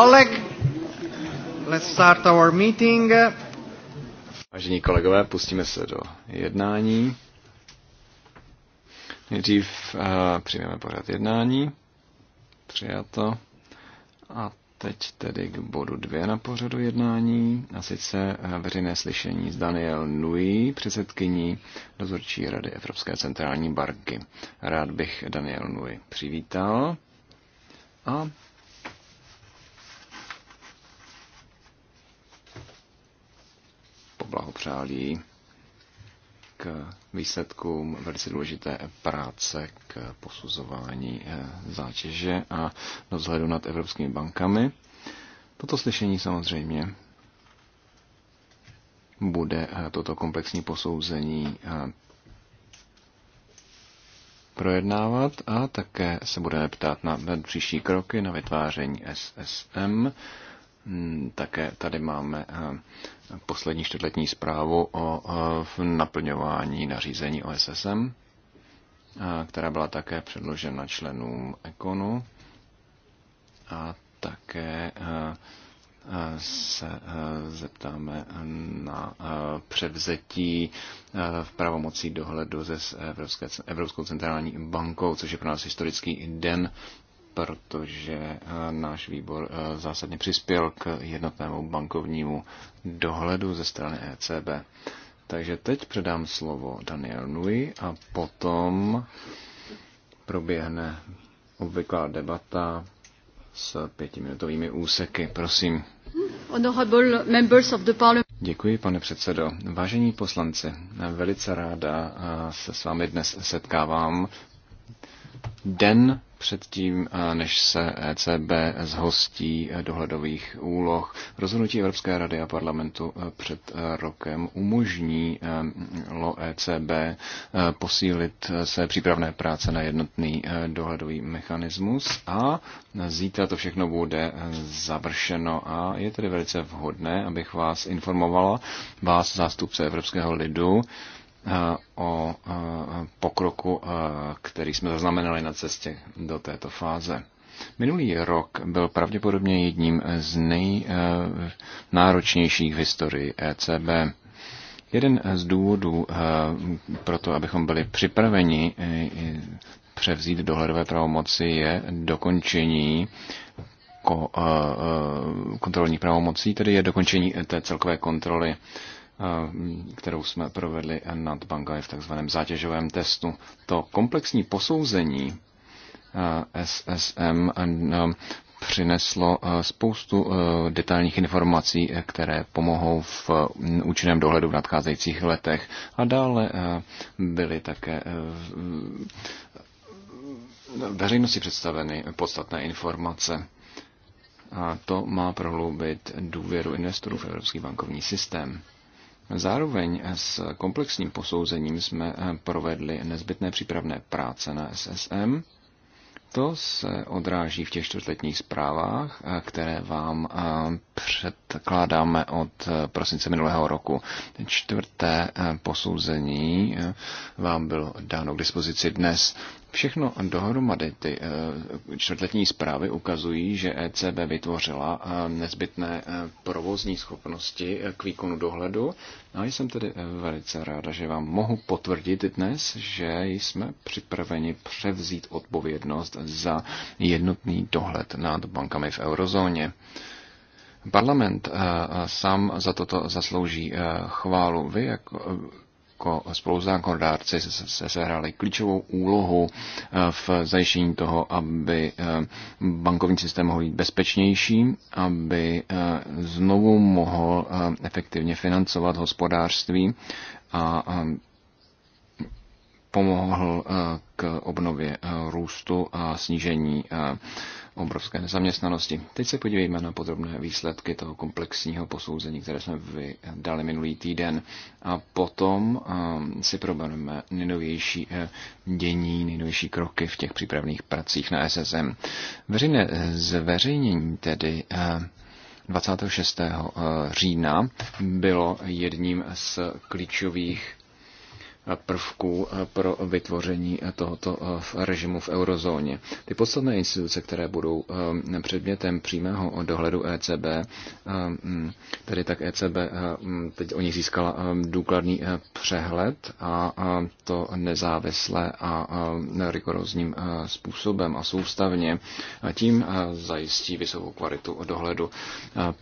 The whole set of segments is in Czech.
colleague, let's start our meeting. Vážení kolegové, pustíme se do jednání. Nejdřív uh, přijmeme pořád jednání. Přijato. A teď tedy k bodu dvě na pořadu jednání, a sice eh, veřejné slyšení s Daniel Nui, předsedkyní dozorčí rady Evropské centrální banky. Rád bych Daniel Nui přivítal a poblahopřál jí k výsledkům velice důležité práce k posuzování eh, zátěže a dozhledu nad evropskými bankami. Toto slyšení samozřejmě bude eh, toto komplexní posouzení eh, projednávat a také se budeme ptát na příští kroky na vytváření SSM. Hmm, také tady máme poslední čtvrtletní zprávu o naplňování nařízení OSSM, která byla také předložena členům Ekonu a také se zeptáme na převzetí v pravomocí dohledu ze Evropské, Evropskou centrální bankou, což je pro nás historický den, protože eh, náš výbor eh, zásadně přispěl k jednotnému bankovnímu dohledu ze strany ECB. Takže teď předám slovo Daniel Nui a potom proběhne obvyklá debata s pětiminutovými úseky. Prosím. Děkuji, pane předsedo. Vážení poslanci, velice ráda eh, se s vámi dnes setkávám. Den předtím, než se ECB zhostí e, dohledových úloh. Rozhodnutí Evropské rady a parlamentu e, před e, rokem lo ECB posílit se přípravné práce na jednotný dohledový mechanismus a zítra to všechno bude završeno a je tedy velice vhodné, abych vás informovala, vás zástupce Evropského lidu, Eh, o eh, pokroku, eh, který jsme zaznamenali na cestě do této fáze. Minulý rok byl pravděpodobně jedním z nejnáročnějších v historii ECB. Jeden z důvodů pro to, abychom byli připraveni převzít dohledové pravomoci, je dokončení kontrolních pravomocí, tedy je dokončení té celkové kontroly kterou jsme provedli nad Bangaj v takzvaném zátěžovém testu. To komplexní posouzení SSM no, přineslo spoustu detailních informací, které pomohou v účinném dohledu v nadcházejících letech. A dále byly také veřejnosti představeny podstatné informace. A to má prohloubit důvěru investorů v evropský bankovní systém. Zároveň s komplexním posouzením jsme eh, provedli nezbytné přípravné práce na SSM. To se odráží v těch čtvrtletních zprávách, eh, které vám eh, předkládáme od prosince minulého roku. Čtvrté posouzení vám bylo dáno k dispozici dnes. Všechno dohromady ty eh, čtvrtletní zprávy ukazují, že ECB vytvořila eh, nezbytné eh, provozní schopnosti k výkonu dohledu. A jsem tedy velice ráda, že vám mohu potvrdit dnes, že jsme připraveni převzít odpovědnost za jednotný dohled nad bankami v eurozóně. Parlament sám za toto zaslouží chválu. Vy jako jako spoluzákonodárci se sehráli klíčovou úlohu eh, v zajištění toho, aby eh, bankovní systém mohl být bezpečnější, aby eh, znovu mohl efektivně financovat hospodářství a pomohl k obnově růstu a snížení obrovské nezaměstnanosti. Teď se podívejme na podrobné výsledky toho komplexního posouzení, které jsme vydali minulý týden a potom ehm, si probereme nejnovější eh, dění, nejnovější kroky v těch přípravných pracích na SSM. Veřejné eh, zveřejnění tedy 26. Eh, října bylo jedním z klíčových prvků eh, pro vytvoření eh, tohoto eh, režimu v eurozóně. Ty podstatné instituce, které budou předmětem přímého dohledu ECB, hm, tedy tak ECB hm, teď o nich získala důkladný přehled a to nezávisle a rigorózním způsobem a soustavně. A tím zajistí vysokou kvalitu dohledu.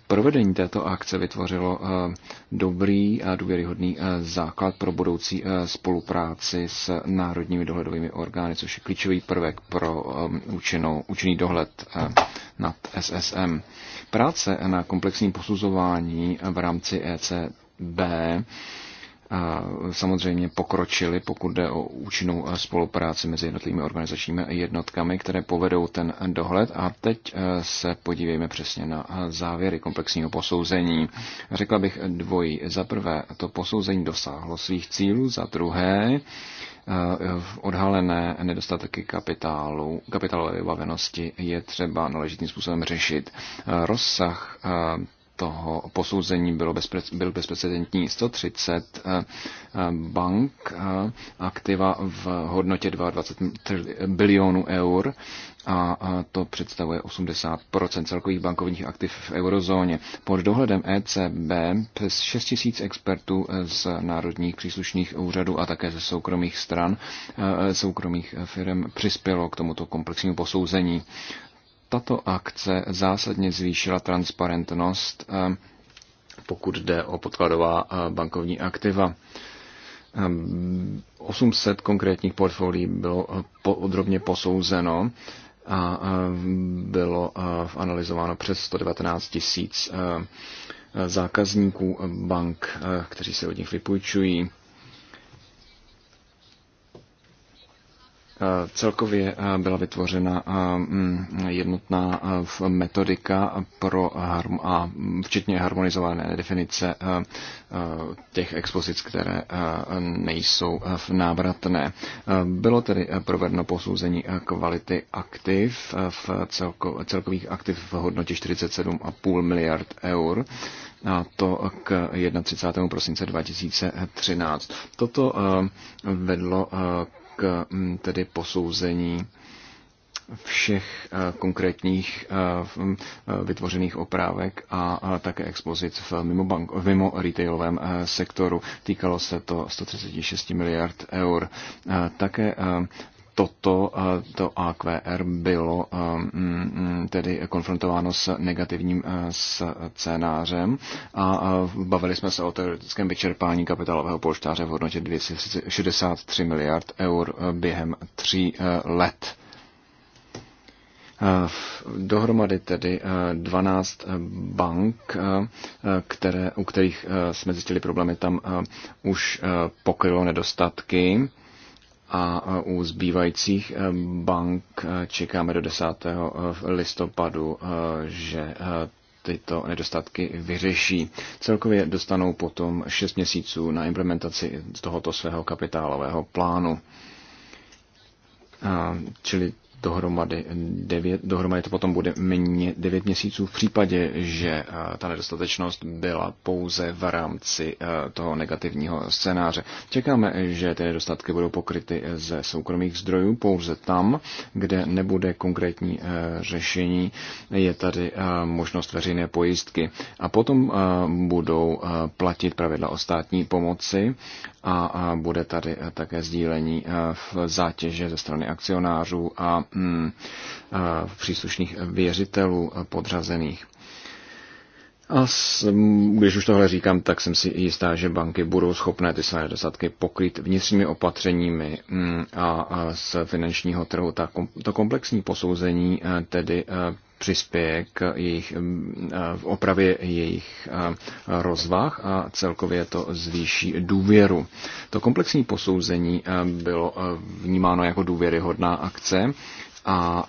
Provedení této akce vytvořilo dobrý a důvěryhodný eh, základ pro budoucí eh, spolupráci s národními dohledovými orgány, což je klíčový prvek pro ehm, účinnou, účinný dohled eh, nad SSM. Práce na komplexním posuzování v rámci ECB samozřejmě pokročili, pokud jde o účinnou spolupráci mezi jednotlivými organizačními jednotkami, které povedou ten dohled. A teď e, se podívejme přesně na závěry komplexního posouzení. Řekla bych dvojí. Za prvé, to posouzení dosáhlo svých cílů, za druhé, e, odhalené nedostatky kapitálu, kapitálové vybavenosti je třeba náležitým způsobem řešit. E, rozsah toho posouzení bylo bezpre, byl bezprecedentní 130 eh, eh, bank eh, aktiva v hodnotě 22 bilionů eur a to představuje 80 celkových bankovních aktiv v eurozóně. Pod dohledem ECB přes 6 tisíc expertů z národních příslušných úřadů a také ze soukromých stran, soukromých firm přispělo k tomuto komplexnímu posouzení tato akce zásadně zvýšila transparentnost, eh, pokud jde o podkladová eh, bankovní aktiva. 800 eh, konkrétních portfolií bylo podrobně posouzeno a bylo analyzováno přes 119 tisíc zákazníků bank, kteří se od nich vypůjčují. Eh, celkově eh, byla vytvořena eh, mm, jednotná metodika pro a včetně harmonizované definice těch expozic, které nejsou v návratné. Bylo tedy provedeno posouzení kvality aktiv v celkových aktiv v hodnotě 47,5 miliard eur a to k 31. prosince 2013. Toto vedlo k mm, tedy posouzení všech eh, konkrétních eh, mm, eh, vytvořených oprávek a také expozic v mimo, bank, v mimo retailovém sektoru. Týkalo se to 136 miliard eur. Také toto to AQR bylo mm, mm, tedy konfrontováno s negativním e, scénářem a bavili jsme se o teoretickém vyčerpání kapitálového polštáře v hodnotě 263 miliard eur e, během tří e, let. Dohromady tedy 12 bank, které, u kterých jsme zjistili problémy, tam už pokrylo nedostatky a u zbývajících eh, bank eh, čekáme do 10. Eh, listopadu, že tyto nedostatky vyřeší. Celkově dostanou potom 6 měsíců na implementaci tohoto svého kapitálového plánu. Čili dohromady 9, dohromady to potom bude méně 9 měsíců v případě, že eh, ta nedostatečnost byla pouze v rámci eh, toho negativního scénáře. Čekáme, že ty nedostatky budou pokryty ze soukromých zdrojů pouze tam, kde nebude konkrétní eh, řešení. Je tady možnost veřejné pojistky. A potom budou platit pravidla o státní pomoci a bude tady eh, také sdílení eh, v zátěže ze strany akcionářů a mm, eh, příslušných věřitelů podřazených. A když už tohle říkám, tak jsem si jistá, že banky budou schopné ty své nedostatky pokryt vnitřními opatřeními mm, a z finančního trhu. Ta, to komplexní posouzení tedy přispěje k jejich, mm, v opravě jejich rozvah a celkově to zvýší důvěru. To komplexní posouzení bylo vnímáno jako důvěryhodná akce a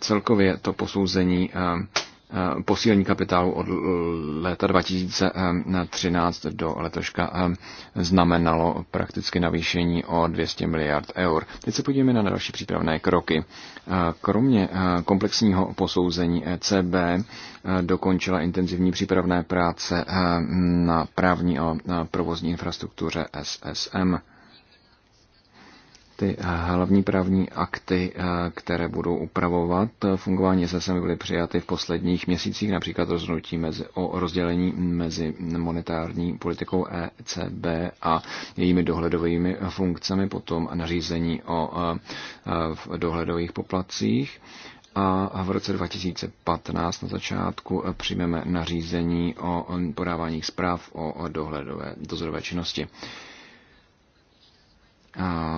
celkově to posouzení Eh, posílení kapitálu od eh, léta 2013 do letoška eh, znamenalo prakticky navýšení o 200 miliard eur. Teď se podívejme na další přípravné kroky. Kromě komplexního posouzení ECB dokončila intenzivní přípravné práce na právní a provozní infrastruktuře SSM ty eh, hlavní právní akty, eh, které budou upravovat eh, fungování SSM, byly přijaty v posledních měsících, například rozhodnutí mezi, o rozdělení mezi monetární politikou ECB a jejími dohledovými funkcemi, potom nařízení o dohledových poplacích a v roce 2015 na začátku přijmeme nařízení o podávání zpráv o dohledové dozorové činnosti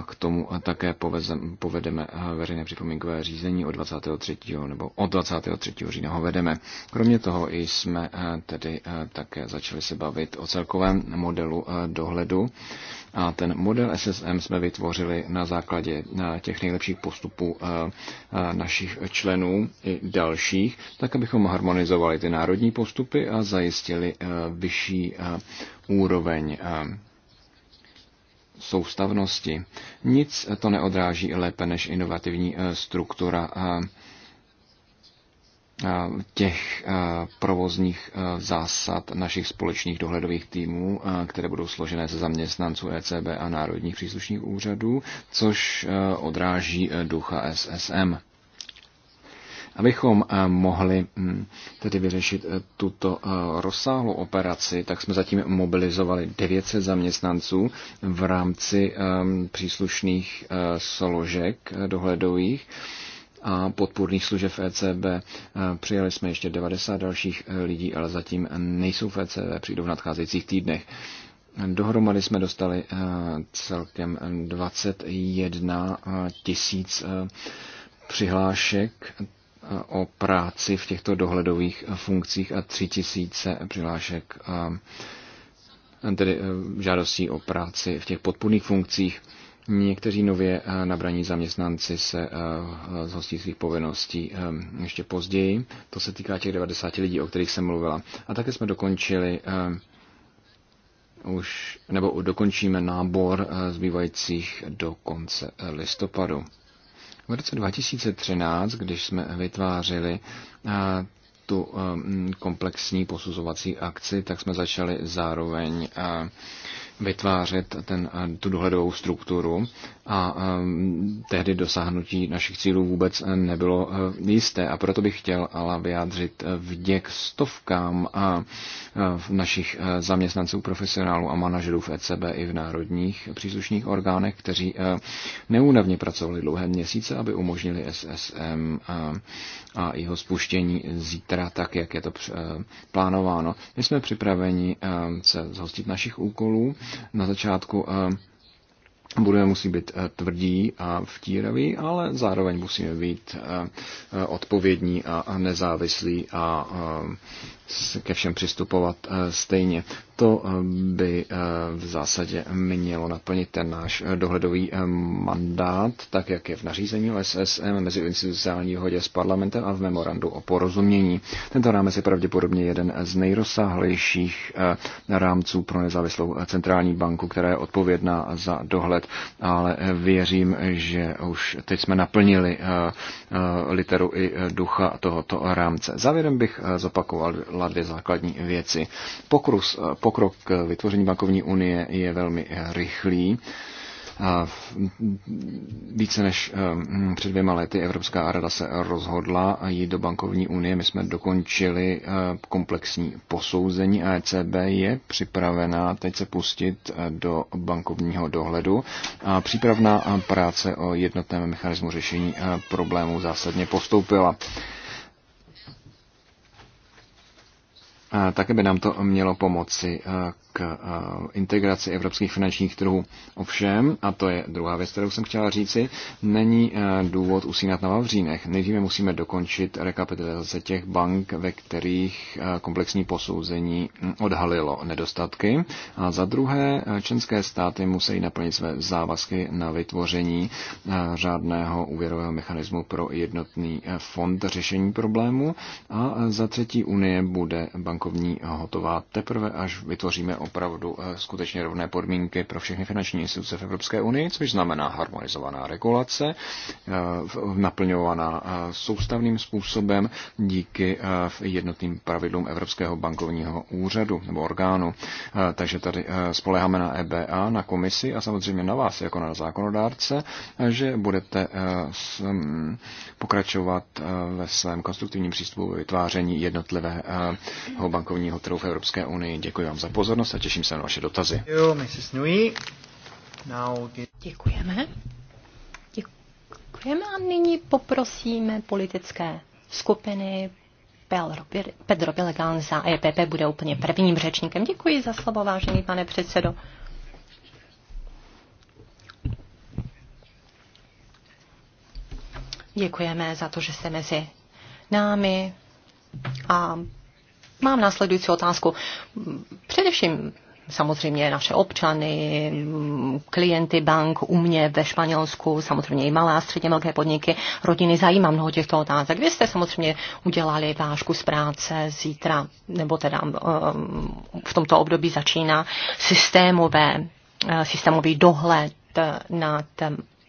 k tomu také povezem, povedeme eh, veřejné připomínkové řízení od 23. nebo od 23. října ho vedeme. Kromě toho jsme eh, tedy eh, také začali se bavit o celkovém modelu dohledu. A ten model SSM jsme vytvořili na základě těch nejlepších postupů našich členů i dalších, tak abychom harmonizovali ty národní postupy a zajistili vyšší úroveň soustavnosti. Nic to neodráží lépe než inovativní eh, struktura eh, eh, těch provozních zásad našich společných dohledových týmů, které budou složené ze zaměstnanců ECB a národních příslušných úřadů, což odráží ducha SSM. Abychom eh, mohli hm, tedy vyřešit eh, tuto eh, rozsáhlou operaci, tak jsme zatím mobilizovali 900 zaměstnanců v rámci ehm, příslušných složek dohledových a podpůrných služeb ECB. Přijali jsme ještě 90 dalších lidí, ale zatím nejsou v ECB, přijdou v nadcházejících týdnech. Dohromady jsme dostali celkem 21 tisíc přihlášek, o práci v těchto dohledových funkcích a 3000 přihlášek, tedy e, žádostí o práci v těch podpůrných funkcích. Někteří nově e, nabraní zaměstnanci se e, zhostí svých povinností ještě později. To se týká těch 90 lidí, o kterých jsem mluvila. A také jsme dokončili už, nebo dokončíme nábor zbývajících do konce listopadu. V roce 2013, když jsme vytvářeli eh, tu eh, komplexní posuzovací akci, tak jsme začali zároveň eh, vytvářet ten, eh, tu dohledovou strukturu a ehm, tehdy dosáhnutí našich cílů vůbec eh, nebylo eh, jisté. A proto bych chtěl ale vyjádřit vděk stovkám a, našich zaměstnanců, profesionálů a manažerů v ECB i v národních příslušných orgánech, kteří neúnavně pracovali dlouhé měsíce, aby umožnili SSM a jeho spuštění zítra, tak jak je to plánováno. My jsme připraveni se zhostit našich úkolů na začátku eh, budeme musí být eh, tvrdí a vtíraví, ale zároveň musíme být eh, odpovědní a nezávislí a ke všem přistupovat eh, stejně. To eh, by eh, v zásadě mělo naplnit ten náš dohledový mandát, tak jak je v nařízení SSM mezi institucionální hodě s parlamentem a v memorandu o porozumění. Tento rámec je pravděpodobně jeden z nejrozsáhlejších rámců pro nezávislou centrální banku, která je odpovědná za dohled, ale věřím, že už teď jsme naplnili literu i ducha tohoto rámce. Závěrem bych zopakoval napadla dvě základní věci. Pokrus, eh, pokrok k eh, vytvoření bankovní unie je velmi eh, rychlý. Více než před dvěma lety Evropská rada se rozhodla jít do bankovní unie. My jsme dokončili komplexní posouzení a ECB je připravená teď se pustit do bankovního dohledu. A přípravná práce o jednotném mechanismu řešení problémů zásadně postoupila. Také by nám to mělo pomoci eh, k eh, integraci evropských finančních trhů. Ovšem, a to je druhá věc, kterou jsem chtěla říci, není eh, důvod usínat na Vavřínech. Nejdříve musíme dokončit rekapitalizace těch bank, ve kterých eh, komplexní posouzení hm, odhalilo nedostatky. A za druhé, členské státy musí naplnit své závazky na vytvoření řádného úvěrového mechanismu pro jednotný fond řešení problému A za třetí, Unie bude bankovní hotová teprve, až vytvoříme opravdu eh, skutečně rovné podmínky pro všechny finanční instituce v Evropské unii, což znamená harmonizovaná regulace, eh, naplňovaná eh, soustavným způsobem díky jednotným pravidlům Evropského bankovního úřadu nebo orgánu. Takže tady spoleháme na EBA, na komisi a samozřejmě na vás jako na zákonodárce, že budete mm, pokračovat ve svém konstruktivním přístupu vytváření jednotlivého bankovního trhu v Evropské unii. Děkuji vám za pozornost pozornost a těším se na vaše dotazy. Děkujeme. Děkujeme a nyní poprosíme politické skupiny. Pedro Bilegán za EPP bude úplně prvním řečníkem. Děkuji za slovo, vážený pane předsedo. Děkujeme za to, že jste mezi námi a Mám následující otázku. Především samozřejmě naše občany, klienty bank u mě ve Španělsku, samozřejmě i malá a středně velké podniky, rodiny zajímá mnoho těchto otázek. Vy jste samozřejmě udělali vážku z práce zítra, nebo teda um, v tomto období začíná systémové, eh, systémový dohled eh, nad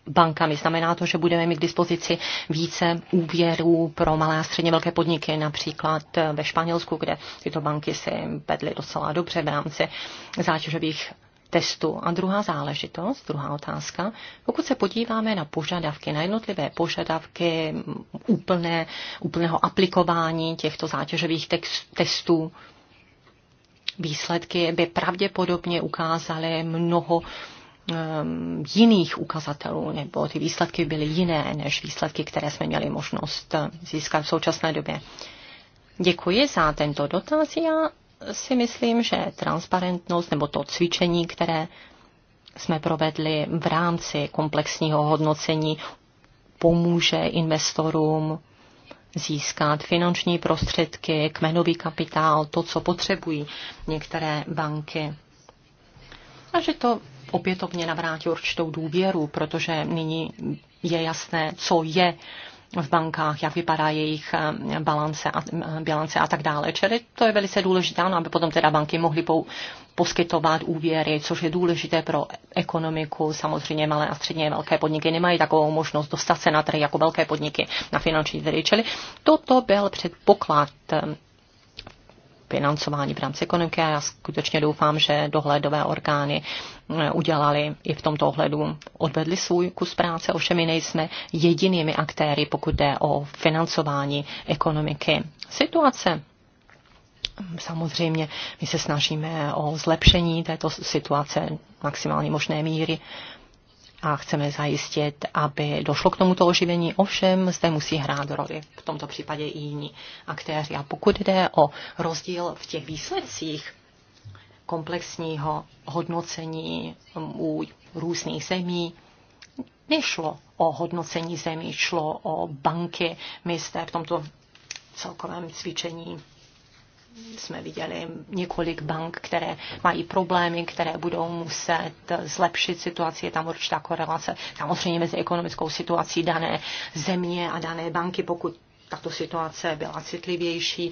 bankami. Znamená to, že budeme mít k dispozici více úvěrů pro malé a středně velké podniky, například ve Španělsku, kde tyto banky se vedly docela dobře v rámci zátěžových testů. A druhá záležitost, druhá otázka, pokud se podíváme na požadavky, na jednotlivé požadavky úplné, úplného aplikování těchto zátěžových testů, výsledky by pravděpodobně ukázaly mnoho um, jiných ukazatelů, nebo ty výsledky byly jiné než výsledky, které jsme měli možnost uh, získat v současné době. Děkuji za tento dotaz. Já si myslím, že transparentnost nebo to cvičení, které jsme provedli v rámci komplexního hodnocení, pomůže investorům získat finanční prostředky, kmenový kapitál, to, co potřebují některé banky. A že to opětovně navrátí určitou důvěru, protože nyní je jasné, co je v bankách, jak vypadá jejich eh, balance a, eh, bilance a tak dále. Čili to je velice důležité, no, aby potom teda banky mohly pou, poskytovat úvěry, což je důležité pro ekonomiku. Samozřejmě malé a středně velké podniky nemají takovou možnost dostat se na trh jako velké podniky na finanční trhy. Čili toto byl předpoklad eh, financování v rámci ekonomiky a já skutečně doufám, že dohledové orgány eh, udělali i v tomto ohledu, odvedli svůj kus práce, ovšem my nejsme jedinými aktéry, pokud jde o financování ekonomiky. Situace Samozřejmě my se snažíme o zlepšení této situace maximální možné míry a chceme zajistit, aby došlo k tomuto oživení. Ovšem zde musí hrát roli v tomto případě i jiní aktéři. A pokud jde o rozdíl v těch výsledcích komplexního hodnocení um, u různých zemí, nešlo o hodnocení zemí, šlo o banky. My jste v tomto celkovém cvičení jsme viděli několik bank, které mají problémy, které budou muset zlepšit situaci, je tam určitá korelace samozřejmě mezi ekonomickou situací dané země a dané banky, pokud tato situace byla citlivější,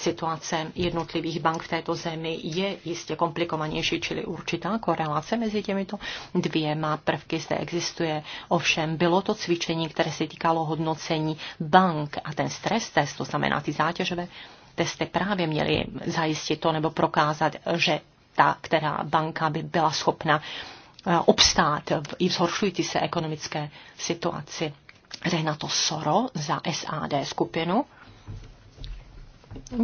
situace jednotlivých bank v této zemi je jistě komplikovanější, čili určitá korelace mezi těmito dvěma prvky zde existuje. Ovšem bylo to cvičení, které se týkalo hodnocení bank a ten stres test, to znamená ty zátěžové testy právě měly zajistit to nebo prokázat, že ta, která banka by byla schopna eh, obstát i v zhoršující se ekonomické situaci. Renato Soro za SAD skupinu.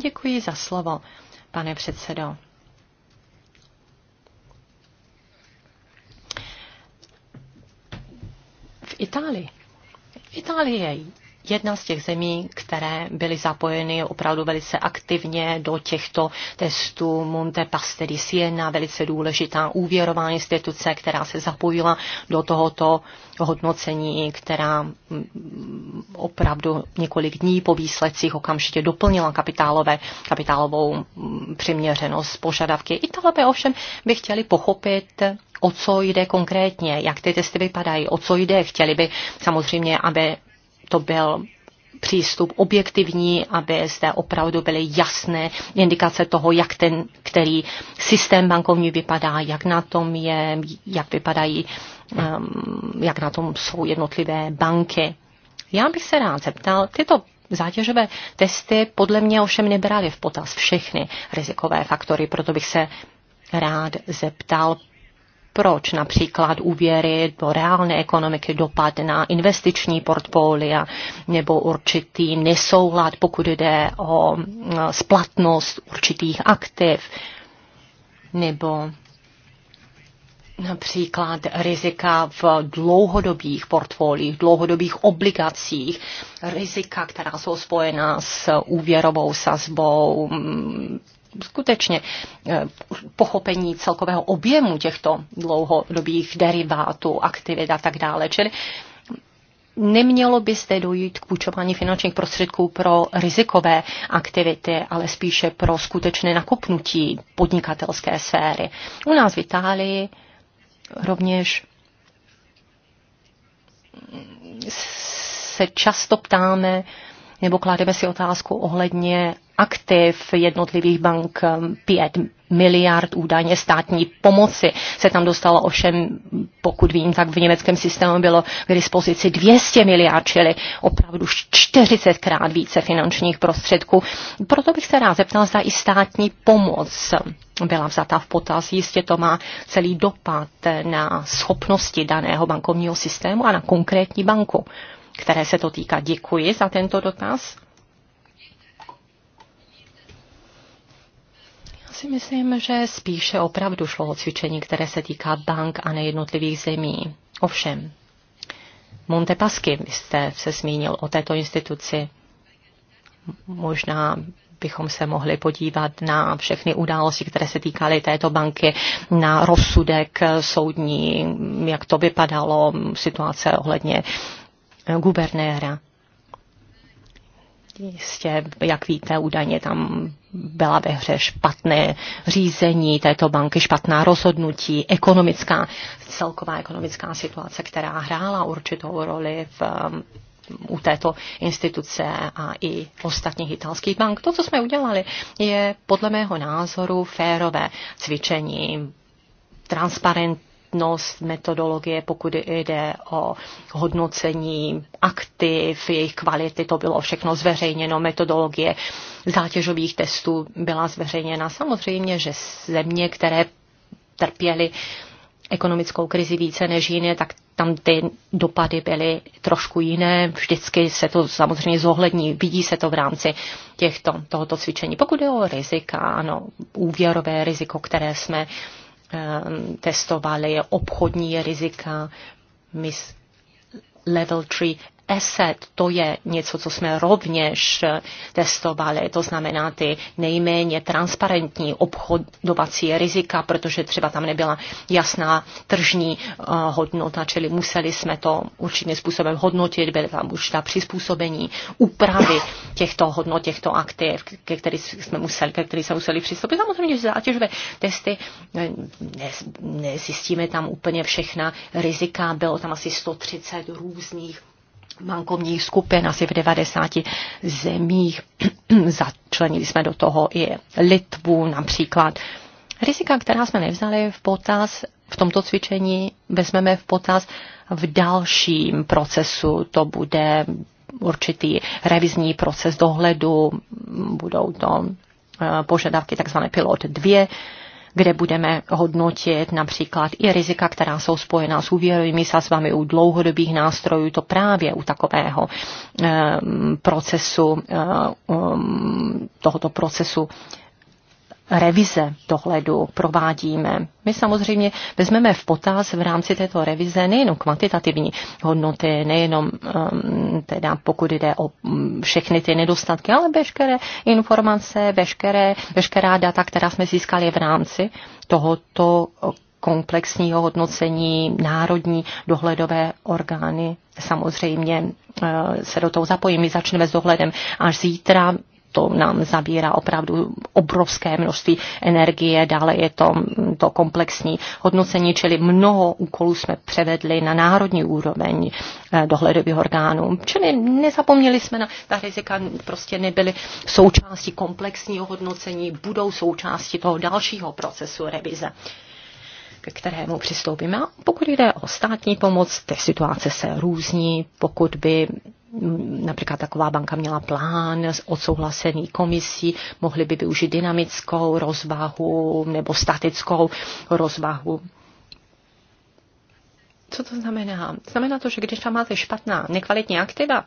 Děkuji za slovo, pane předsedo. V Itálii. Itálie jedna z těch zemí, které byly zapojeny opravdu velice aktivně do těchto testů Monte Pasteri Siena, velice důležitá úvěrová instituce, která se zapojila do tohoto hodnocení, která mm, opravdu několik dní po výsledcích okamžitě doplnila kapitálové, kapitálovou mm, přiměřenost požadavky. Italové ovšem by chtěli pochopit o co jde konkrétně, jak ty testy vypadají, o co jde. Chtěli by samozřejmě, aby to byl přístup objektivní, aby zde opravdu byly jasné indikace toho, jak ten, který systém bankovní vypadá, jak na tom je, jak vypadají, um, jak na tom jsou jednotlivé banky. Já bych se rád zeptal, tyto zátěžové testy podle mě ovšem nebraly v potaz všechny rizikové faktory, proto bych se rád zeptal, proč například úvěry do reálné ekonomiky, dopad na investiční portfolia nebo určitý nesoulad, pokud jde o splatnost určitých aktiv nebo například rizika v dlouhodobých portfoliích, dlouhodobých obligacích, rizika, která jsou spojená s úvěrovou sazbou, skutečně eh, pochopení celkového objemu těchto dlouhodobých derivátů, aktivit a tak dále. Čili nemělo by zde dojít k půjčování finančních prostředků pro rizikové aktivity, ale spíše pro skutečné nakopnutí podnikatelské sféry. U nás v Itálii rovněž se často ptáme, nebo klademe si otázku ohledně aktiv jednotlivých bank 5 miliard údajně státní pomoci se tam dostalo ovšem, pokud vím, tak v německém systému bylo k dispozici 200 miliard, čili opravdu 40 krát více finančních prostředků. Proto bych se rád zeptal, zda i státní pomoc byla vzata v potaz. Jistě to má celý dopad na schopnosti daného bankovního systému a na konkrétní banku které se to týká. Děkuji za tento dotaz. Já si myslím, že spíše opravdu šlo o cvičení, které se týká bank a nejednotlivých zemí. Ovšem, Montepasky, vy jste se zmínil o této instituci. Možná bychom se mohli podívat na všechny události, které se týkaly této banky, na rozsudek soudní, jak to vypadalo, situace ohledně Eh, guvernéra. Jistě, jak víte, údajně tam byla ve hře špatné řízení této banky, špatná rozhodnutí, ekonomická, celková ekonomická situace, která hrála určitou roli v, eh, u této instituce a i ostatních italských bank. To, co jsme udělali, je podle mého názoru férové cvičení, transparentní platnost metodologie, pokud jde o hodnocení aktiv, jejich kvality, to bylo všechno zveřejněno, metodologie zátěžových testů byla zveřejněna. Samozřejmě, že země, které trpěly ekonomickou krizi více než jiné, tak tam ty dopady byly trošku jiné. Vždycky se to samozřejmě zohlední, vidí se to v rámci těchto, tohoto cvičení. Pokud je o rizika, ano, úvěrové riziko, které jsme uh, Ehm, testovali obchodní rizika, MIS level 3 ESET, to je něco, co jsme rovněž testovali, to znamená ty nejméně transparentní obchodovací rizika, protože třeba tam nebyla jasná tržní eh, hodnota, čili museli jsme to určitým způsobem hodnotit, byly tam už ta přizpůsobení, úpravy těchto hodnot, těchto aktiv, ke kterým jsme museli, ke kterým jsme museli přistoupit. Samozřejmě, že zátěžové testy eh, nezjistíme tam úplně všechna rizika, bylo tam asi 130 různých bankovních skupin asi v 90 zemích. Začlenili jsme do toho i Litvu například. Rizika, která jsme nevzali v potaz v tomto cvičení, vezmeme v potaz v dalším procesu. To bude určitý revizní proces dohledu, budou to eh, požadavky tzv. pilot 2, kde budeme hodnotit například i rizika, která jsou spojená s úvěrovými sazbami u dlouhodobých nástrojů, to právě u takového eh, procesu, eh, um, tohoto procesu revize dohledu provádíme. My samozřejmě vezmeme v potaz v rámci této revize nejenom kvantitativní hodnoty, nejenom um, teda pokud jde o um, všechny ty nedostatky, ale veškeré informace, veškeré, veškerá data, která jsme získali v rámci tohoto komplexního hodnocení národní dohledové orgány samozřejmě uh, se do toho zapojí. My začneme s dohledem až zítra to nám zabírá opravdu obrovské množství energie, dále je to, to komplexní hodnocení, čili mnoho úkolů jsme převedli na národní úroveň eh, dohledových orgánů. Čili nezapomněli jsme na ta rizika, prostě nebyly součástí komplexního hodnocení, budou součástí toho dalšího procesu revize k kterému přistoupíme. A pokud jde o státní pomoc, ty situace se různí. Pokud by například taková banka měla plán odsouhlasený komisí, mohli by využít dynamickou rozvahu nebo statickou rozvahu. Co to znamená? Znamená to, že když tam máte špatná, nekvalitní aktiva,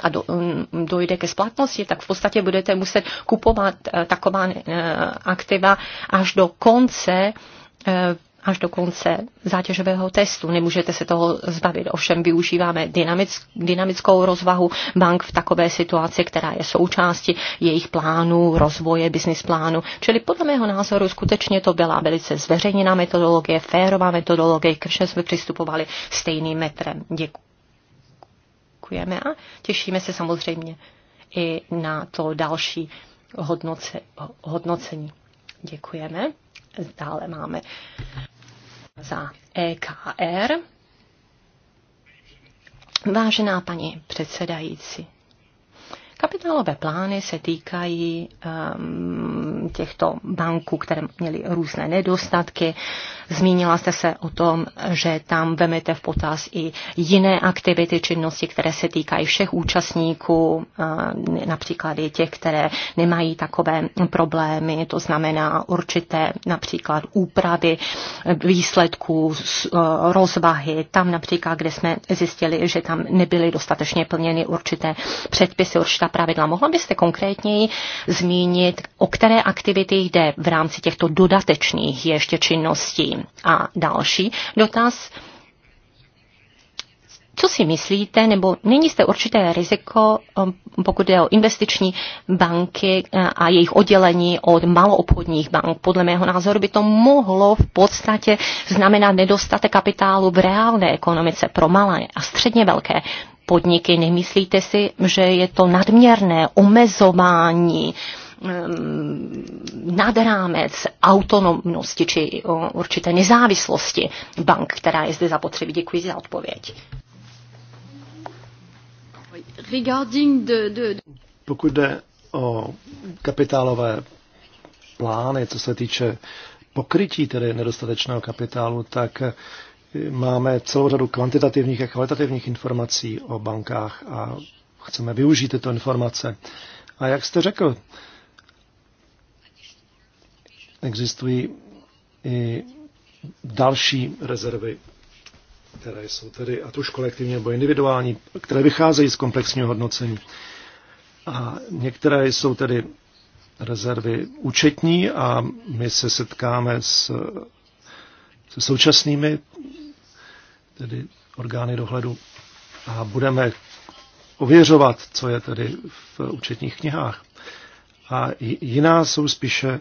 a do, mm, dojde ke splatnosti, tak v podstatě budete muset kupovat eh, taková eh, aktiva až do konce eh, až do konce zátěžového testu. Nemůžete se toho zbavit. Ovšem využíváme dynamickou rozvahu bank v takové situaci, která je součástí jejich plánu, rozvoje, business plánu. Čili podle mého názoru skutečně to byla velice zveřejněná metodologie, férová metodologie, ke všem jsme přistupovali stejným metrem. Děkujeme a těšíme se samozřejmě i na to další hodnoce, hodnocení. Děkujeme. Dále máme za EKR. Vážená paní předsedající, Kapitálové plány se týkají um, těchto banků, které měly různé nedostatky. Zmínila jste se o tom, že tam vemete v potaz i jiné aktivity, činnosti, které se týkají všech účastníků, uh, například i těch, které nemají takové problémy, to znamená určité například úpravy výsledků, uh, rozvahy, tam například, kde jsme zjistili, že tam nebyly dostatečně plněny určité předpisy, určitá pravidla. Mohla byste konkrétněji zmínit, o které aktivity jde v rámci těchto dodatečných ještě činností? A další dotaz. Co si myslíte, nebo není jste určité riziko, um, pokud jde o investiční banky eh, a jejich oddělení od maloobchodních bank? Podle mého názoru by to mohlo v podstatě znamenat nedostatek kapitálu v reálné ekonomice pro malé a středně velké podniky. Nemyslíte si, že je to nadměrné omezování nad rámec autonomnosti či určité nezávislosti bank, která je zde zapotřebí. Děkuji za odpověď. Pokud jde o kapitálové plány, co se týče pokrytí tedy nedostatečného kapitálu, tak máme celou řadu kvantitativních a kvalitativních informací o bankách a chceme využít tyto informace. A jak jste řekl, existují i další rezervy, které jsou tedy, a to už kolektivní nebo individuální, které vycházejí z komplexního hodnocení. A některé jsou tedy rezervy účetní a my se setkáme s, se současnými tedy orgány dohledu a budeme ověřovat, co je tedy v účetních knihách. A jiná jsou spíše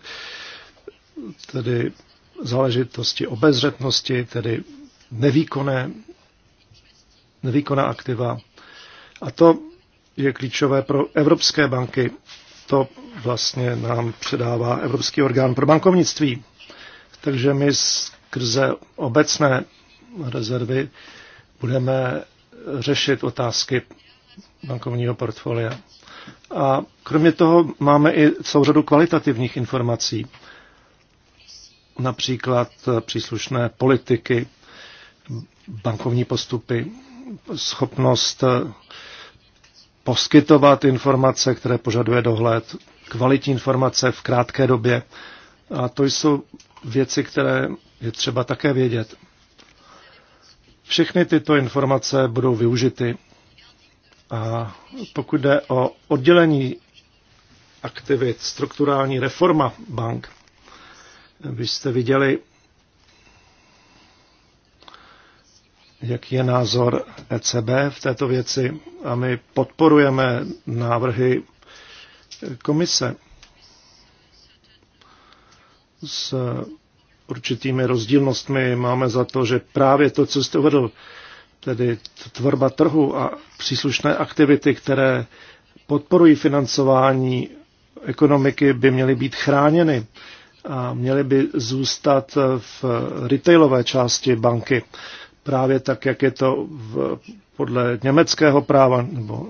tedy záležitosti obezřetnosti, tedy nevýkonné, nevýkonná aktiva. A to je klíčové pro evropské banky. To vlastně nám předává Evropský orgán pro bankovnictví. Takže my skrze obecné rezervy budeme řešit otázky bankovního portfolia. A kromě toho máme i celou řadu kvalitativních informací, například příslušné politiky, bankovní postupy, schopnost poskytovat informace, které požaduje dohled, kvalitní informace v krátké době. A to jsou věci, které je třeba také vědět. Všechny tyto informace budou využity. A pokud jde o oddělení aktivit, strukturální reforma bank, byste viděli, jaký je názor ECB v této věci a my podporujeme návrhy komise s určitými rozdílnostmi. Máme za to, že právě to, co jste uvedl, tedy tvorba trhu a příslušné aktivity, které podporují financování ekonomiky, by měly být chráněny a měly by zůstat v retailové části banky. Právě tak, jak je to v, podle německého práva nebo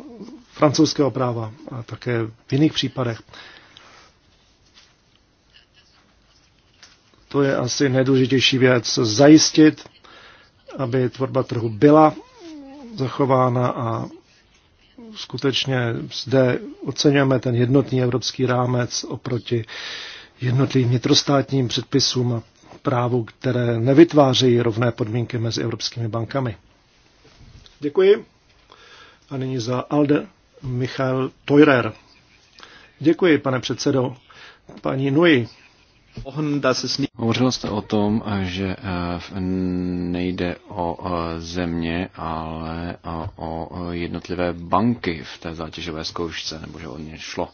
francouzského práva a také v jiných případech. to je asi nejdůležitější věc, zajistit, aby tvorba trhu byla zachována a skutečně zde oceňujeme ten jednotný evropský rámec oproti jednotlivým vnitrostátním předpisům a právu, které nevytvářejí rovné podmínky mezi evropskými bankami. Děkuji. A nyní za Alde Michal Teurer. Děkuji, pane předsedo. Paní Nui, Hovořil jste o tom, že eh, nejde o eh, země, ale eh, o jednotlivé banky v té zátěžové zkoušce, nebo že o ně šlo.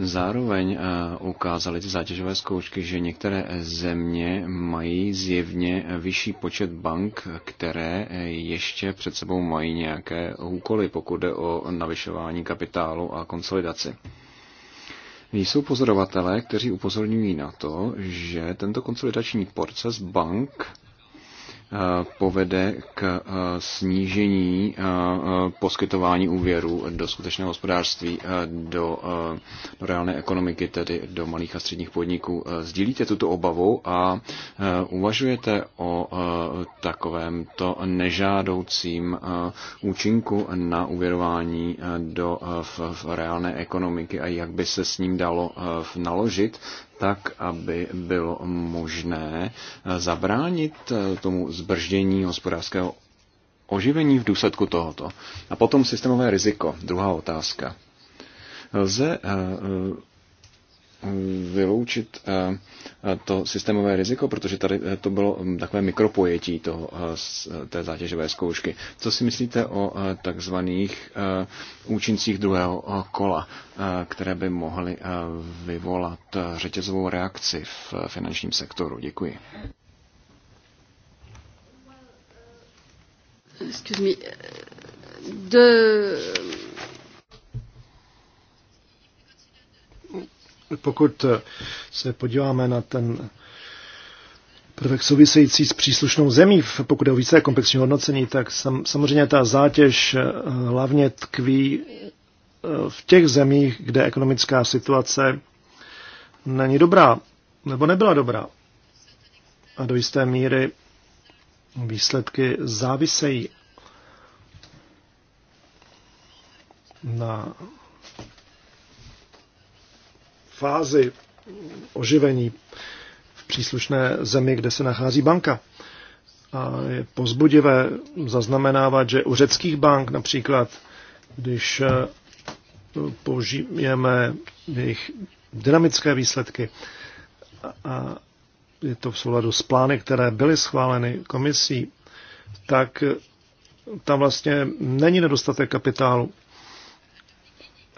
Zároveň ukázaly ty zátěžové zkoušky, že některé země mají zjevně vyšší počet bank, které ještě před sebou mají nějaké úkoly, pokud jde o navyšování kapitálu a konsolidaci. Jsou pozorovatelé, kteří upozorňují na to, že tento konsolidační proces bank Eh, povede k eh, snížení eh, poskytování úvěru do skutečného hospodářství, do reálné ekonomiky, tedy do malých a středních podniků. Sdílíte tuto obavu a uvažujete o takovémto nežádoucím účinku na uvěrování do v reálné ekonomiky a jak by se s ním dalo naložit, tak, aby bylo možné eh, zabránit eh, tomu zbrždění hospodářského oživení v důsledku tohoto. A potom systémové riziko, druhá otázka. Lze eh, vyloučit eh, eh, to systémové riziko, protože tady eh, to bylo mm, takové mikropojetí toho, té zátěžové zkoušky. Co si myslíte o takzvaných účincích druhého kola, které by mohly vyvolat řetězovou reakci v finančním sektoru? Děkuji. Excuse me. De Pokud se podíváme na ten prvek související s příslušnou zemí, pokud je o více komplexní hodnocení, tak sam, samozřejmě ta zátěž eh, hlavně tkví eh, v těch zemích, kde ekonomická situace není dobrá, nebo nebyla dobrá. A do jisté míry výsledky závisejí na fázi oživení v příslušné zemi, kde se nachází banka. A je pozbudivé zaznamenávat, že u řeckých bank například, když eh, použijeme jejich dynamické výsledky a je to v souladu s plány, které byly schváleny komisí, tak tam vlastně není nedostatek kapitálu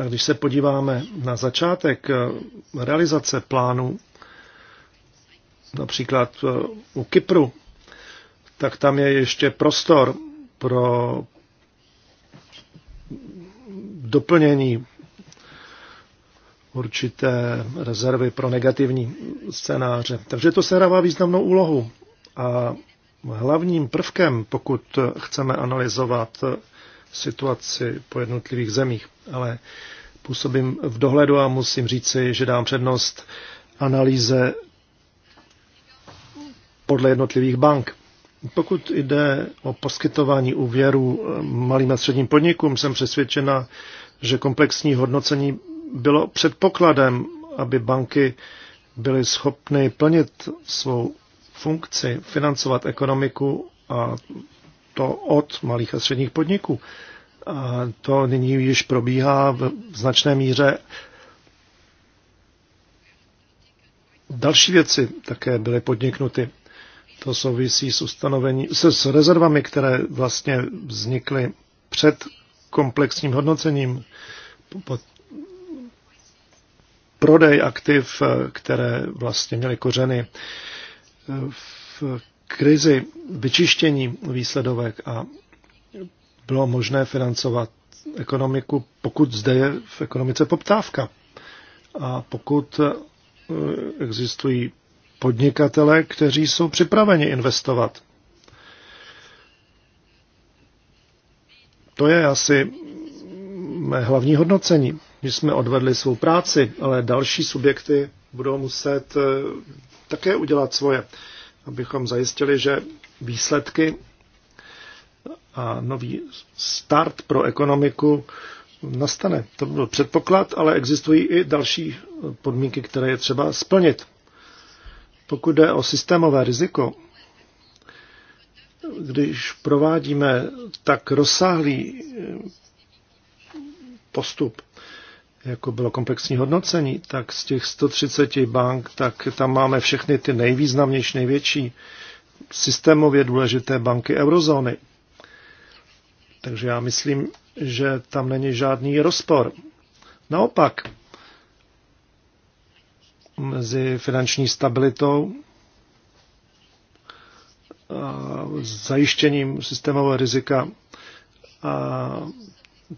a když se podíváme na začátek eh, realizace plánu, například eh, u Kypru, tak tam je ještě prostor pro doplnění určité rezervy pro negativní scénáře. Takže to sehrává významnou úlohu. A hlavním prvkem, pokud chceme analyzovat situaci po jednotlivých zemích, ale působím v dohledu a musím říci, že dám přednost analýze podle jednotlivých bank. Pokud jde o poskytování úvěru malým a středním podnikům, jsem přesvědčena, že komplexní hodnocení bylo předpokladem, aby banky byly schopny plnit svou funkci, financovat ekonomiku a to od malých a středních podniků. A to nyní již probíhá v značné míře. Další věci také byly podniknuty. To souvisí s, ustanovení, se, s rezervami, které vlastně vznikly před komplexním hodnocením. Pod prodej aktiv, které vlastně měly kořeny v krizi vyčištění výsledovek a bylo možné financovat ekonomiku, pokud zde je v ekonomice poptávka. A pokud eh, existují podnikatele, kteří jsou připraveni investovat. To je asi mé hlavní hodnocení. My jsme odvedli svou práci, ale další subjekty budou muset eh, také udělat svoje abychom zajistili, že výsledky a nový start pro ekonomiku nastane. To byl předpoklad, ale existují i další podmínky, které je třeba splnit. Pokud jde o systémové riziko, když provádíme tak rozsáhlý postup, jako bylo komplexní hodnocení, tak z těch 130 bank, tak tam máme všechny ty nejvýznamnější, největší systémově důležité banky eurozóny. Takže já myslím, že tam není žádný rozpor. Naopak, mezi finanční stabilitou a zajištěním systémového rizika a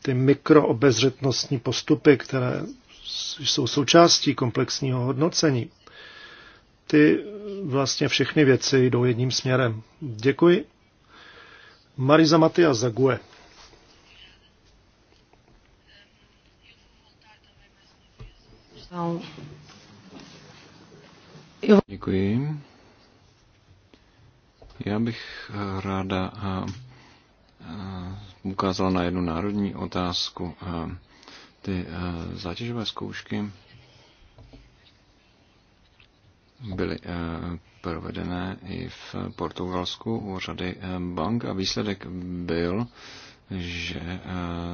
ty mikroobezřetnostní postupy, které jsou součástí komplexního hodnocení, ty vlastně všechny věci jdou jedním směrem. Děkuji. Mariza Matia Zague. Děkuji. Já bych ráda ukázala na jednu národní otázku. Ty zátěžové zkoušky byly provedené i v Portugalsku u řady bank a výsledek byl, že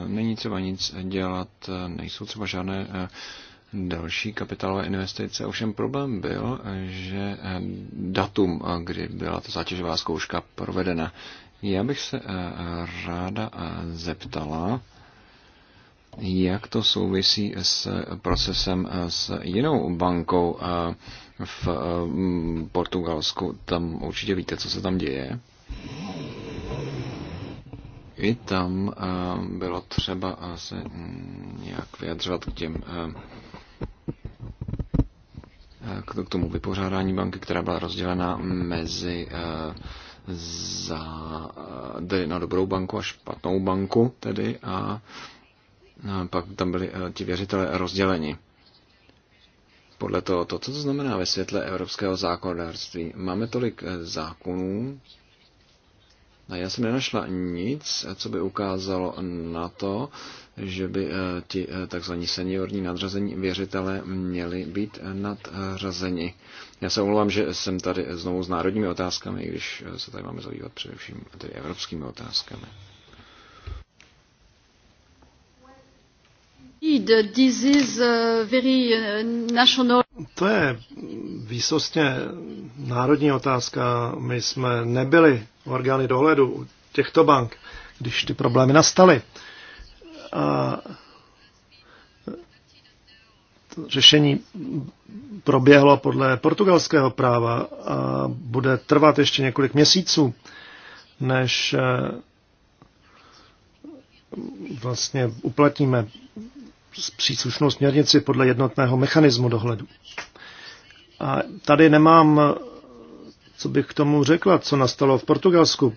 není třeba nic dělat, nejsou třeba žádné další kapitálové investice. Ovšem problém byl, že datum, kdy byla ta zátěžová zkouška provedena, já bych se eh, eh, ráda eh, zeptala, jak to souvisí s procesem s jinou bankou v Portugalsku. Tam určitě víte, co se tam děje. I tam bylo třeba se mm, nějak vyjadřovat k těm k tomu vypořádání banky, která byla rozdělena mezi za, tedy na dobrou banku a špatnou banku tedy a pak tam byli eh, ti věřitelé rozděleni. Podle toho, to, co to znamená ve světle evropského zákonodárství, máme tolik eh, zákonů, a já jsem nenašla nic, eh, co by ukázalo na to, že by ti tzv. seniorní nadřazení věřitelé měli být nadřazeni. Já se omlouvám, že jsem tady znovu s národními otázkami, i když se tady máme zabývat především tedy evropskými otázkami. Uh, uh, to je výsostně národní otázka. My jsme nebyli orgány dohledu těchto bank, když ty problémy nastaly. A řešení proběhlo podle portugalského práva a bude trvat ještě několik měsíců, než eh, vlastně uplatníme příslušnou směrnici podle jednotného mechanismu dohledu. A tady nemám, co bych k tomu řekla, co nastalo v Portugalsku.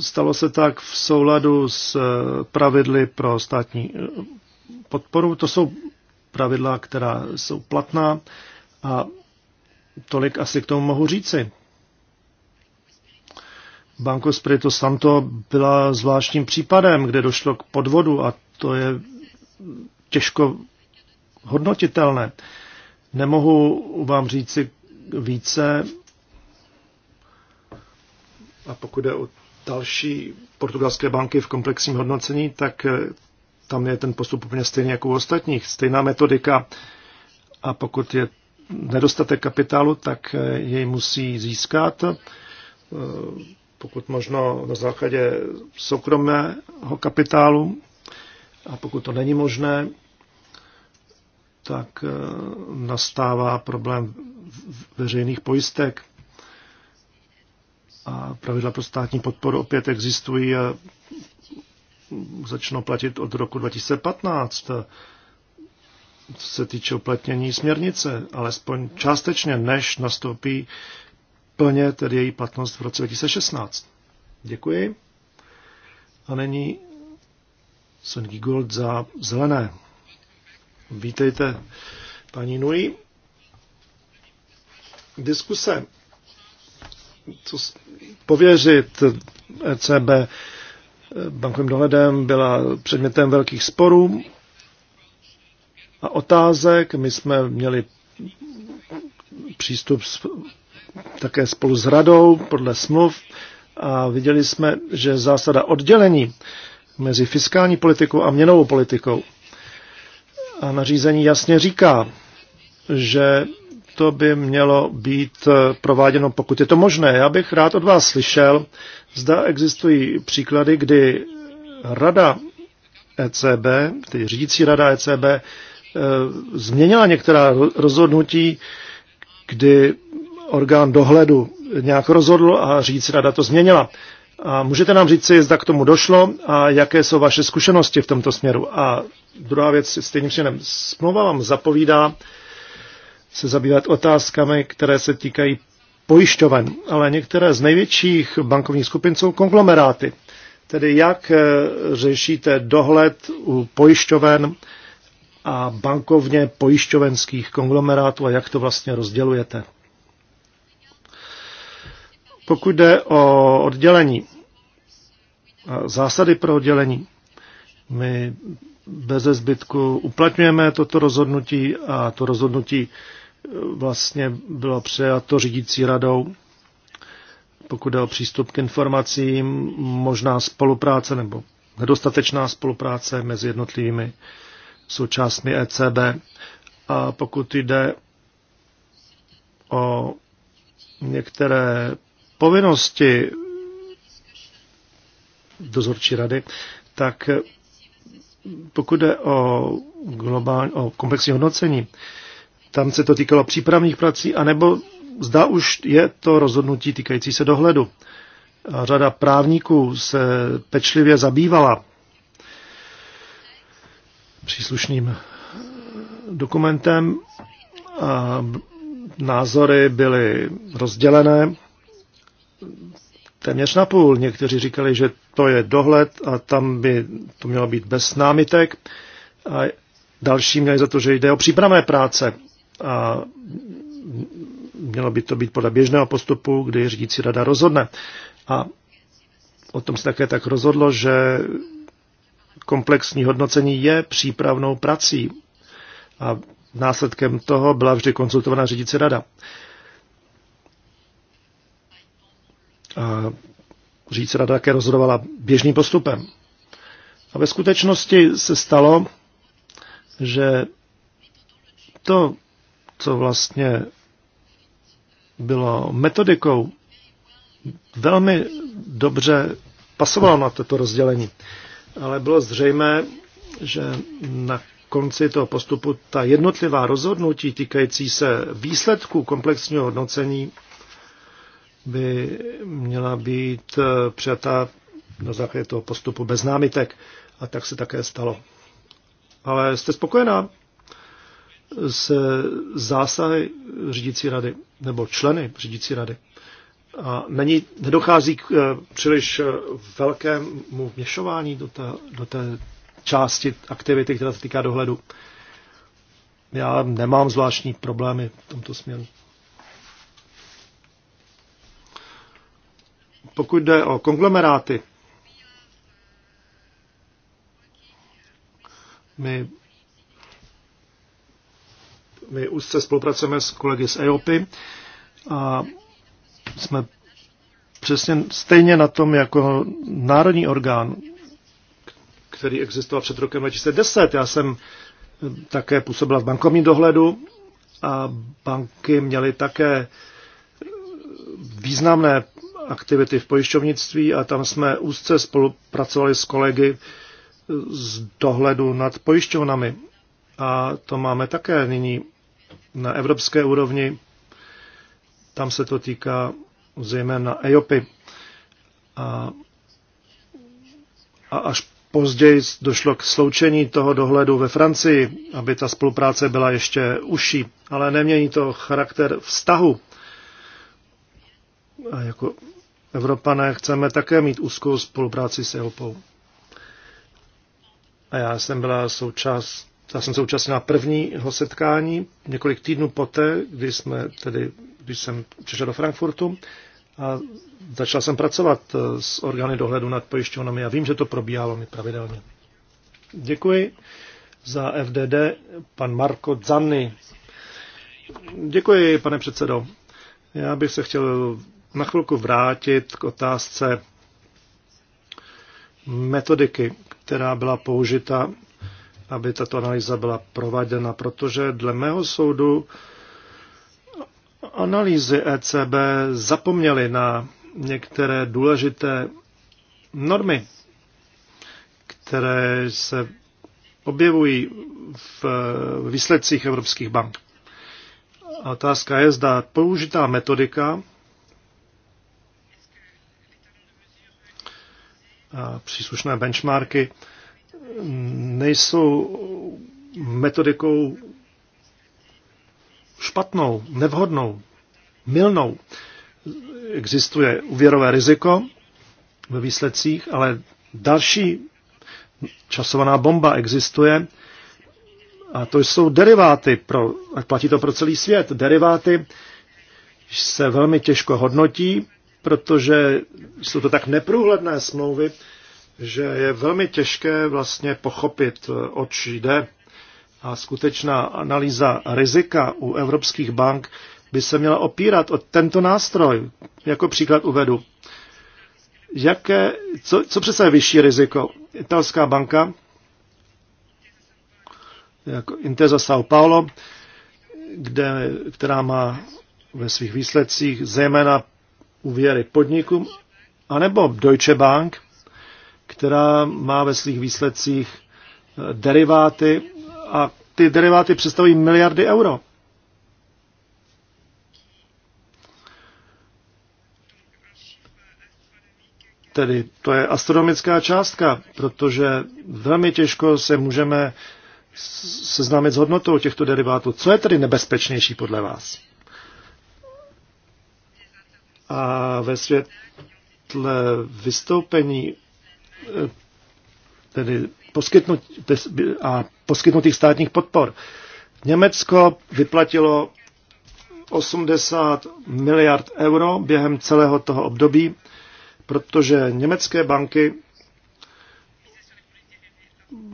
Stalo se tak v souladu s eh, pravidly pro státní eh, podporu. To jsou pravidla, která jsou platná a tolik asi k tomu mohu říci. Banco Spirito Santo byla zvláštním případem, kde došlo k podvodu a to je těžko hodnotitelné. Nemohu vám říci více. A pokud je o další portugalské banky v komplexním hodnocení, tak tam je ten postup úplně stejný jako u ostatních, stejná metodika. A pokud je nedostatek kapitálu, tak eh, jej musí získat, eh, pokud možno na základě soukromého kapitálu. A pokud to není možné, tak eh, nastává problém veřejných pojistek. A pravidla pro státní podporu opět existují a začnou platit od roku 2015, co se týče uplatnění směrnice, alespoň částečně, než nastoupí plně tedy její platnost v roce 2016. Děkuji. A není Sven Gold za zelené. Vítejte, paní Nui. Diskuse co pověřit ECB bankovým dohledem byla předmětem velkých sporů a otázek. My jsme měli přístup s, také spolu s radou podle smluv a viděli jsme, že zásada oddělení mezi fiskální politikou a měnovou politikou a nařízení jasně říká, že to by mělo být eh, prováděno, pokud je to možné. Já bych rád od vás slyšel, zda existují příklady, kdy rada ECB, tedy řídící rada ECB, eh, změnila některá rozhodnutí, kdy orgán dohledu nějak rozhodl a řídící rada to změnila. A můžete nám říct jestli zda k tomu došlo a jaké jsou vaše zkušenosti v tomto směru. A druhá věc, stejným činem, smlouva vám zapovídá, se zabývat otázkami, které se týkají pojišťoven, ale některé z největších bankovních skupin jsou konglomeráty. Tedy jak eh, řešíte dohled u pojišťoven a bankovně pojišťovenských konglomerátů a jak to vlastně rozdělujete? Pokud jde o oddělení, zásady pro oddělení, my bez zbytku uplatňujeme toto rozhodnutí a to rozhodnutí vlastně bylo přijato řídící radou, pokud jde o přístup k informacím, možná spolupráce nebo nedostatečná spolupráce mezi jednotlivými součástmi ECB. A pokud jde o některé povinnosti dozorčí rady, tak pokud jde o, globální, o komplexní hodnocení, tam se to týkalo přípravných prací, anebo zda už je to rozhodnutí týkající se dohledu. A řada právníků se pečlivě zabývala příslušným eh, dokumentem a názory byly rozdělené téměř na půl. Někteří říkali, že to je dohled a tam by to mělo být bez námitek. A další měli za to, že jde o přípravné práce a mělo by to být podle běžného postupu, kdy řídící rada rozhodne. A o tom se také tak rozhodlo, že komplexní hodnocení je přípravnou prací a následkem toho byla vždy konzultovaná řídící rada. A řídící rada také rozhodovala běžným postupem. A ve skutečnosti se stalo, že to co vlastně bylo metodikou, velmi dobře pasovalo na toto rozdělení. Ale bylo zřejmé, že na konci toho postupu ta jednotlivá rozhodnutí týkající se výsledků komplexního hodnocení by měla být eh, přijata na základě toho postupu bez námitek. A tak se také stalo. Ale jste spokojená? s zásahy řídící rady nebo členy řídící rady. A není, nedochází k eh, příliš eh, velkému vměšování do té, do té části aktivity, která se týká dohledu. Já nemám zvláštní problémy v tomto směru. Pokud jde o konglomeráty, my my úzce spolupracujeme s kolegy z EOPy a jsme přesně stejně na tom jako národní orgán, který existoval před rokem 2010. Já jsem také působila v bankovním dohledu a banky měly také významné aktivity v pojišťovnictví a tam jsme úzce spolupracovali s kolegy z dohledu nad pojišťovnami. A to máme také nyní na evropské úrovni. Tam se to týká zejména EOPy. A, a až později došlo k sloučení toho dohledu ve Francii, aby ta spolupráce byla ještě užší, ale nemění to charakter vztahu. A jako Evropané chceme také mít úzkou spolupráci s EOPou. A já jsem byla součást já jsem se účastnila prvního setkání několik týdnů poté, kdy, jsme, tedy, když jsem přišel do Frankfurtu a začal jsem pracovat eh, s orgány dohledu nad pojišťovnami a vím, že to probíhalo mi pravidelně. Děkuji za FDD, pan Marko Zanny. Děkuji, pane předsedo. Já bych se chtěl na chvilku vrátit k otázce metodiky, která byla použita aby tato analýza byla prováděna, protože dle mého soudu analýzy ECB zapomněly na některé důležité normy, které se objevují v výsledcích evropských bank. A otázka je, zda použitá metodika a příslušné benchmarky nejsou metodikou špatnou, nevhodnou, milnou. Existuje úvěrové riziko ve výsledcích, ale další časovaná bomba existuje a to jsou deriváty, pro, a platí to pro celý svět. Deriváty se velmi těžko hodnotí, protože jsou to tak neprůhledné smlouvy, že je velmi těžké vlastně pochopit, eh, oč jde. A skutečná analýza rizika u evropských bank by se měla opírat o tento nástroj. Jako příklad uvedu. Jaké, co, co je vyšší riziko? Italská banka, jako Intesa São Paulo, kde, která má ve svých výsledcích zejména úvěry podnikům, anebo Deutsche Bank, která má ve svých výsledcích eh, deriváty a ty deriváty představují miliardy euro. Tedy to je astronomická částka, protože velmi těžko se můžeme seznámit s hodnotou těchto derivátů. Co je tedy nebezpečnější podle vás? A ve světle vystoupení tedy poskytnutí a poskytnutých státních podpor. Německo vyplatilo 80 miliard euro během celého toho období, protože německé banky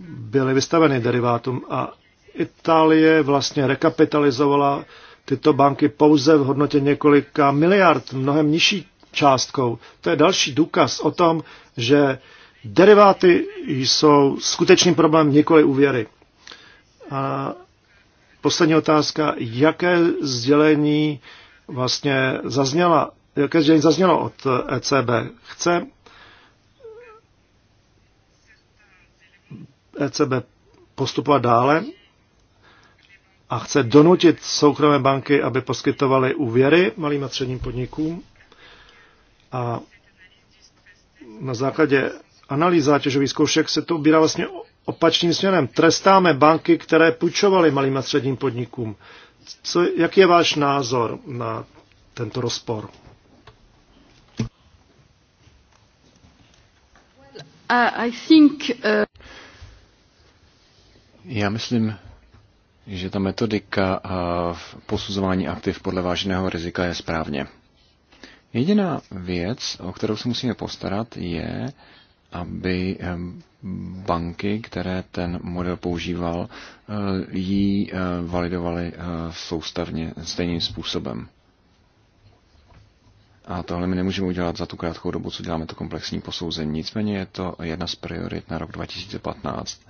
byly vystaveny derivátům a Itálie vlastně rekapitalizovala tyto banky pouze v hodnotě několika miliard, mnohem nižší částkou. To je další důkaz o tom, že Deriváty jsou skutečný problém, nikoli úvěry. A poslední otázka, jaké sdělení vlastně zazněla, jaké sdělení zaznělo od ECB? Chce ECB postupovat dále a chce donutit soukromé banky, aby poskytovaly úvěry malým a středním podnikům. A na základě analýza těžových zkoušek se to ubírá vlastně opačným směrem. Trestáme banky, které půjčovaly malým a středním podnikům. Co, jaký je váš názor na tento rozpor? Uh, uh, Já myslím, že ta metodika uh, v posuzování aktiv podle váženého rizika je správně. Jediná věc, o kterou se musíme postarat, je, aby banky, které ten model používal, eh, ji eh, validovaly eh, soustavně stejným způsobem. A tohle my nemůžeme udělat za tu krátkou dobu, co děláme to komplexní posouzení. Nicméně je to jedna z priorit na rok 2015.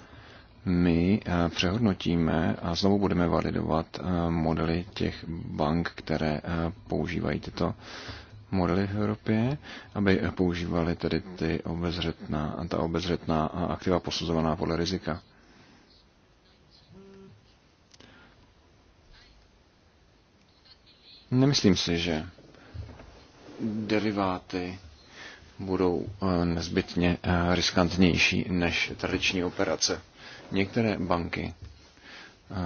My přehodnotíme a znovu budeme validovat modely těch bank, které používají tyto modely v Evropě, aby používali tedy ty obezřetná, ta obezřetná aktiva posuzovaná podle rizika. Nemyslím si, že deriváty budou eh, nezbytně eh, riskantnější než tradiční operace. Některé banky eh,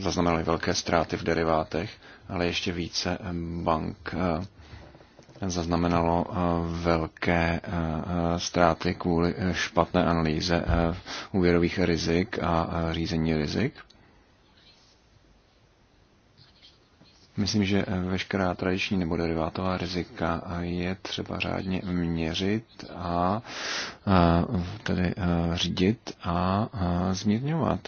zaznamenaly velké ztráty v derivátech, ale ještě více bank zaznamenalo eh, velké eh, ztráty kvůli eh, špatné analýze úvěrových rizik a řízení rizik. Myslím, že veškerá tradiční nebo derivátová rizika je třeba řádně měřit a tedy řídit a zmírňovat.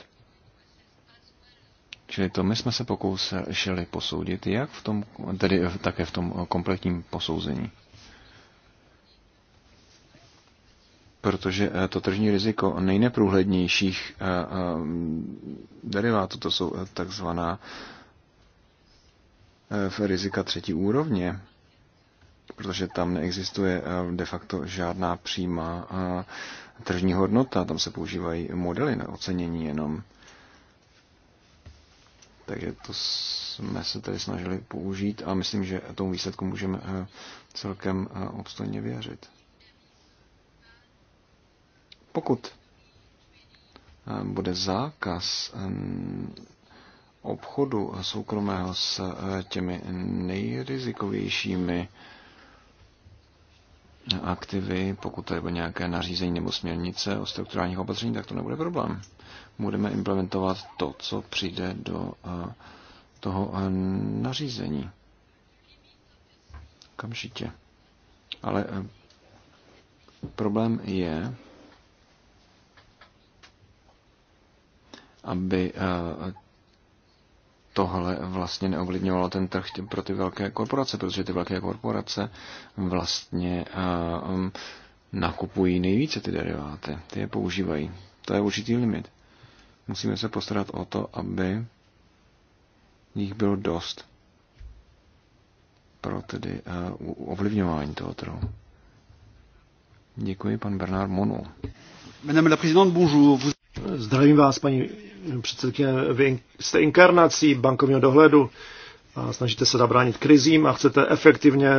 Čili to my jsme se pokoušeli posoudit, jak v tom, tedy také v tom kompletním posouzení. Protože eh, to tržní riziko nejneprůhlednějších eh, eh, derivátů, to jsou takzvaná rizika třetí úrovně, protože tam neexistuje de facto žádná přímá tržní hodnota, tam se používají modely na ocenění jenom. Takže to jsme se tady snažili použít a myslím, že tomu výsledku můžeme eh, celkem eh, obstojně věřit. Pokud eh, bude zákaz obchodu soukromého s těmi nejrizikovějšími aktivy, pokud to je nějaké nařízení nebo směrnice o strukturálních opatření, tak to nebude problém. Budeme implementovat to, co přijde do eh, toho eh, nařízení. Kamžitě. Ale eh, problém je, aby tohle vlastně neovlivňovalo ten trh pro ty velké korporace, protože ty velké korporace vlastně um, nakupují nejvíce ty deriváty, ty je používají. To je určitý limit. Musíme se postarat o to, aby jich bylo dost pro tedy ovlivňování toho trhu. Děkuji, pan Bernard Monu. Madame la présidente, bonjour. Zdravím vás, paní předsedkyně, vy jste inkarnací bankovního dohledu a snažíte se zabránit krizím a chcete efektivně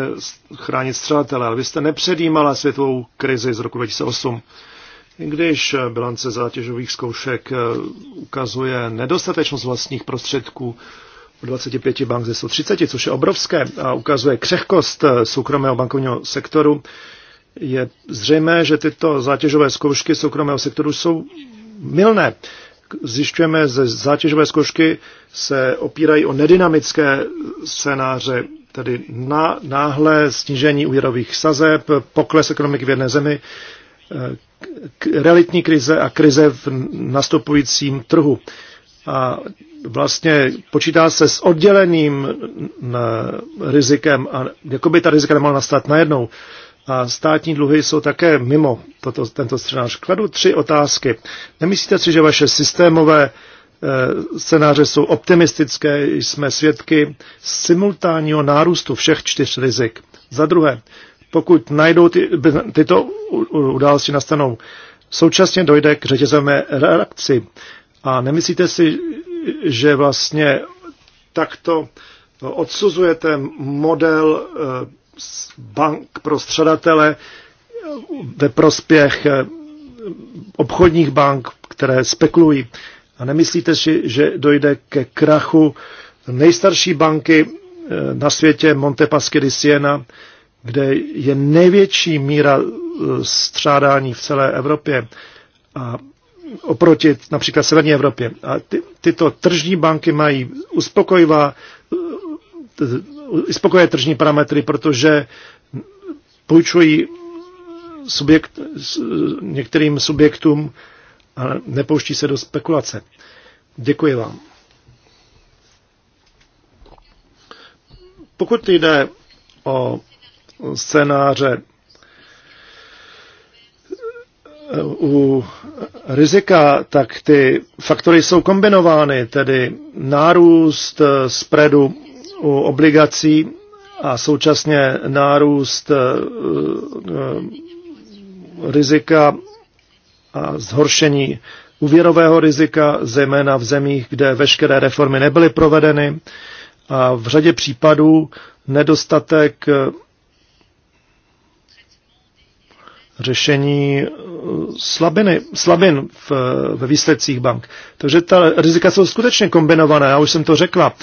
chránit střelatele, ale vy jste nepředjímala světovou krizi z roku 2008. I když bilance zátěžových zkoušek eh, ukazuje nedostatečnost vlastních prostředků u 25 bank ze 130, což je obrovské, a ukazuje křehkost eh, soukromého bankovního sektoru, je zřejmé, že tyto zátěžové zkoušky soukromého sektoru jsou milné zjišťujeme ze zátěžové zkoušky, se opírají o nedynamické scénáře, tedy na náhlé snížení úvěrových sazeb, pokles ekonomiky v jedné zemi, eh, realitní krize a krize v nastupujícím trhu. A vlastně počítá se s odděleným eh, rizikem a jakoby ta rizika nemohla nastat najednou a státní dluhy jsou také mimo toto, tento scénář. Kladu tři otázky. Nemyslíte si, že vaše systémové eh, scénáře jsou optimistické, jsme svědky simultánního nárůstu všech čtyř rizik. Za druhé, pokud najdou ty, tyto události nastanou, současně dojde k řetězové reakci. A nemyslíte si, že vlastně takto odsuzujete model eh, bank pro středatele ve prospěch eh, obchodních bank, které spekulují. A nemyslíte si, že dojde ke krachu nejstarší banky eh, na světě Monte Paschi di Siena, kde je největší míra eh, střádání v celé Evropě a oproti například Severní Evropě. A ty, tyto tržní banky mají uspokojivá spokojuje tržní parametry, protože půjčují subjekt, některým subjektům, a nepouští se do spekulace. Děkuji vám. Pokud jde o scénáře u rizika, tak ty faktory jsou kombinovány, tedy nárůst eh, spreadu u obligací a současně nárůst eh, eh, rizika a zhoršení úvěrového rizika, zejména v zemích, kde veškeré reformy nebyly provedeny a v řadě případů nedostatek eh, řešení slabiny, slabin v, ve výsledcích bank. Takže ta rizika jsou skutečně kombinované, já už jsem to řekla.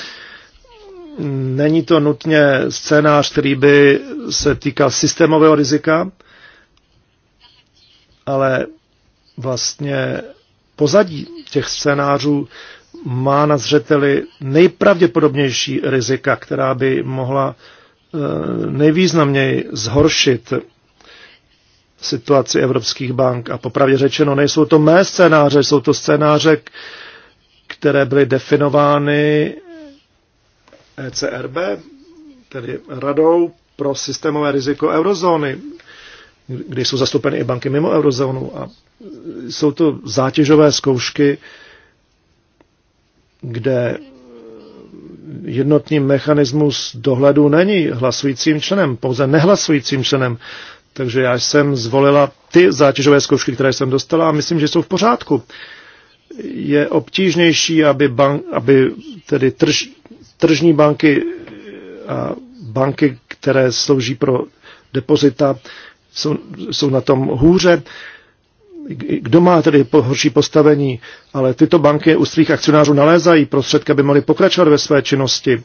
Není to nutně scénář, který by se týkal systémového rizika, ale vlastně pozadí těch scénářů má na zřeteli nejpravděpodobnější rizika, která by mohla eh, nejvýznamněji zhoršit situaci evropských bank. A popravdě řečeno, nejsou to mé scénáře, jsou to scénáře, které byly definovány ECRB, tedy Radou pro systémové riziko eurozóny, kde jsou zastoupeny i banky mimo eurozónu a jsou to zátěžové zkoušky, kde jednotný mechanismus dohledu není hlasujícím členem, pouze nehlasujícím členem. Takže já jsem zvolila ty zátěžové zkoušky, které jsem dostala a myslím, že jsou v pořádku. Je obtížnější, aby, bank, aby tedy trž, tržní banky a banky, které slouží pro depozita, jsou, jsou na tom hůře. Kdo má tedy horší postavení, ale tyto banky u svých akcionářů nalézají prostředky, aby mohly pokračovat ve své činnosti.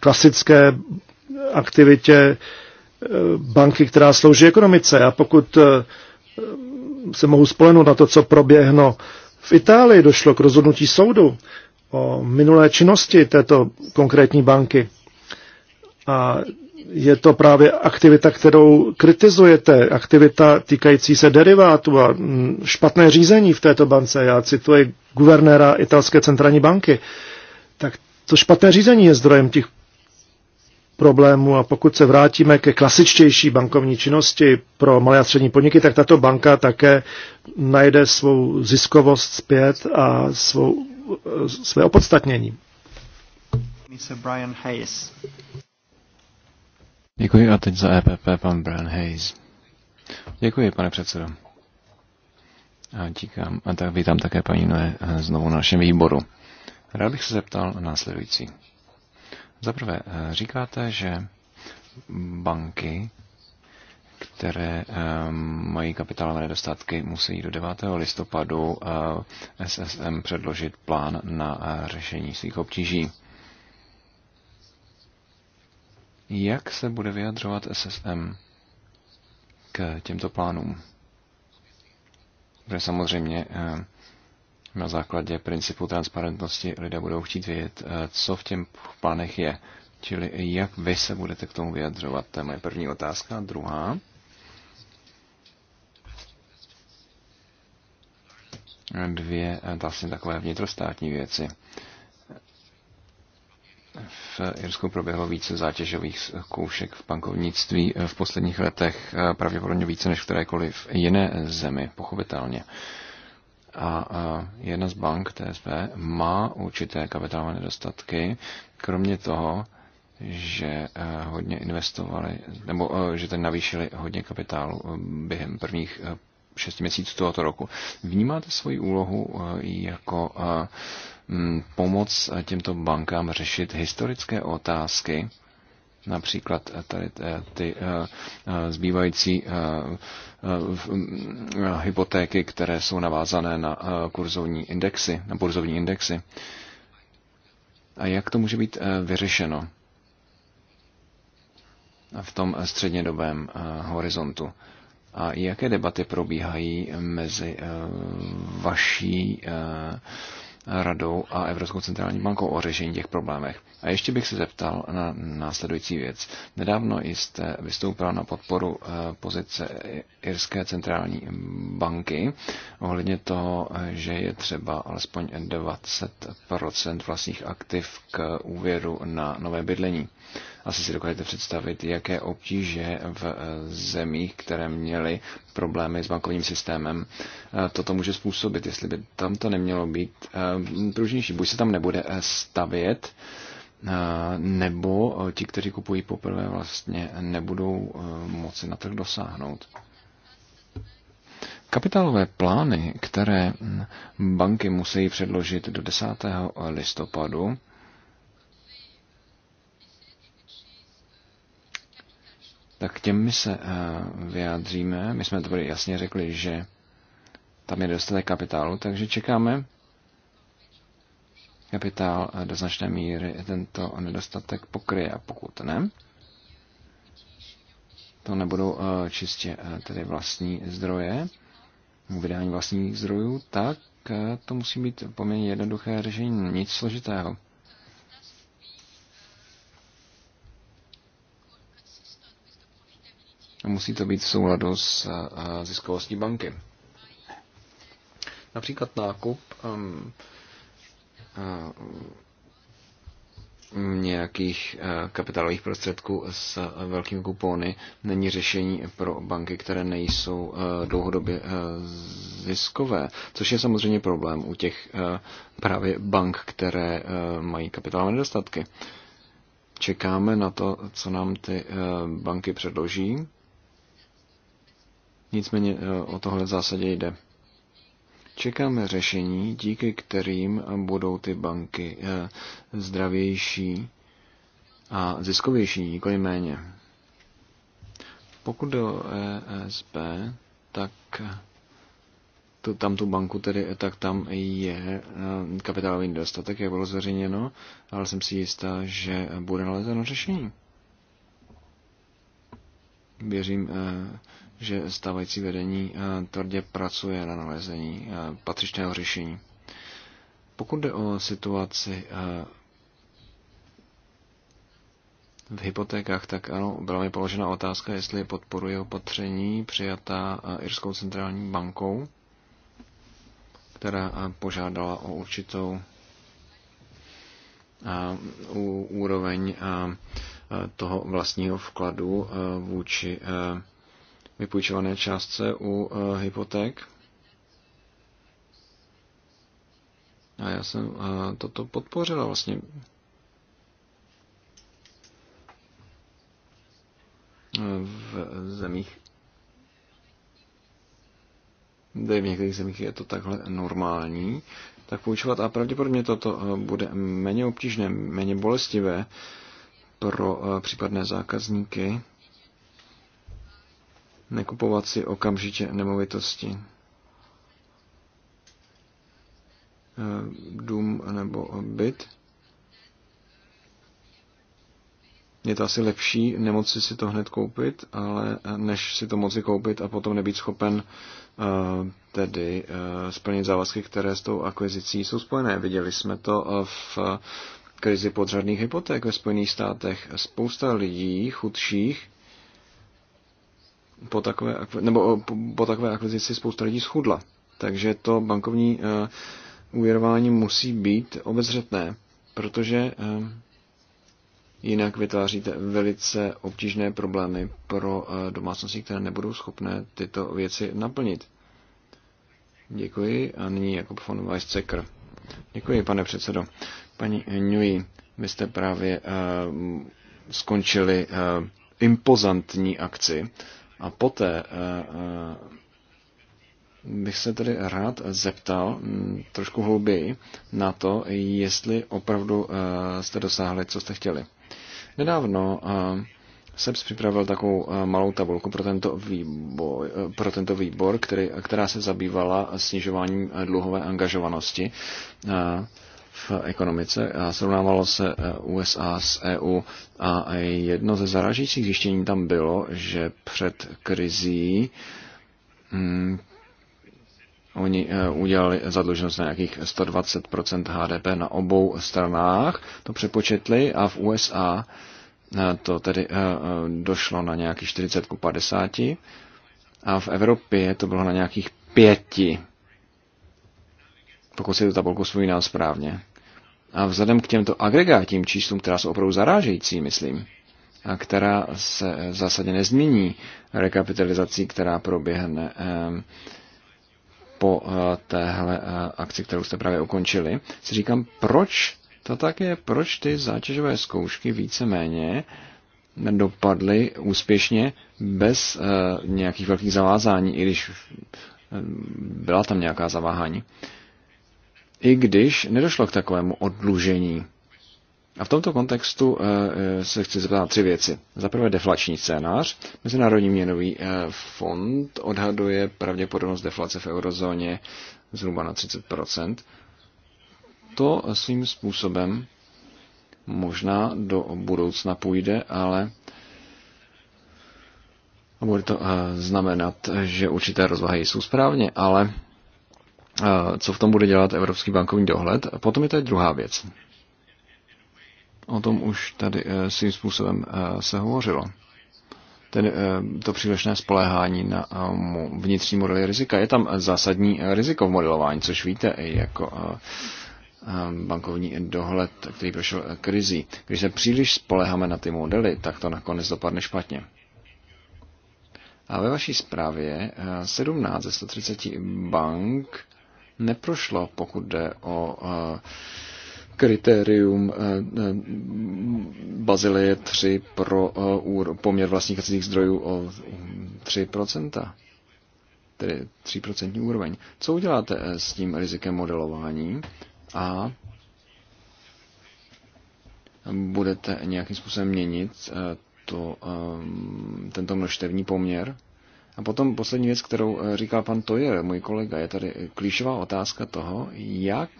Klasické aktivitě eh, banky, která slouží ekonomice. A pokud eh, se mohu spolehnout na to, co proběhno v Itálii, došlo k rozhodnutí soudu, o minulé činnosti této konkrétní banky. A je to právě aktivita, kterou kritizujete, aktivita týkající se derivátu a mm, špatné řízení v této bance. Já cituji guvernéra italské centrální banky. Tak to špatné řízení je zdrojem těch problémů a pokud se vrátíme ke klasičtější bankovní činnosti pro malé a střední podniky, tak tato banka také najde svou ziskovost zpět a svou své opodstatnění. Děkuji a teď za EPP pan Brian Hayes. Děkuji, pane předsedo. A díkám. A tak vítám také paní Noé eh, znovu na našem výboru. Rád bych se zeptal následující. Za prvé, eh, říkáte, že banky které eh, mají kapitálové nedostatky, musí do 9. listopadu eh, SSM předložit plán na eh, řešení svých obtíží. Jak se bude vyjadřovat SSM k těmto plánům? Protože samozřejmě na základě principu transparentnosti lidé budou chtít vědět, co v těch plánech je. Čili jak vy se budete k tomu vyjadřovat, to je moje první otázka. Druhá, dvě vlastně takové vnitrostátní věci. V Irsku proběhlo více zátěžových zkoušek v bankovnictví eh, v posledních letech, eh, pravděpodobně více než v kterékoliv jiné zemi, pochopitelně. A jedna z bank, TSB, má určité kapitálové nedostatky, kromě toho, že hodně investovali, nebo že ten navýšili hodně kapitálu během prvních šesti měsíců tohoto roku. Vnímáte svoji úlohu eh, jako eh, mm, pomoc eh, těmto bankám řešit historické otázky, například tady ty zbývající hypotéky, které jsou navázané na kurzovní indexy, na burzovní indexy. A jak to může být vyřešeno v tom střednědobém horizontu? A jaké debaty probíhají mezi eh, vaší eh, radou a Evropskou centrální bankou o řešení těch problémech. A ještě bych se zeptal na následující věc. Nedávno jste vystoupila na podporu eh, pozice Irské centrální banky ohledně toho, že je třeba alespoň 20% vlastních aktiv k úvěru na nové bydlení. Asi si dokážete představit, jaké obtíže v eh, zemích, které měly problémy s bankovním systémem, eh, toto může způsobit, jestli by tam to nemělo být eh, pružnější. Buď se tam nebude stavět, nebo ti, kteří kupují poprvé, vlastně nebudou moci na trh dosáhnout. Kapitálové plány, které hm, banky musí předložit do 10. listopadu, tak k těm my se eh, vyjádříme. My jsme to jasně řekli, že tam je dostatek kapitálu, takže čekáme. Kapitál eh, do značné míry tento nedostatek pokryje a pokud ne, to nebudou eh, čistě tedy vlastní zdroje, vydání vlastních zdrojů, tak to musí být poměrně jednoduché řešení, nic složitého. Musí to být v souladu s eh, ziskovostí banky. Například nákup um, um, nějakých uh, kapitálových prostředků s eh, velkými kupóny není řešení pro banky, které nejsou uh, dlouhodobě uh, ziskové, což je samozřejmě problém u těch uh, právě bank, které uh, mají kapitálové nedostatky. Čekáme na to, co nám ty uh, banky předloží Nicméně eh, o tohle v zásadě jde. Čekáme řešení, díky kterým budou ty banky eh, zdravější a ziskovější, nikoli méně. Pokud do ESB, tak eh, to, tam tu banku tedy, tak tam je kapitálový nedostatek, jak bylo zveřejněno, ale jsem si jistá, že bude nalezeno řešení. Věřím, že stávající vedení eh, tvrdě pracuje na nalezení eh, patřičného řešení. Pokud jde o situaci eh, v hypotékách, tak ano, byla mi položena otázka, jestli podporuje opatření přijatá Irskou centrální bankou, která požádala o určitou úroveň toho vlastního vkladu vůči vypůjčované částce u eh, hypoték. A já jsem eh, toto podpořila vlastně. v zemích. Kde v některých zemích je to takhle normální, tak poučovat a pravděpodobně toto eh, bude méně obtížné, méně bolestivé pro případné zákazníky nekupovat si okamžitě nemovitosti, eh, dům nebo byt. Je to asi lepší nemoci si to hned koupit, ale než si to moci koupit a potom nebýt schopen eh, tedy eh, splnit závazky, které s tou akvizicí jsou spojené. Viděli jsme to v krizi podřadných hypoték ve Spojených státech. Spousta lidí chudších po takové, nebo eh, po, po takové akvizici spousta lidí schudla. Takže to bankovní uh, úvěrování musí být obezřetné, protože uh, jinak vytváříte velice obtížné problémy pro uh, domácnosti, které nebudou schopné tyto věci naplnit. Děkuji a nyní jako von Weissecker. Děkuji, pane předsedo. Paní Nui, vy jste právě uh, skončili uh, impozantní akci, a poté eh, eh, bych se tedy rád zeptal mm, trošku hlouběji na to, jestli opravdu eh, jste dosáhli, co jste chtěli. Nedávno jsem připravil takovou malou tabulku pro tento výbor, pro tento výbor který, která se zabývala snižováním dluhové angažovanosti v ekonomice a srovnávalo se eh, USA s EU. A e jedno ze zarážících zjištění tam bylo, že před krizí hmm, Oni eh, udělali zadluženost na nějakých 120% HDP na obou stranách, to přepočetli a v USA eh, to tedy došlo na nějakých 40 ku 50 a v Evropě to bylo na nějakých 5 pokud si tu tabulku svůj nás správně. A vzhledem k těmto agregátním číslům, která jsou opravdu zarážející, myslím, a která se v zásadě nezmění rekapitalizací, která proběhne po eh, téhle eh, akci, kterou jste právě ukončili, si říkám, proč to tak je, proč ty zátěžové zkoušky víceméně dopadly úspěšně bez eh, nějakých velkých zavázání, i když byla tam nějaká zaváhání i když nedošlo k takovému odlužení. A v tomto kontextu eh, eh, se chci zeptat tři věci. Za prvé deflační scénář. Mezinárodní měnový eh, fond odhaduje pravděpodobnost deflace v eurozóně zhruba na 30%. To svým způsobem možná do budoucna půjde, ale bude to znamenat, že určité rozvahy jsou správně, ale co v tom bude dělat Evropský bankovní dohled. Potom je tady druhá věc. O tom už tady eh, svým způsobem eh, se hovořilo. Ten, eh, to přílišné spoléhání na vnitřní modely rizika. Je tam zásadní riziko v modelování, což víte i jako bankovní dohled, který prošel krizí. Když se příliš spoleháme na ty modely, tak to nakonec dopadne špatně. A ve vaší zprávě 17 ze 130 bank neprošla, pokud jde o eh, kritérium eh, eh, Bazileje 3 pro poměr vlastních cizích zdrojů o 3%, tedy 3% úroveň. Co uděláte s tím rizikem modelování a budete nějakým způsobem měnit to, tento množstevní poměr? A potom poslední věc, kterou eh, říká pan Tojer, můj kolega, je tady klíčová otázka toho, jak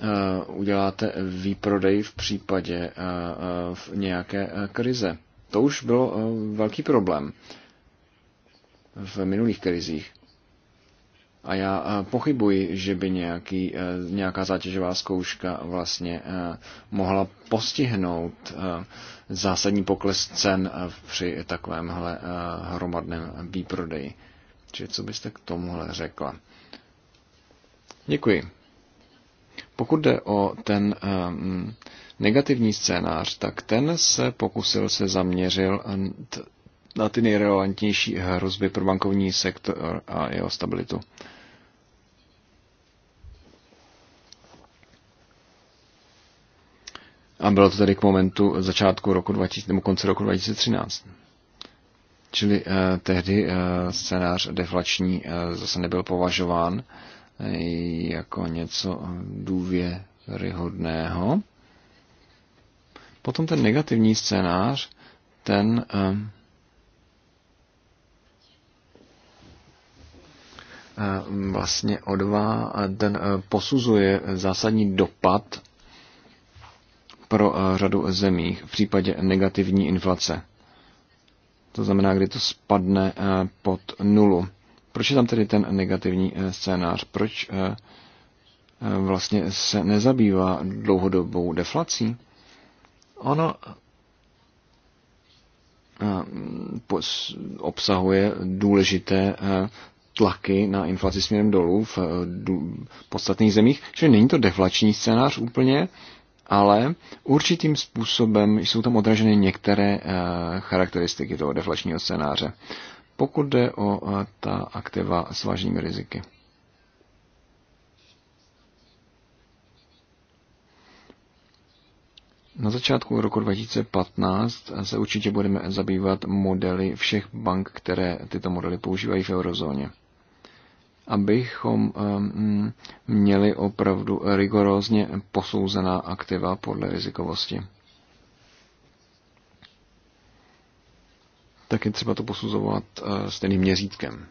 eh, uděláte výprodej v případě eh, v nějaké krize. To už bylo velký problém v minulých krizích. A já eh, pochybuji, že by nějaký, eh, nějaká zátěžová zkouška vlastně eh, mohla postihnout zásadní pokles cen při takovémhle hromadném výprodeji. Čili co byste k tomuhle řekla? Děkuji. Pokud jde o ten um, negativní scénář, tak ten se pokusil se zaměřil na ty nejrelevantnější hrozby pro bankovní sektor a jeho stabilitu. Uh, A bylo to tedy k momentu začátku roku 2000, nebo konce roku 2013. Čili eh, tehdy eh, scénář deflační eh, zase nebyl považován eh, jako něco důvěryhodného. Potom ten negativní scénář, ten eh, eh, vlastně odvá, ten posuzuje zásadní dopad pro eh, řadu zemí v případě negativní inflace. To znamená, kdy to spadne eh, pod nulu. Proč je tam tedy ten negativní eh, scénář? Proč vlastně se nezabývá dlouhodobou deflací? Ono obsahuje důležité tlaky na inflaci směrem dolů v podstatných zemích, že není to deflační scénář úplně, ale určitým způsobem jsou tam odraženy některé eh, charakteristiky toho deflačního scénáře, pokud jde o eh, ta aktiva s vážnými riziky. Na začátku roku 2015 se určitě budeme zabývat modely všech bank, které tyto modely používají v eurozóně abychom ehm, měli opravdu rigorózně posouzená aktiva podle rizikovosti. Tak je třeba to posuzovat eh, stejným měřítkem.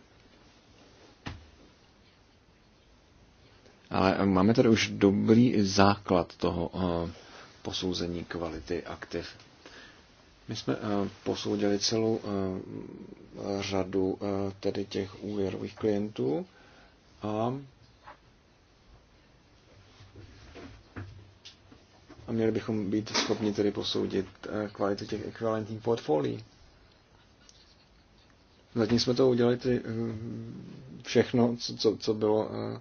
Ale máme tady už dobrý základ toho eh, posouzení kvality aktiv. My jsme eh, posoudili celou řadu tedy těch úvěrových klientů a a měli bychom být schopni tedy posoudit eh, kvalitu těch ekvivalentních portfolií. Zatím jsme to udělali ty, eh, všechno, co, co, bylo, eh,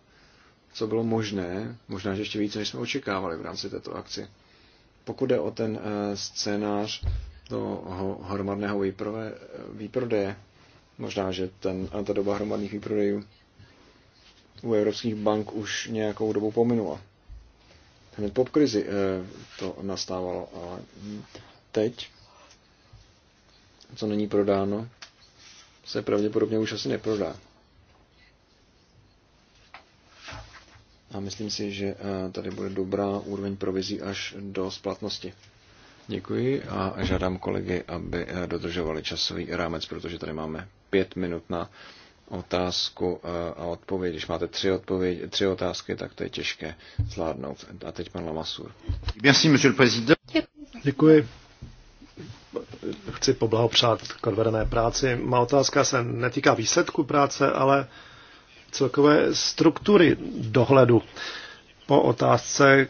co bylo možné, možná, že ještě více, než jsme očekávali v rámci této akci. Pokud jde o ten scénář toho hromadného výprodeje, možná, že ten, ta doba hromadných výprodejů u evropských bank už nějakou dobu pominula. Hned po krizi eh, to nastávalo, ale teď, co není prodáno, se pravděpodobně už asi neprodá. A myslím si, že eh, tady bude dobrá úroveň provizí až do splatnosti. Děkuji a žádám kolegy, aby eh, dodržovali časový rámec, protože tady máme pět minut na otázku a odpověď. Když máte tři, odpověď, tři otázky, tak to je těžké zvládnout. A teď pan Lamasur. Merci, monsieur le président. Děkuji. Chci poblahopřát k odvedené práci. Má otázka se netýká výsledku práce, ale celkové struktury dohledu. Po otázce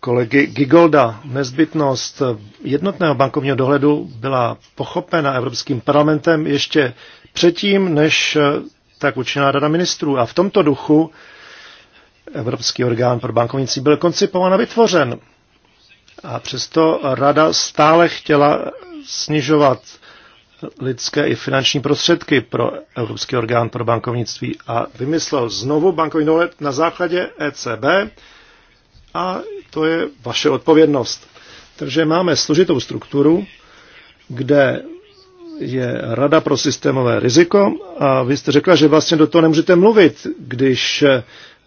kolegy Gigolda nezbytnost jednotného bankovního dohledu byla pochopena Evropským parlamentem ještě předtím, než eh, tak učiná rada ministrů. A v tomto duchu Evropský orgán pro bankovnictví byl koncipován a vytvořen. A přesto rada stále chtěla snižovat lidské i finanční prostředky pro Evropský orgán pro bankovnictví a vymyslel znovu bankovní dohled na základě ECB a to je vaše odpovědnost. Takže máme složitou strukturu, kde je Rada pro systémové riziko a vy jste řekla, že vlastně do toho nemůžete mluvit, když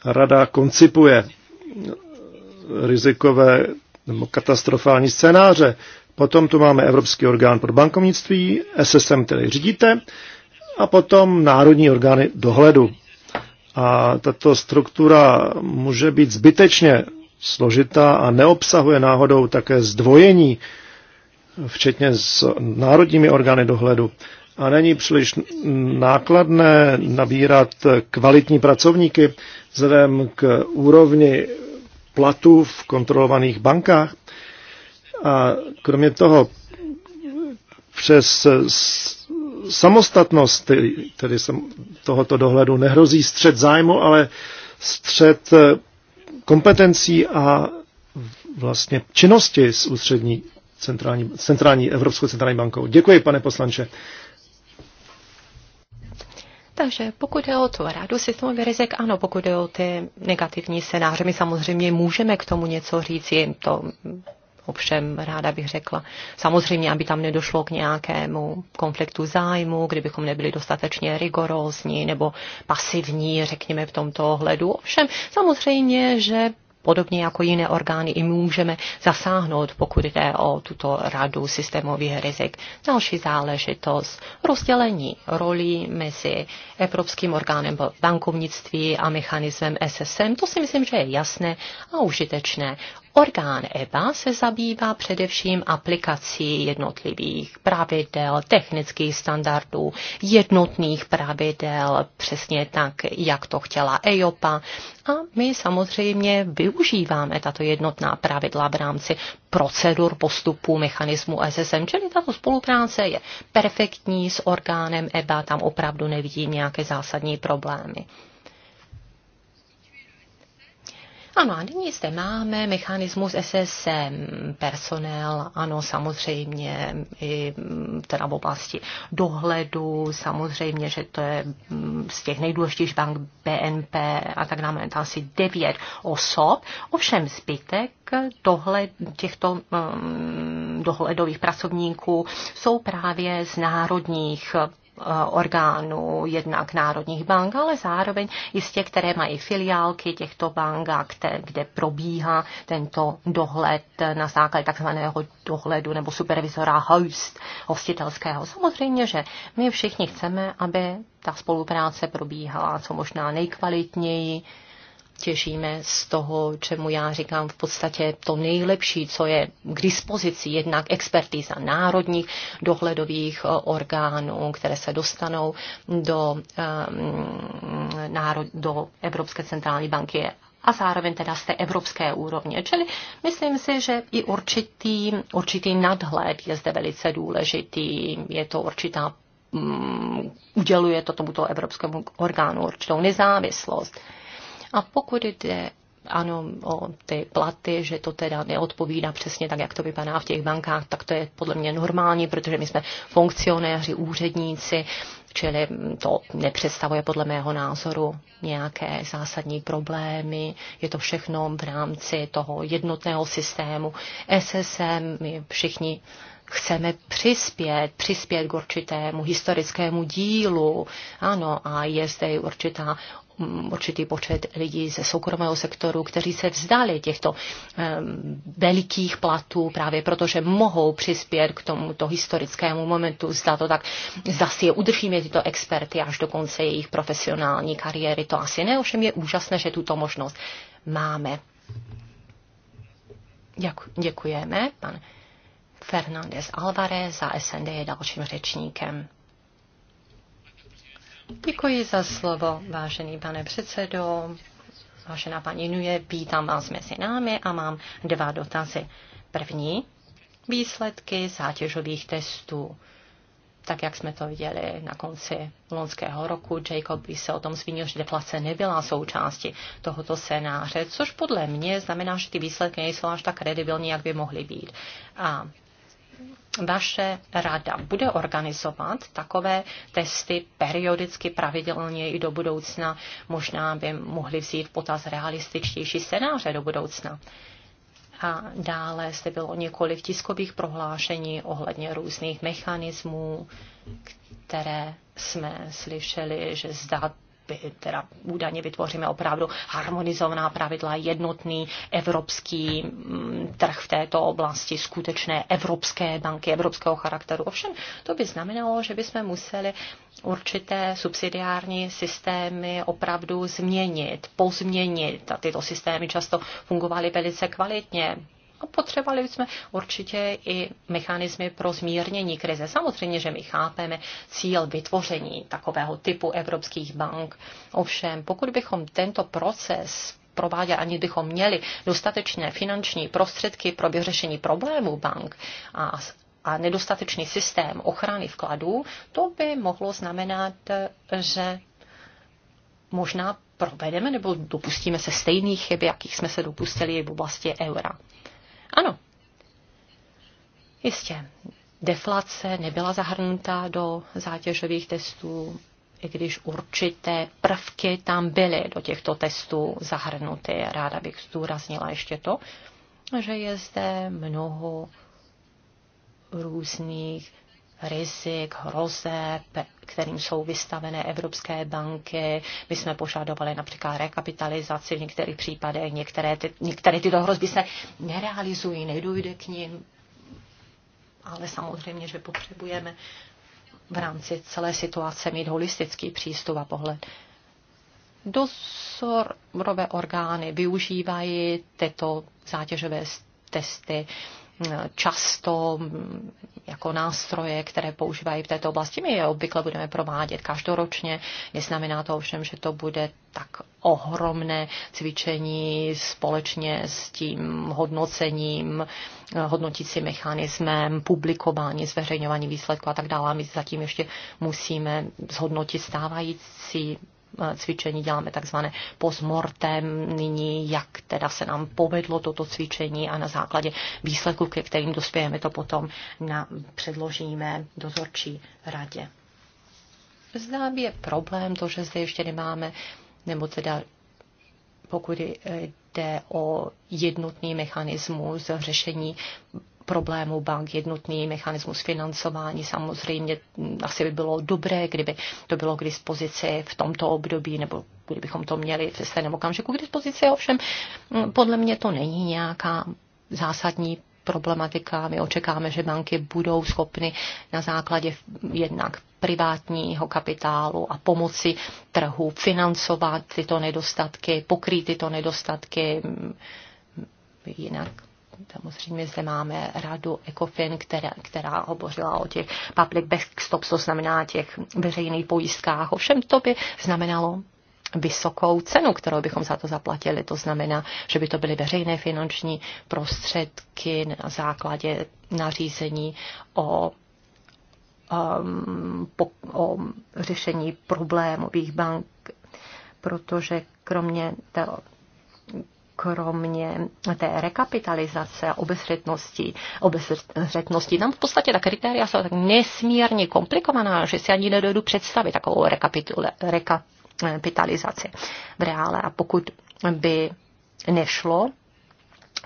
Rada koncipuje rizikové nebo katastrofální scénáře. Potom tu máme Evropský orgán pro bankovnictví, SSM, který řídíte, a potom národní orgány dohledu. A tato struktura může být zbytečně složitá a neobsahuje náhodou také zdvojení včetně s národními orgány dohledu. A není příliš nákladné nabírat kvalitní pracovníky vzhledem k úrovni platů v kontrolovaných bankách. A kromě toho přes samostatnost tedy tohoto dohledu nehrozí střed zájmu, ale střed kompetencí a vlastně činnosti z ústřední centrální, centrální, Evropskou centrální bankou. Děkuji, pane poslanče. Takže pokud je o tu rádu systémový rizik, ano, pokud je o ty negativní scénáře, my samozřejmě můžeme k tomu něco říct, jim to ovšem ráda bych řekla. Samozřejmě, aby tam nedošlo k nějakému konfliktu zájmu, kdybychom nebyli dostatečně rigorózní nebo pasivní, řekněme v tomto ohledu. Ovšem, samozřejmě, že podobně jako jiné orgány, i můžeme zasáhnout, pokud jde o tuto radu systémových rizik. Další záležitost, rozdělení rolí mezi Evropským orgánem bankovnictví a mechanismem SSM, to si myslím, že je jasné a užitečné. Orgán EBA se zabývá především aplikací jednotlivých pravidel, technických standardů, jednotných pravidel, přesně tak, jak to chtěla EIOPA. A my samozřejmě využíváme tato jednotná pravidla v rámci procedur, postupů, mechanismu SSM, čili tato spolupráce je perfektní s orgánem EBA, tam opravdu nevidím nějaké zásadní problémy. Ano, a nyní zde máme mechanismus SSM, personel, ano, samozřejmě, i mm, teda v oblasti dohledu, samozřejmě, že to je mm, z těch nejdůležitějších bank BNP a tak dále, tam asi devět osob, ovšem zbytek dohled, těchto um, dohledových pracovníků jsou právě z národních Eh, orgánů, jednak národních bank, ale zároveň i z těch, které mají filiálky těchto bank, kde, kde probíhá tento dohled na základě takzvaného dohledu nebo supervizora host, hostitelského. Samozřejmě, že my všichni chceme, aby ta spolupráce probíhala co možná nejkvalitněji, těžíme z toho, čemu já říkám v podstatě to nejlepší, co je k dispozici, jednak expertíza národních dohledových eh, orgánů, které se dostanou do, eh, do Evropské centrální banky a zároveň teda z té evropské úrovně. Čili myslím si, že i určitý, určitý nadhled je zde velice důležitý. Je to určitá mm, uděluje to tomuto evropskému orgánu určitou nezávislost. A pokud jde ano, o ty platy, že to teda neodpovídá přesně tak, jak to vypadá v těch bankách, tak to je podle mě normální, protože my jsme funkcionéři, úředníci, čili to nepředstavuje podle mého názoru nějaké zásadní problémy. Je to všechno v rámci toho jednotného systému SSM, my všichni chceme přispět, přispět k určitému historickému dílu. Ano, a je zde určitá Mm, určitý počet lidí ze soukromého sektoru, kteří se vzdali těchto velikých platů právě protože mohou přispět k tomuto historickému momentu. Zda to tak, zda si je udržíme tyto experty až do konce jejich profesionální kariéry, to asi ne, ovšem je úžasné, že tuto možnost máme. Děkujeme. Pan Fernández Alvarez za SND je dalším řečníkem. Děkuji za slovo, vážený pane předsedo. Vážená paní Nuje, vítám vás mezi námi a mám dva dotazy. První, výsledky zátěžových testů. Tak, jak jsme to viděli na konci loňského roku, Jacob by se o tom zmínil, že deflace nebyla součástí tohoto scénáře, což podle mě znamená, že ty výsledky nejsou až tak kredibilní, jak by mohly být. A vaše rada bude organizovat takové testy periodicky pravidelně i do budoucna? Možná by mohli vzít potaz realističtější scénáře do budoucna. A dále zde bylo několik tiskových prohlášení ohledně různých mechanismů, které jsme slyšeli, že zda teda údajně vytvoříme opravdu harmonizovaná pravidla, jednotný evropský mm, trh v této oblasti, skutečné evropské banky evropského charakteru. Ovšem, to by znamenalo, že bychom museli určité subsidiární systémy opravdu změnit, pozměnit. A tyto systémy často fungovaly velice kvalitně a potřebovali bychom určitě i mechanismy pro zmírnění krize. Samozřejmě, že my chápeme cíl vytvoření takového typu evropských bank. Ovšem, pokud bychom tento proces prováděl, ani bychom měli dostatečné finanční prostředky pro vyřešení problémů bank a a nedostatečný systém ochrany vkladů, to by mohlo znamenat, že možná provedeme nebo dopustíme se stejných chyb, jakých jsme se dopustili v oblasti eura. Ano, jistě, deflace nebyla zahrnuta do zátěžových testů, i když určité prvky tam byly do těchto testů zahrnuty. Ráda bych zdůraznila ještě to, že je zde mnoho různých rizik, hrozeb, kterým jsou vystavené evropské banky. My jsme požadovali například rekapitalizaci v některých případech. Některé, ty, některé tyto hrozby se nerealizují, nedojde k ním. Ale samozřejmě, že potřebujeme v rámci celé situace mít holistický přístup a pohled dozorové orgány využívají tyto zátěžové testy často mm, jako nástroje, které používají v této oblasti. My je obvykle budeme provádět každoročně. Neznamená to ovšem, že to bude tak ohromné cvičení společně s tím hodnocením, eh, hodnotící mechanismem, publikování, zveřejňování výsledků a tak dále. My zatím ještě musíme zhodnotit stávající Eh, cvičení, děláme takzvané postmortem nyní, jak teda se nám povedlo toto cvičení a na základě výsledku, ke kterým dospějeme, to potom na, předložíme dozorčí radě. Zdá je problém to, že zde ještě nemáme, nebo teda pokud jde o jednotný mechanismus řešení problémů bank, jednotný mechanismus financování. Samozřejmě asi by bylo dobré, kdyby to bylo k dispozici v tomto období nebo kdybychom to měli v stejném okamžiku k dispozici. Ovšem, mm, podle mě to není nějaká zásadní problematika. My očekáme, že banky budou schopny na základě jednak privátního kapitálu a pomoci trhu financovat tyto nedostatky, pokrýt tyto nedostatky mm, jinak samozřejmě zde máme radu ECOFIN, která, která hovořila o těch public backstops, to znamená těch veřejných pojistkách. Ovšem to by znamenalo vysokou cenu, kterou bychom za to zaplatili. To znamená, že by to byly veřejné finanční prostředky na základě nařízení o, um, po, o řešení problémových bank, protože kromě toho, kromě té rekapitalizace obezřetnosti, obezřetnosti, tam v podstatě ta kritéria jsou tak nesmírně komplikovaná, že si ani nedojdu představit takovou rekapitalizaci v reále. A pokud by nešlo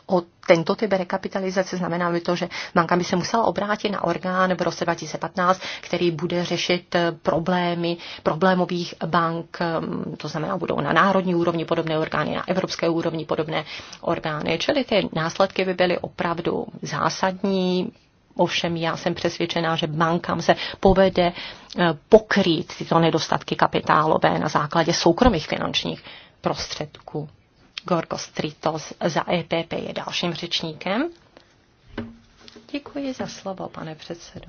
o tento typ rekapitalizace znamená by to, že banka by se musela obrátit na orgán v roce 2015, který bude řešit eh, problémy problémových bank, mm, to znamená budou na národní úrovni podobné orgány, na evropské úrovni podobné orgány. Čili ty následky by byly opravdu zásadní, Ovšem já jsem přesvědčená, že bankám se povede eh, pokrýt tyto nedostatky kapitálové na základě soukromých finančních prostředků. Gorgos Tritos za EPP je dalším řečníkem. Děkuji za slovo, pane předsedo.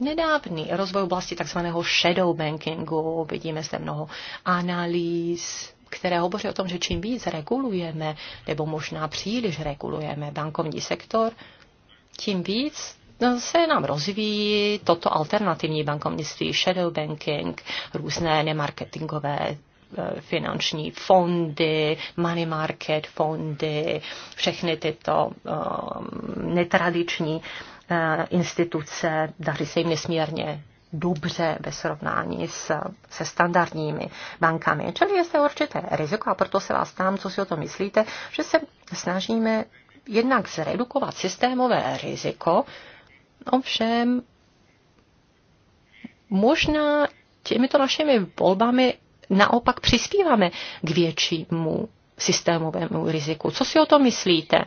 Nedávný rozvoj oblasti tzv. shadow bankingu, vidíme zde mnoho analýz, které hovoří o tom, že čím víc regulujeme, nebo možná příliš regulujeme bankovní sektor, tím víc se nám rozvíjí toto alternativní bankovnictví, shadow banking, různé nemarketingové e, finanční fondy, money market fondy, všechny tyto uh, netradiční uh, instituce, daří se jim nesmírně dobře ve srovnání s, se standardními bankami. Čili je zde určité riziko a proto se vás ptám, co si o to myslíte, že se snažíme jednak zredukovat systémové riziko, Ovšem, možná těmito našimi volbami naopak přispíváme k většímu systémovému riziku. Co si o to myslíte?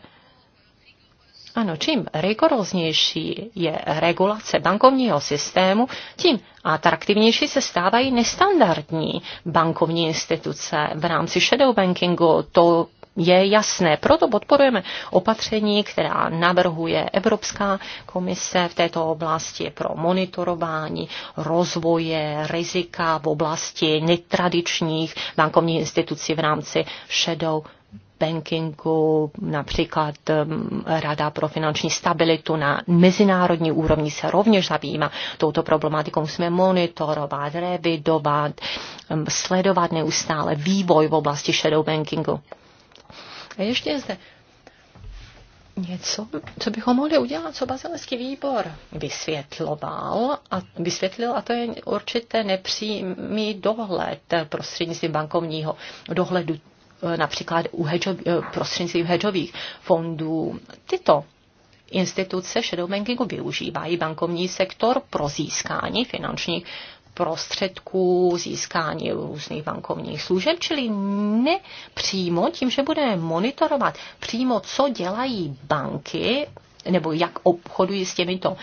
Ano, čím rigoroznější je regulace bankovního systému, tím atraktivnější se stávají nestandardní bankovní instituce v rámci shadow bankingu. To je jasné. Proto podporujeme opatření, která navrhuje Evropská komise v této oblasti pro monitorování rozvoje rizika v oblasti netradičních bankovních institucí v rámci shadow bankingu, například mm, Rada pro finanční stabilitu na mezinárodní úrovni se rovněž zabývá touto problematikou. Musíme monitorovat, revidovat, mm, sledovat neustále vývoj v oblasti shadow bankingu. A ještě je zde něco, co bychom mohli udělat, co bazilecký výbor vysvětloval a vysvětlil, a to je určité nepřímý dohled prostřednictvím bankovního dohledu eh, například u hedžov, eh, prostřednictvím hedžových fondů. Tyto instituce shadow bankingu využívají bankovní sektor pro získání finančních prostředků, získání různých bankovních služeb, čili ne přímo tím, že budeme monitorovat přímo, co dělají banky nebo jak obchodují s těmito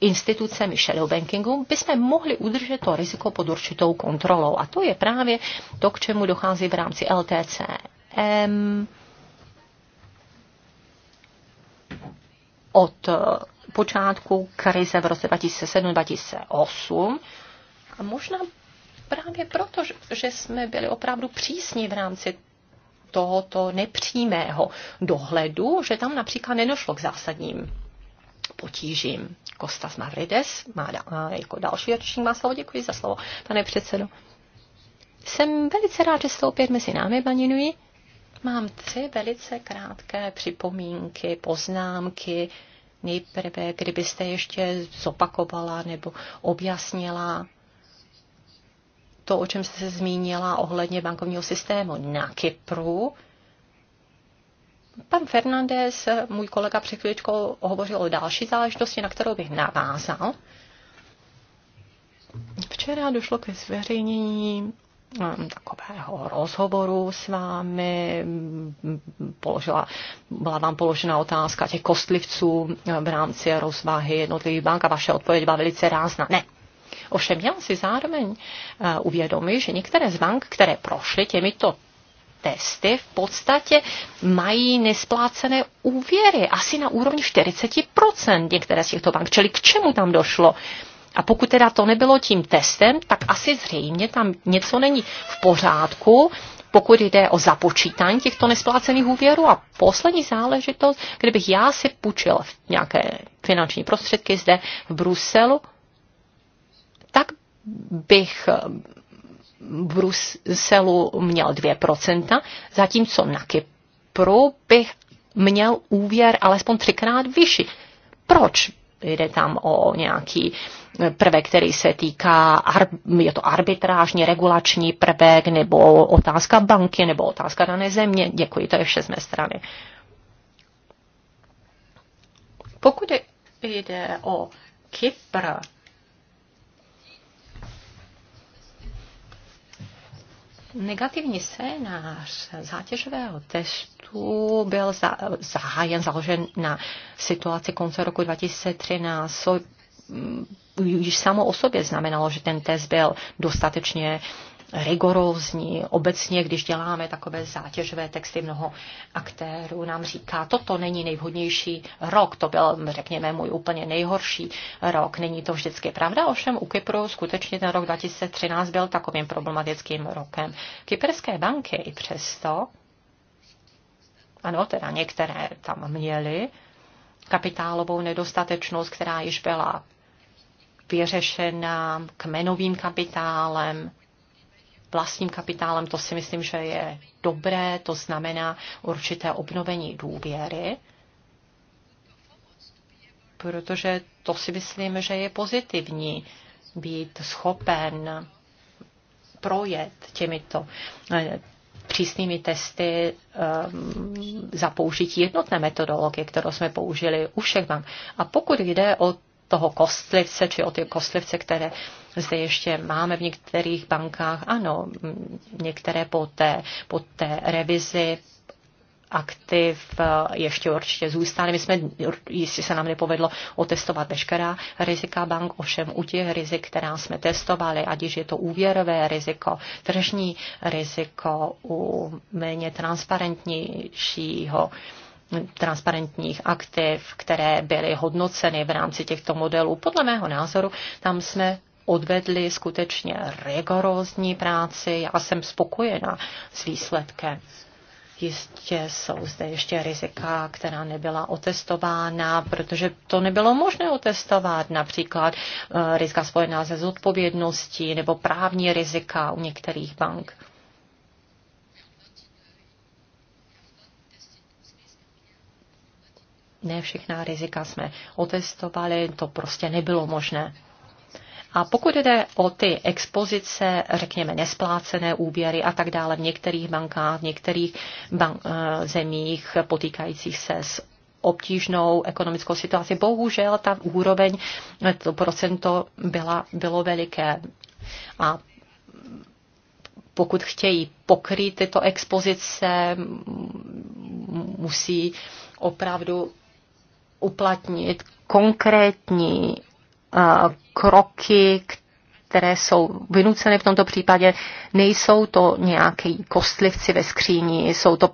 institucemi shadow bankingu, bychom mohli udržet to riziko pod určitou kontrolou. A to je právě to, k čemu dochází v rámci LTCM od počátku krize v roce 2007-2008. A možná právě proto, že jsme byli opravdu přísní v rámci tohoto nepřímého dohledu, že tam například nenošlo k zásadním potížím. Kostas Mavrides má jako další ročník má slovo. Děkuji za slovo, pane předsedo. Jsem velice rád, že jste opět mezi námi, paní Mám tři velice krátké připomínky, poznámky Nejprve, kdybyste ještě zopakovala nebo objasnila to, o čem jste se zmínila ohledně bankovního systému na Kypru. Pan Fernandez, můj kolega před chvíličkou, hovořil o další záležitosti, na kterou bych navázal. Včera došlo ke zveřejnění Hm, takového rozhovoru s vámi, položila, byla vám položena otázka těch kostlivců eh, v rámci rozvahy jednotlivých bank a vaše odpověď byla velice rázná. Ne. Ovšem měla si zároveň eh, uvědomit, že některé z bank, které prošly těmito testy, v podstatě mají nesplácené úvěry asi na úrovni 40%, některé z těchto bank. Čili k čemu tam došlo? A pokud teda to nebylo tím testem, tak asi zřejmě tam něco není v pořádku, pokud jde o započítání těchto nesplácených úvěrů. A poslední záležitost, kdybych já si půjčil nějaké finanční prostředky zde v Bruselu, tak bych eh, v Bruselu měl 2%, zatímco na Kypru bych měl úvěr alespoň třikrát vyšší. Proč? Jde tam o nějaký prvek, který se týká, je to arbitrážní, regulační prvek, nebo otázka banky, nebo otázka dané země. Děkuji, to je vše z mé strany. Pokud jde o Kypr, Negativní scénář zátěžového testu byl zahájen, založen na situaci konce roku 2013 již samo o sobě znamenalo, že ten test byl dostatečně rigorózní. Obecně, když děláme takové zátěžové texty, mnoho aktérů nám říká, toto není nejvhodnější rok, to byl, řekněme, můj úplně nejhorší rok. Není to vždycky pravda, ovšem u Kypru skutečně ten rok 2013 byl takovým problematickým rokem. Kyperské banky i přesto, ano, teda některé tam měly, kapitálovou nedostatečnost, která již byla vyřešena kmenovým kapitálem, vlastním kapitálem. To si myslím, že je dobré, to znamená určité obnovení důvěry, protože to si myslím, že je pozitivní být schopen projet těmito eh, přísnými testy ehm, za použití jednotné metodologie, kterou jsme použili u všech bank. A pokud jde o toho kostlivce, či o ty kostlivce, které zde ještě máme v některých bankách. Ano, některé po té, po té revizi aktiv eh, ještě určitě zůstane. My jsme, jestli se nám nepovedlo otestovat veškerá rizika bank, ovšem u těch rizik, která jsme testovali, ať již je to úvěrové riziko, tržní riziko, u méně transparentnějšího uh, transparentních aktiv, které byly hodnoceny v rámci těchto modelů. Podle mého názoru tam jsme odvedli skutečně rigorózní práci. Já jsem spokojena s výsledkem. Jistě jsou zde ještě rizika, která nebyla otestována, protože to nebylo možné otestovat, například eh, rizika spojená se zodpovědností nebo právní rizika u některých bank. ne všechna rizika jsme otestovali, to prostě nebylo možné. A pokud jde o ty expozice, řekněme nesplácené úvěry a tak dále v některých bankách, v některých bank, eh, zemích potýkajících se s obtížnou ekonomickou situaci. Bohužel ta úroveň, to procento byla, bylo veliké. A pokud chtějí pokrýt tyto expozice, musí opravdu uplatnit konkrétní eh, kroky, které jsou vynuceny v tomto případě. Nejsou to nějaké kostlivci ve skříni, jsou to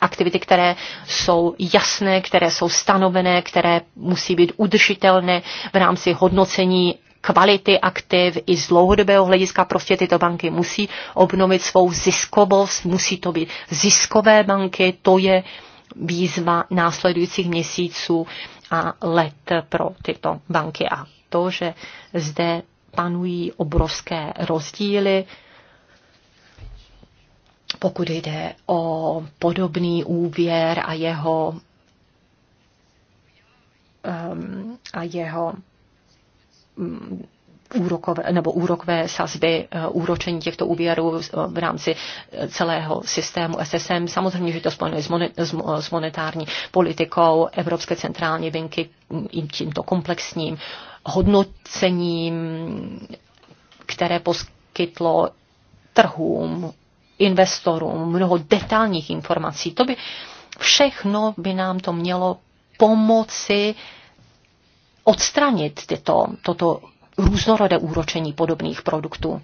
aktivity, které jsou jasné, které jsou stanovené, které musí být udržitelné v rámci hodnocení kvality aktiv i z dlouhodobého hlediska. Prostě tyto banky musí obnovit svou ziskovost, musí to být ziskové banky, to je uh, výzva následujících měsíců a let pro tyto banky. A to, že zde panují obrovské rozdíly, pokud jde o podobný úvěr a jeho um, a jeho um, úrokové, nebo úrokové sazby, eh, úročení těchto úvěrů v rámci eh, celého systému SSM. Samozřejmě, že to spojeno s monetární politikou Evropské centrální banky, mm, tímto komplexním hodnocením, které poskytlo trhům, investorům mnoho detailních informací. To by všechno by nám to mělo pomoci odstranit tyto, toto různorodé úročení podobných produktů.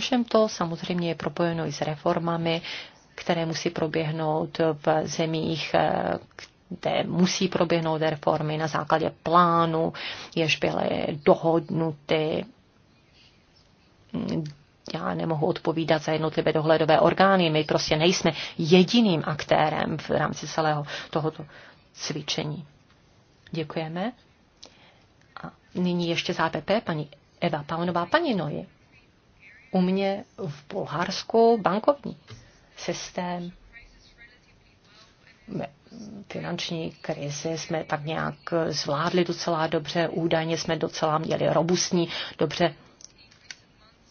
Všem to samozřejmě je propojeno i s reformami, které musí proběhnout v zemích, eh, kde musí proběhnout reformy na základě plánu, jež byly dohodnuty. Já nemohu odpovídat za jednotlivé dohledové orgány, my prostě nejsme jediným aktérem v rámci celého tohoto cvičení. Děkujeme. Nyní ještě z APP paní Eva Paunová, paní Noji. U mě v Bulharsku bankovní systém finanční krizi jsme tak nějak zvládli docela dobře, údajně jsme docela měli robustní, dobře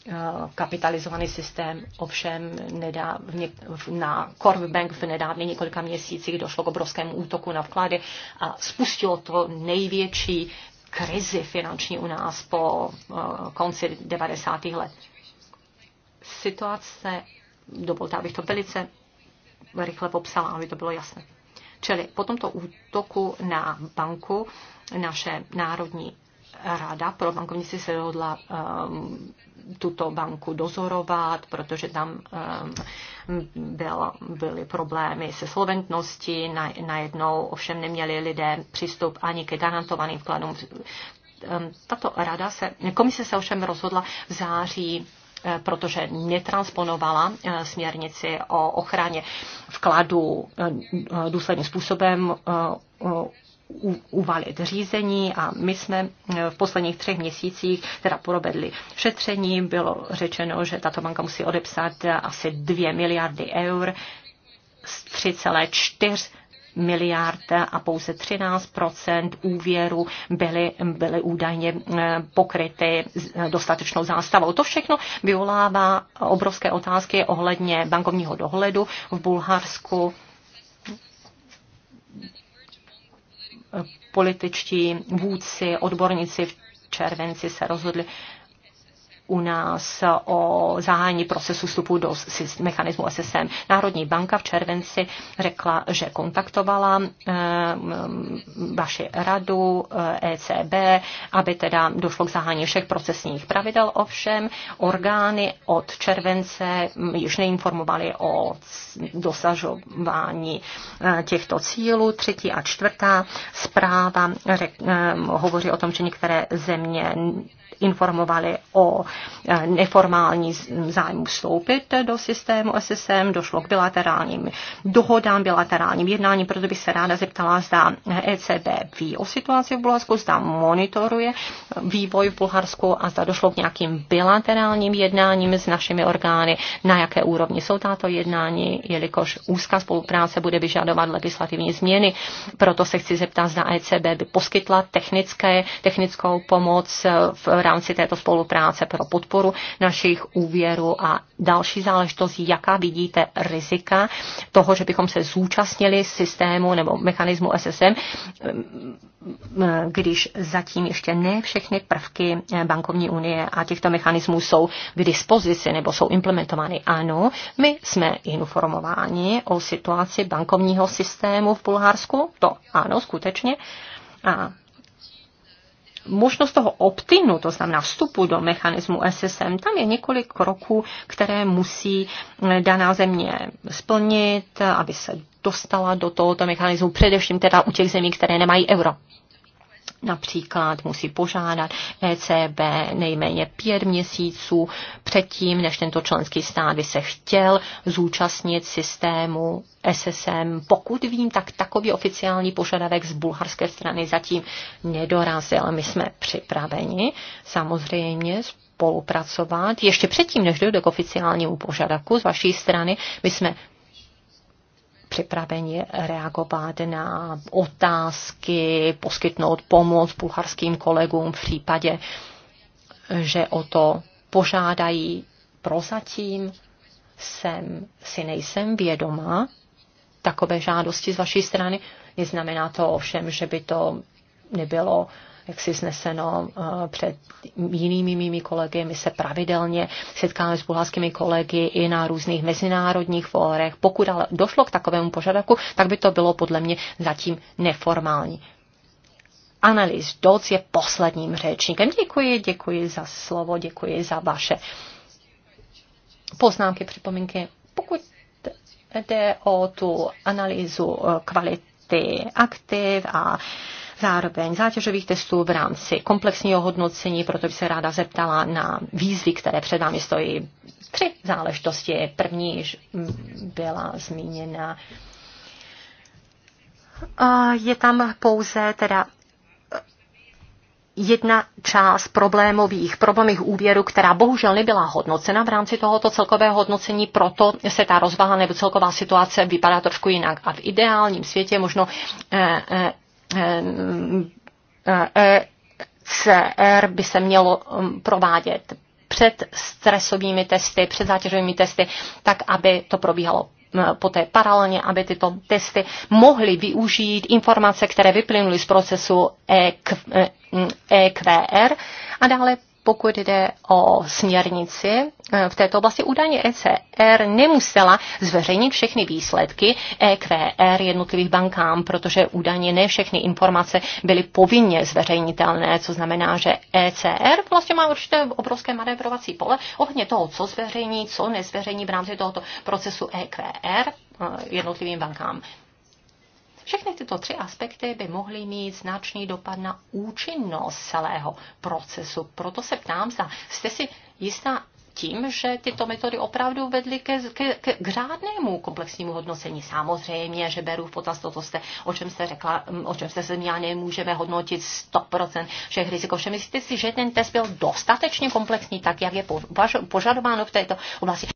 eh, kapitalizovaný systém, ovšem nedá, na Corp Bank v nedávně několika měsících došlo k obrovskému útoku na vklady a spustilo to největší krizi finanční u nás po eh, konci 90. let. Situace, dovolte, abych to velice rychle popsala, aby to bylo jasné. Čili po tomto útoku na banku naše národní Rada pro bankovnictví se dohodla um, tuto banku dozorovat, protože tam um, byl, byly problémy se solventností. Na, najednou ovšem neměli lidé přístup ani ke garantovaným vkladům. Um, tato rada se, komise se ovšem rozhodla v září eh, protože netransponovala eh, směrnici o ochraně vkladů eh, důsledným způsobem uvalit řízení a my jsme eh, v posledních třech měsících teda porobedli šetření. Bylo řečeno, že tato banka musí odepsat eh, asi 2 miliardy eur z 3,4 miliard eh, a pouze 13 úvěru byly, byly údajně pokryty dostatečnou zástavou. To všechno vyvolává obrovské otázky ohledně bankovního dohledu v Bulharsku političtí vůdci, odborníci v červenci se rozhodli, u nás eh, o zahájení procesu vstupu do mechanismu SSM. Národní banka v červenci řekla, že kontaktovala eh, vaši radu ECB, eh, e aby teda došlo k zahájení všech procesních pravidel. Ovšem orgány od července již neinformovaly o dosažování těchto cílů. Třetí a čtvrtá zpráva hovoří o tom, že některé země informovali o eh, neformální zájmu vstoupit do systému SSM, došlo k bilaterálním dohodám, bilaterálním jednáním, proto bych se ráda zeptala, zda ECB ví o situaci v Bulharsku, zda monitoruje vývoj v Bulharsku a zda došlo k nějakým bilaterálním jednáním s našimi orgány, na jaké úrovni jsou tato jednání, jelikož úzká spolupráce bude vyžadovat legislativní změny. Proto se chci zeptat, zda ECB by poskytla technické, technickou pomoc v rámci této spolupráce pro podporu našich úvěrů a další záležitost, jaká vidíte rizika toho, že bychom se zúčastnili systému nebo mechanismu SSM, když zatím ještě ne všechny prvky bankovní unie a těchto mechanismů jsou k dispozici nebo jsou implementovány. Ano, my jsme informováni o situaci bankovního systému v Bulharsku, to ano, skutečně. A možnost toho optinu, to znamená vstupu do mechanismu SSM, tam je několik kroků, které musí eh, daná země splnit, aby se dostala do tohoto mechanismu, především teda u těch zemí, které nemají euro. Například musí požádat ECB nejméně pět měsíců předtím, než tento členský stát by se chtěl zúčastnit systému SSM. Pokud vím, tak takový oficiální požadavek z bulharské strany zatím nedorazil. My jsme připraveni samozřejmě spolupracovat. Ještě předtím, než dojde k oficiálnímu požadavku z vaší strany, my jsme připraveni reagovat na otázky, poskytnout pomoc bulharským kolegům v případě, že o to požádají. Prozatím jsem si nejsem vědoma takové žádosti z vaší strany. Neznamená to ovšem, že by to nebylo jak si zneseno eh, před jinými mými kolegy. My se pravidelně setkáme s bulharskými kolegy i na různých mezinárodních fórech. Pokud ale došlo k takovému požadavku, tak by to bylo podle mě zatím neformální. Analýz Doc je posledním řečníkem. Děkuji, děkuji za slovo, děkuji za vaše poznámky, připomínky. Pokud jde o tu analýzu eh, kvality aktiv a zároveň zátěžových testů v rámci komplexního hodnocení, proto bych se ráda zeptala na výzvy, které před vámi stojí. Tři záležitosti. První byla zmíněna. je tam pouze teda jedna část problémových, problémových úvěrů, která bohužel nebyla hodnocena v rámci tohoto celkového hodnocení, proto se ta rozvaha nebo celková situace vypadá trošku jinak. A v ideálním světě možno eh, eh, Eh, eh, e CR by se mělo um, provádět před stresovými testy, před zátěžovými testy, tak aby to probíhalo eh, poté paralelně, aby tyto testy mohly využít informace, které vyplynuly z procesu EQ, EQR mm, e a dále pokud jde o směrnici eh, v této oblasti, údajně ECR nemusela zveřejnit všechny výsledky EQR jednotlivých bankám, protože údajně ne všechny informace byly povinně zveřejnitelné, co znamená, že ECR vlastně má určité obrovské manévrovací pole ohledně toho, co zveřejní, co nezveřejní v rámci tohoto procesu EQR eh, jednotlivým bankám. Všechny tyto tři aspekty by mohly mít značný dopad na účinnost celého procesu. Proto se ptám, zda jste si jistá tím, že tyto metody opravdu vedly ke, ke, ke, k řádnému komplexnímu hodnocení. Samozřejmě, že beru v potaz to, jste, o čem jste řekla, mm, o čem jste se zmínila, nemůžeme hodnotit 100% všech rizik. Všem myslíte si, že ten test byl dostatečně komplexní, tak jak je požadováno v této oblasti?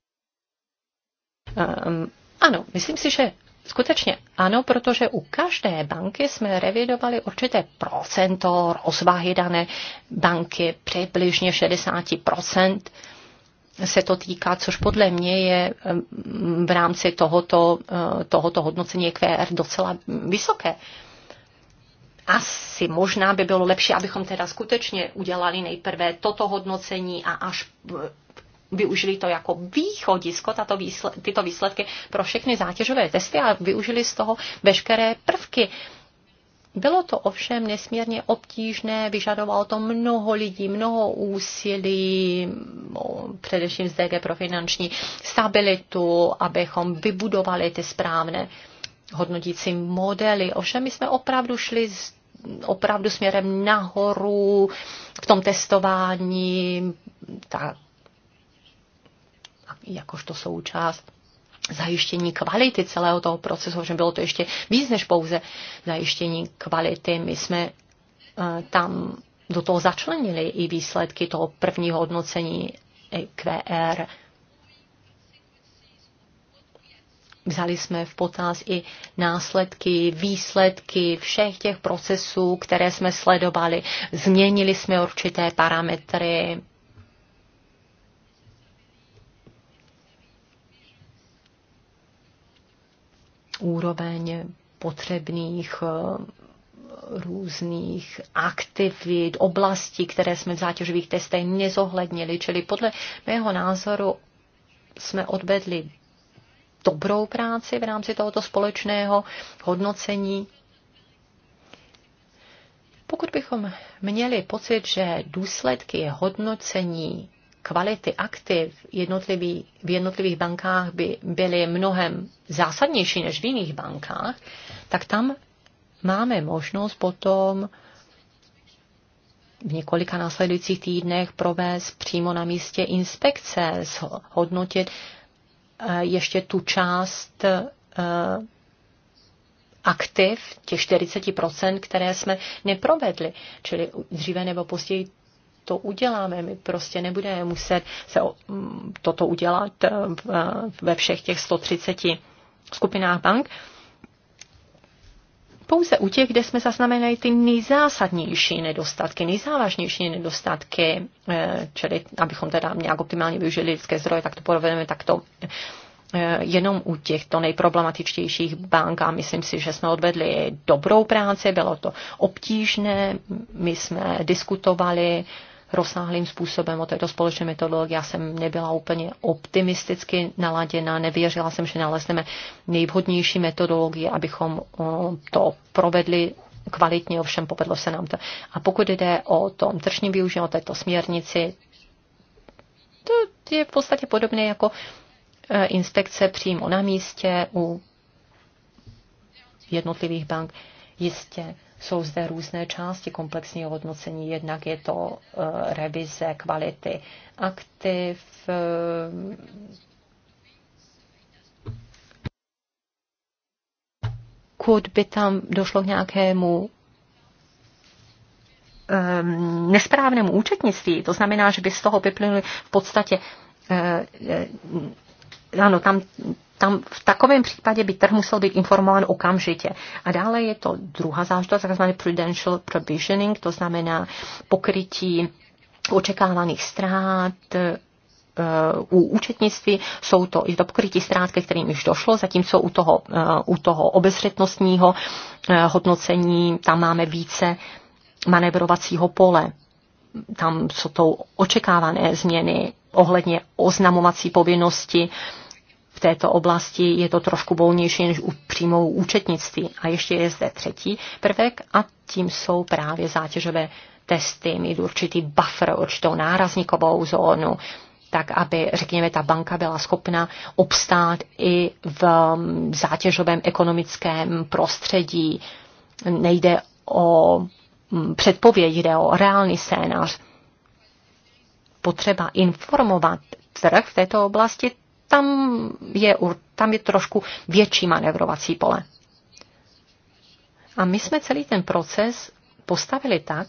Um, ano, myslím si, že Skutečně ano, protože u každé banky jsme revidovali určité procento rozvahy dané banky, přibližně 60% se to týká, což podle mě je mm, v rámci tohoto, eh, tohoto hodnocení QR docela vysoké. Asi možná by bylo lepší, abychom teda skutečně udělali nejprve toto hodnocení a až eh, využili to jako východisko, tato výsled, tyto výsledky pro všechny zátěžové testy a využili z toho veškeré prvky. Bylo to ovšem nesmírně obtížné, vyžadovalo to mnoho lidí, mnoho úsilí, především z DG pro finanční stabilitu, abychom vybudovali ty správné hodnotící modely. Ovšem my jsme opravdu šli z opravdu směrem nahoru v tom testování, ta jakožto součást zajištění kvality celého toho procesu, že bylo to ještě víc než pouze zajištění kvality. My jsme eh, tam do toho začlenili i výsledky toho prvního hodnocení e QR. Vzali jsme v potaz i následky, výsledky všech těch procesů, které jsme sledovali. Změnili jsme určité parametry, úroveň potřebných eh, různých aktivit, oblastí, které jsme v zátěžových testech nezohlednili. Čili podle mého názoru jsme odvedli dobrou práci v rámci tohoto společného hodnocení. Pokud bychom měli pocit, že důsledky hodnocení kvality aktiv jednotlivý, v jednotlivých bankách by byly mnohem zásadnější než v jiných bankách, tak tam máme možnost potom v několika následujících týdnech provést přímo na místě inspekce, hodnotit eh, ještě tu část eh, aktiv, těch 40%, které jsme neprovedli. Čili dříve nebo později to uděláme. My prostě nebudeme muset se toto udělat eh, eh, ve všech těch 130 skupinách bank. Pouze u těch, kde jsme zaznamenali ty nejzásadnější nedostatky, nejzávažnější nedostatky, eh, čili abychom teda nějak optimálně využili lidské zdroje, tak to provedeme takto jenom u těchto nejproblematičtějších bank a myslím si, že jsme odvedli dobrou práci, bylo to obtížné, my jsme diskutovali rozsáhlým způsobem o této společné metodologii. Já jsem nebyla úplně optimisticky naladěna, nevěřila jsem, že nalezneme nejvhodnější metodologii, abychom eh, to provedli kvalitně, ovšem povedlo se nám to. A pokud jde o tom tržní využití, o této směrnici, to je v podstatě podobné jako eh, inspekce přímo na místě u jednotlivých bank. Jistě jsou zde různé části komplexního hodnocení. Jednak je to eh, revize kvality aktiv, eh, kud by tam došlo k nějakému um, nesprávnému účetnictví, to znamená, že by z toho vyplynuly v podstatě, uh, uh, ano, tam tam v takovém případě by trh musel být informován okamžitě. A dále je to druhá záležitost, takzvaný prudential provisioning, to znamená pokrytí očekávaných ztrát, eh, u účetnictví jsou to, i to pokrytí ztrát, ke kterým již došlo, zatímco u toho, eh, u toho obezřetnostního eh, hodnocení tam máme více manevrovacího pole. Tam jsou to očekávané změny ohledně oznamovací povinnosti této oblasti je to trošku volnější než u přímou účetnictví. A ještě je zde třetí prvek a tím jsou právě zátěžové testy, mít určitý buffer, určitou nárazníkovou zónu, tak aby, řekněme, ta banka byla schopna obstát i v mm, zátěžovém ekonomickém prostředí. Nejde o mm, předpověď, jde o reálný scénář. Potřeba informovat trh v této oblasti, tam je, tam je trošku větší manevrovací pole. A my jsme celý ten proces postavili tak,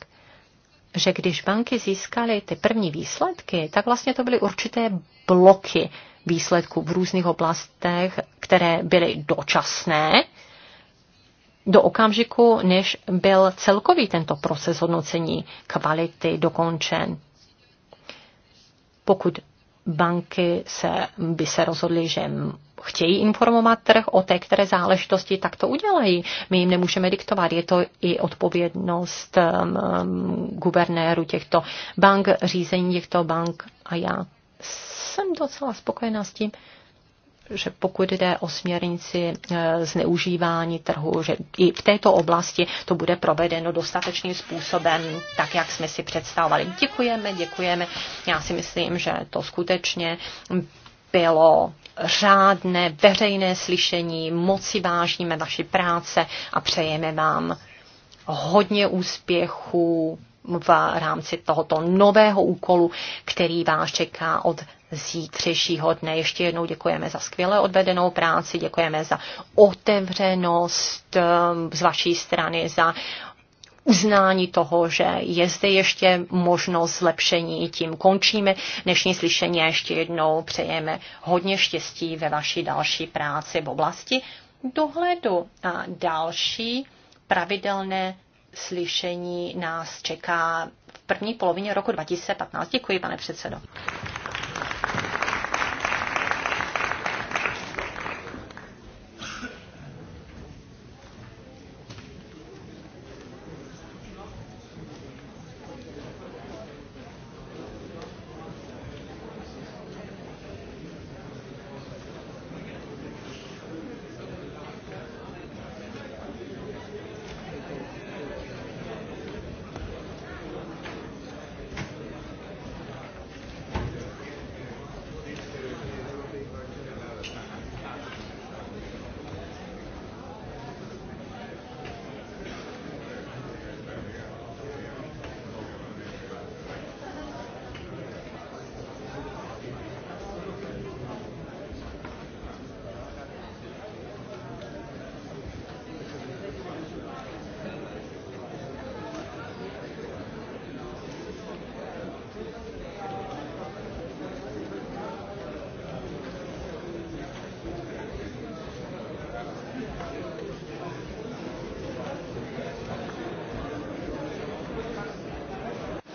že když banky získaly ty první výsledky, tak vlastně to byly určité bloky výsledků v různých oblastech, které byly dočasné do okamžiku, než byl celkový tento proces hodnocení kvality dokončen. Pokud banky se, by se rozhodly, že chtějí informovat trh o té které záležitosti, tak to udělají. My jim nemůžeme diktovat. Je to i odpovědnost um, guvernéru těchto bank, řízení těchto bank. A já jsem docela spokojená s tím, že pokud jde o směrnici eh, zneužívání trhu, že i v této oblasti to bude provedeno dostatečným způsobem, tak jak jsme si představovali. Děkujeme, děkujeme. Já si myslím, že to skutečně bylo řádné veřejné slyšení, moc si vážíme vaši práce a přejeme vám hodně úspěchů v rámci tohoto nového úkolu, který vás čeká od zítřejšího dne. Ještě jednou děkujeme za skvěle odvedenou práci, děkujeme za otevřenost um, z vaší strany, za uznání toho, že je zde ještě možnost zlepšení. Tím končíme dnešní slyšení a ještě jednou přejeme hodně štěstí ve vaší další práci v oblasti dohledu a další pravidelné slyšení nás čeká v první polovině roku 2015. Děkuji, pane předsedo.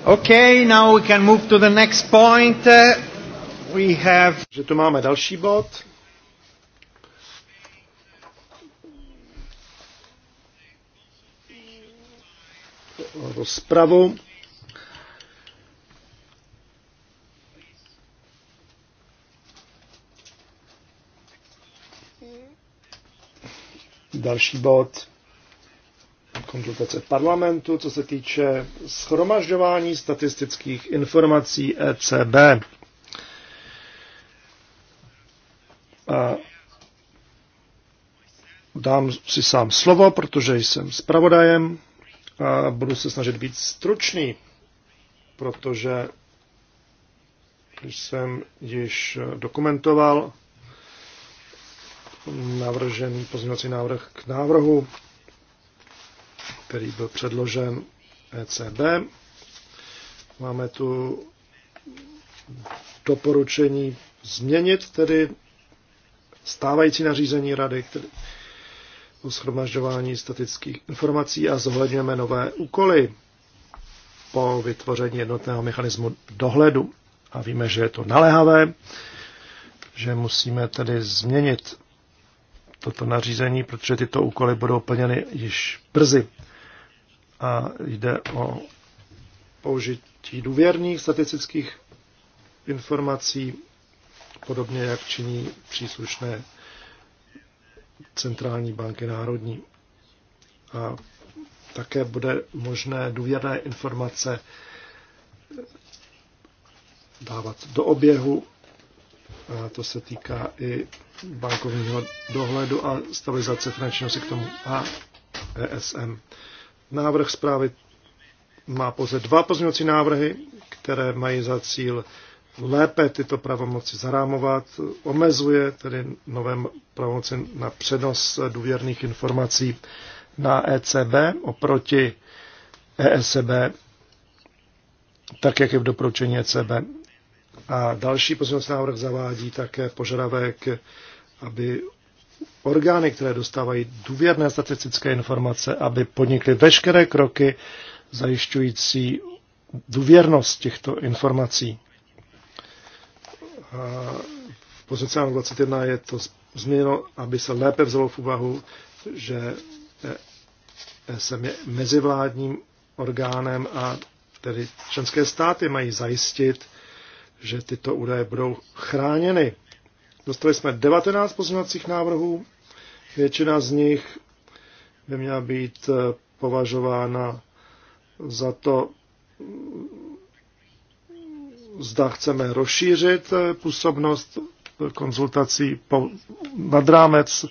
Okay, now we can move to the next point. Uh, we have... Že tu máme další bod. Rozpravu. Další bod konzultace parlamentu, co se týče schromažďování statistických informací ECB. A dám si sám slovo, protože jsem zpravodajem a budu se snažit být stručný, protože jsem již dokumentoval navržený pozměňovací návrh k návrhu který byl předložen ECB. Máme tu doporučení změnit tedy stávající nařízení rady který, o schromažďování statických informací a zohledňujeme nové úkoly po vytvoření jednotného mechanismu dohledu. A víme, že je to naléhavé, že musíme tedy změnit toto nařízení, protože tyto úkoly budou plněny již brzy a jde o použití důvěrných statistických informací, podobně jak činí příslušné centrální banky národní. A také bude možné důvěrné informace dávat do oběhu. A to se týká i bankovního dohledu a stabilizace finančního sektoru a ESM. Návrh zprávy má pouze dva pozměňovací návrhy, které mají za cíl lépe tyto pravomoci zarámovat, omezuje tedy nové pravomoci na přenos důvěrných informací na ECB oproti ESB, tak jak je v doporučení ECB. A další pozměňovací návrh zavádí také požadavek, aby orgány, které dostávají důvěrné statistické informace, aby podnikly veškeré kroky zajišťující důvěrnost těchto informací. A v pozici 21 je to změněno, aby se lépe vzalo v úvahu, že jsem e je mezivládním orgánem a tedy členské státy mají zajistit, že tyto údaje budou chráněny Dostali jsme 19 pozměňovacích návrhů, většina z nich by měla být eh, považována za to, zda chceme rozšířit eh, působnost konzultací nad rámec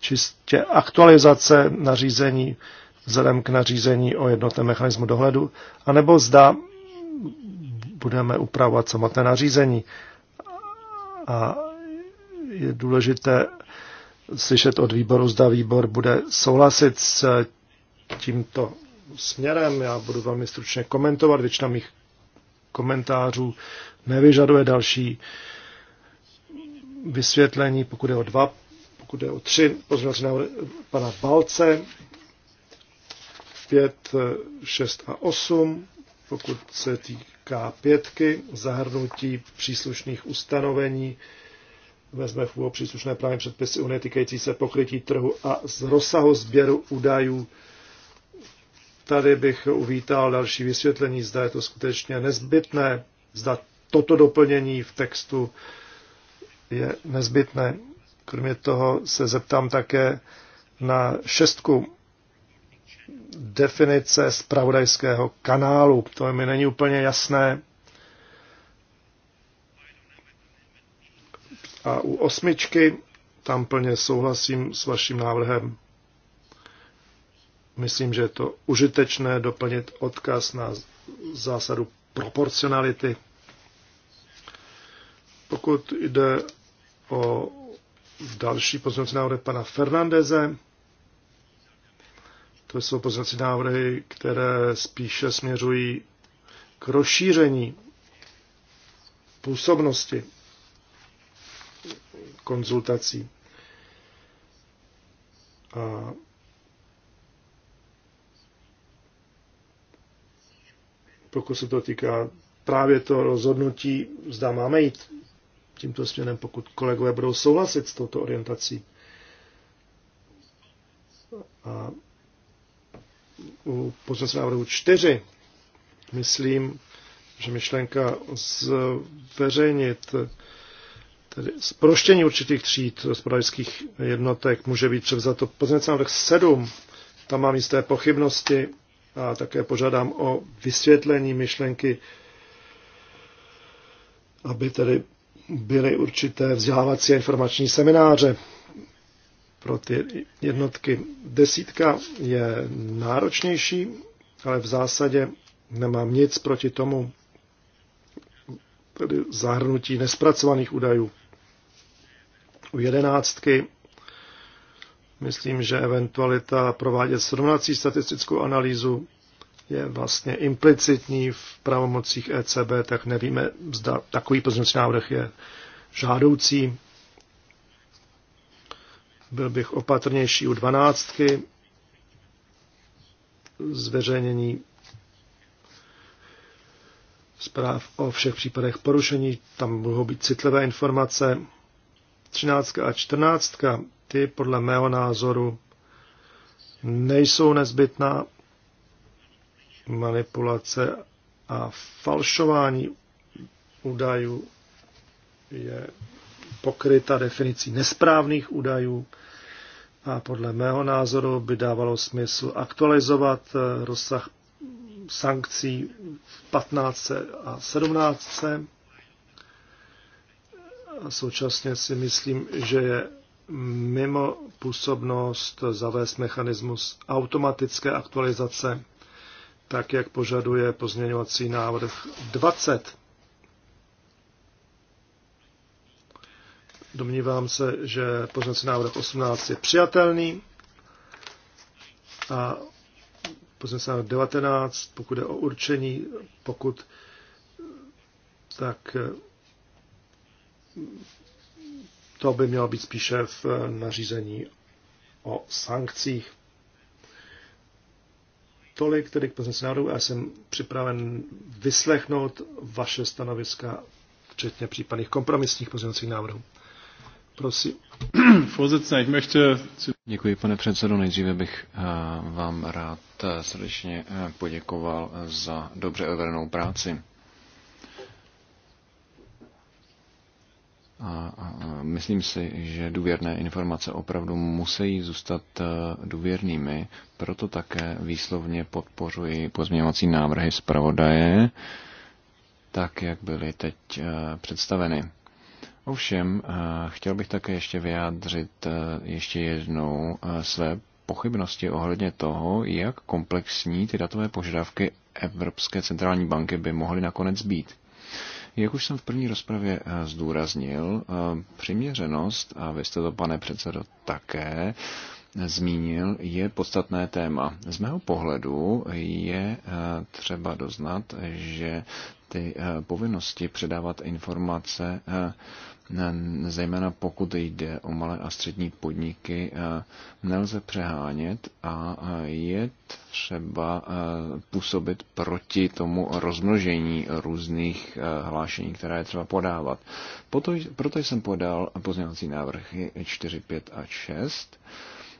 čistě aktualizace nařízení vzhledem k nařízení o jednotném mechanismu dohledu, anebo zda budeme upravovat samotné nařízení. A je důležité slyšet od výboru, zda výbor bude souhlasit s tímto směrem. Já budu velmi stručně komentovat. Většina mých komentářů nevyžaduje další vysvětlení, pokud je o dva, pokud je o tři pozměňovací návrhy pana Balce, pět, šest a osm, pokud se týká pětky, zahrnutí příslušných ustanovení vezme v úvod příslušné právní předpisy Unie týkající se pokrytí trhu a z rozsahu sběru údajů. Tady bych uvítal další vysvětlení, zda je to skutečně nezbytné, zda toto doplnění v textu je nezbytné. Kromě toho se zeptám také na šestku definice spravodajského kanálu. To mi není úplně jasné. A u osmičky tam plně souhlasím s vaším návrhem. Myslím, že je to užitečné doplnit odkaz na zásadu proporcionality. Pokud jde o další pozměňovací návrhy pana Fernandeze, to jsou pozměňovací návrhy, které spíše směřují k rozšíření působnosti konzultací. A pokud se to týká právě to rozhodnutí, zda máme jít tímto směrem, pokud kolegové budou souhlasit s touto orientací. A u pozornosti návrhu 4 myslím, že myšlenka zveřejnit Tedy zproštění určitých tříd hospodářských jednotek může být převzato pozměnce návrh 7. Tam mám jisté pochybnosti a také požádám o vysvětlení myšlenky, aby tedy byly určité vzdělávací a informační semináře pro ty jednotky. Desítka je náročnější, ale v zásadě nemám nic proti tomu, tedy zahrnutí nespracovaných údajů u jedenáctky. Myslím, že eventualita provádět srovnací statistickou analýzu je vlastně implicitní v pravomocích ECB, tak nevíme, zda takový pozměňovací návrh je žádoucí. Byl bych opatrnější u dvanáctky zveřejnění zpráv o všech případech porušení. Tam mohou být citlivé informace. 13 a 14, ty podle mého názoru nejsou nezbytná manipulace a falšování údajů je pokryta definicí nesprávných údajů a podle mého názoru by dávalo smysl aktualizovat eh, rozsah sankcí v 15 a 17 Současně si myslím, že je mimo působnost zavést mechanismus automatické aktualizace, tak jak požaduje pozměňovací návrh 20. Domnívám se, že pozměňovací návrh 18 je přijatelný a pozměňovací návrh 19, pokud je o určení, pokud tak to by mělo být spíše v eh, nařízení o sankcích. Tolik tedy k pozměnci národů já jsem připraven vyslechnout vaše stanoviska, včetně případných kompromisních pozměňovacích návrhů. Prosím. Děkuji, pane předsedo. Nejdříve bych eh, vám rád eh, srdečně poděkoval za dobře odvedenou práci. A, myslím si, že důvěrné informace opravdu musí zůstat e, důvěrnými, proto také výslovně podpořuji pozměňovací návrhy zpravodaje, tak jak byly teď e, představeny. Ovšem, e, chtěl bych také ještě vyjádřit ještě jednou své pochybnosti ohledně toho, jak komplexní ty datové požadavky Evropské centrální banky by mohly nakonec být. Jak už jsem v první rozpravě eh, zdůraznil, eh, přiměřenost, a vy jste to, pane předsedo, také zmínil, je podstatné téma. Z mého pohledu je eh, třeba doznat, že ty eh, povinnosti předávat informace, eh, zejména pokud jde o malé a střední podniky, eh, nelze přehánět a je třeba působit proti tomu rozmnožení různých hlášení, která je třeba podávat. Proto jsem podal pozměňovací návrhy 4, 5 a 6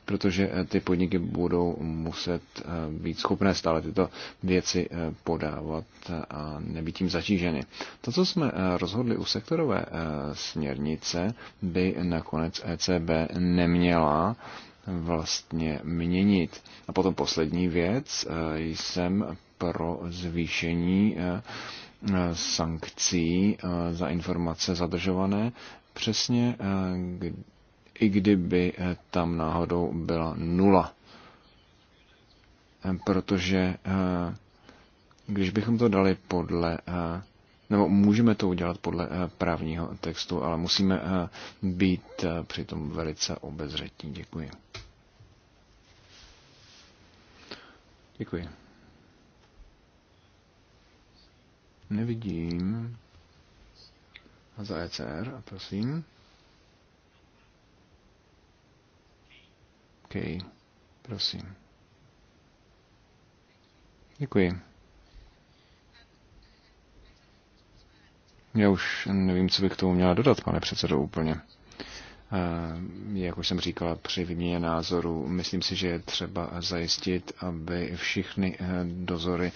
protože eh, ty podniky budou muset eh, být schopné stále tyto věci eh, podávat a nebýt tím zatíženy. To, co jsme rozhodli u sektorové směrnice, by nakonec ECB neměla vlastně měnit. A potom poslední věc, jsem pro zvýšení sankcí za informace zadržované, přesně i kdyby eh, tam náhodou byla nula. Eh, protože eh, když bychom to dali podle, nebo můžeme to udělat podle právního textu, ale musíme být přitom velice obezřetní. Děkuji. Děkuji. Nevidím. A za ECR, prosím. OK, Prosím. Děkuji. Já už nevím, co bych k tomu měla dodat, pane předsedo, úplně. Eh, jak už jsem říkala při výměně názoru, myslím si, že je třeba zajistit, aby všichni eh, dozory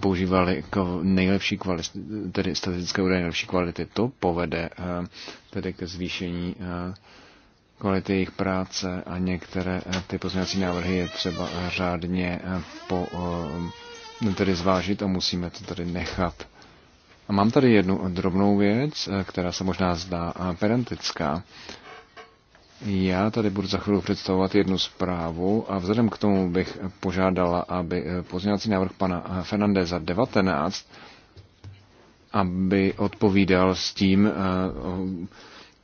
používali nejlepší kvality, tedy statistické údaje nejlepší kvality. To povede eh, tedy ke zvýšení kvality jejich práce a některé eh, ty pozměňovací návrhy je třeba eh, řádně eh, po, no, tedy zvážit a musíme to tady nechat. A mám tady jednu drobnou věc, která se možná zdá pedantická. Já tady budu za chvíli představovat jednu zprávu a vzhledem k tomu bych požádala, aby pozměňovací návrh pana Fernandeza 19 aby odpovídal s tím,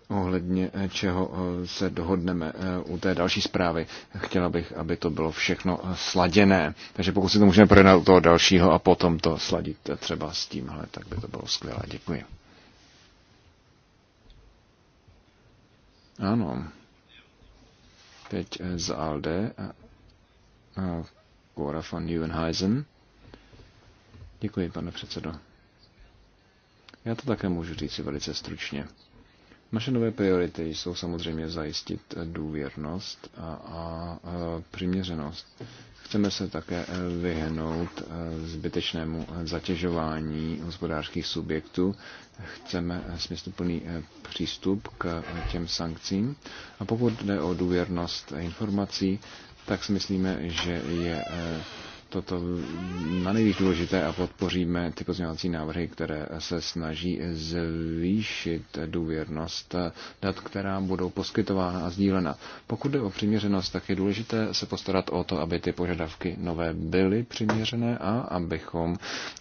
ohledně eh, čeho eh, se dohodneme eh, u té další zprávy. Chtěla bych, aby to bylo všechno sladěné. Takže pokud si to můžeme projednat u toho dalšího a potom to sladit třeba s tímhle, tak by to bylo skvělé. Děkuji. Ano. Teď z Alde. Gora von Neuenheisen. Děkuji, pane předsedo. Já to také můžu říct velice stručně. Naše nové priority jsou samozřejmě zajistit důvěrnost a, a, přiměřenost. Chceme se také vyhnout eh, zbytečnému zatěžování hospodářských subjektů. Chceme eh, smysluplný eh, přístup k těm sankcím. A pokud jde o důvěrnost informací, tak si myslíme, že je toto na nejvíc důležité a podpoříme ty pozměňovací návrhy, které se snaží zvýšit důvěrnost dat, která budou poskytována a sdílena. Pokud jde o přiměřenost, tak je důležité se postarat o to, aby ty požadavky nové byly přiměřené a abychom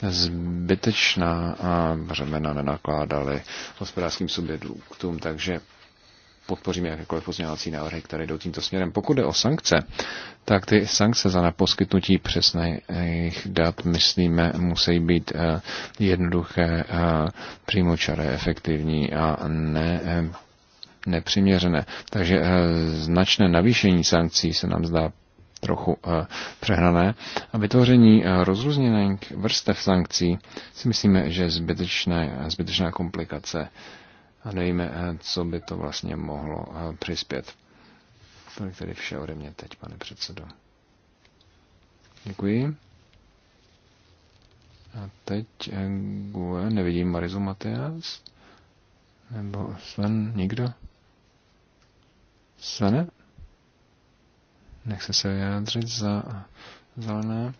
zbytečná břemena nenakládali hospodářským subjektům. Takže podpoříme jakékoliv pozměňovací návrhy, které jdou tímto směrem. Pokud jde o sankce, tak ty sankce za neposkytnutí přesných dat, myslíme, musí být eh, jednoduché, eh, přímočaré, efektivní a ne eh, nepřiměřené. Takže značné navýšení sankcí se nám zdá trochu přehnané. A vytvoření rozrůzněných vrstev sankcí si myslíme, že je zbytečná komplikace a nevíme, eh, co by to vlastně mohlo eh, přispět. To je tedy vše ode mě teď, pane předsedo. Děkuji. A teď eh, Gue, nevidím Marizu Matias, Nebo Sven, nikdo? Svene? Nechce se vyjádřit za zelené.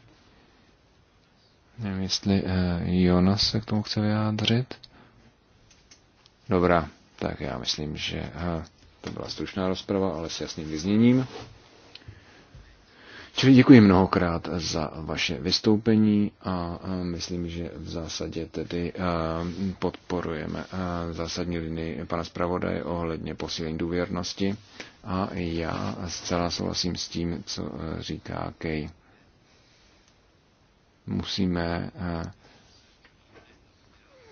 Nevím, jestli Jonas se k tomu chce vyjádřit. Dobrá, tak já myslím, že to byla stručná rozprava, ale s jasným vyzněním. Čili děkuji mnohokrát za vaše vystoupení a myslím, že v zásadě tedy podporujeme zásadní linii pana zpravodaje ohledně posílení důvěrnosti a já zcela souhlasím s tím, co e, říká Kej. Musíme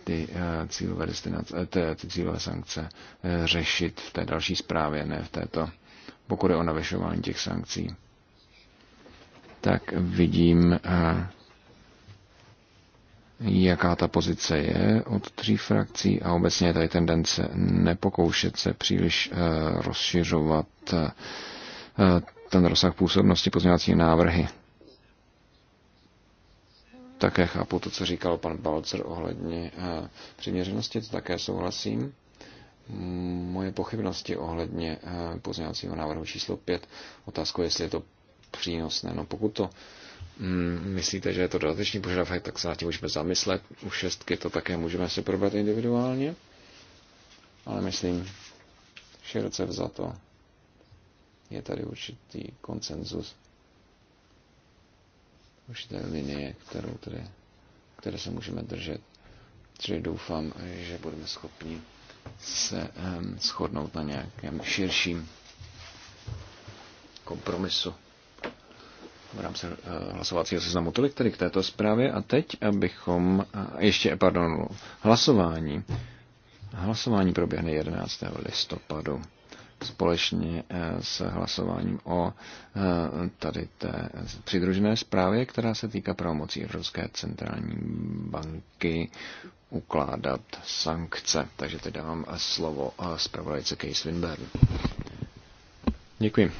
ty eh, cílové, destinace, eh, ty cílové sankce eh, řešit v té další zprávě, ne v této, pokud je o navyšování těch sankcí. Tak vidím, jaká ta pozice je od tří frakcí a obecně je tady tendence nepokoušet se příliš rozšiřovat ten rozsah působnosti pozměňovací návrhy. Také chápu to, co říkal pan Balcer ohledně eh, přiměřenosti, to také souhlasím. Moje pochybnosti ohledně eh, pozměňovacího návrhu číslo 5, otázku, jestli je to přínosné. No pokud to mm, myslíte, že je to dodatečný požadavek, tak se nad tím můžeme zamyslet. U šestky to také můžeme se probrat individuálně, ale myslím, široce vzato je tady určitý konsenzus určité linie, kterou tedy, které se můžeme držet. Čili doufám, že budeme schopni se um, shodnout na nějakém širším kompromisu v rámci eh, hlasovacího seznamu. Tolik tedy k této zprávě a teď, abychom, eh, ještě, pardon, hlasování. Hlasování proběhne 11. listopadu společně eh, s hlasováním o eh, tady té přidružené zprávě, která se týká pravomocí Evropské centrální banky ukládat sankce. Takže teď dávám slovo eh, zpravodajce Case Winburn. Děkuji.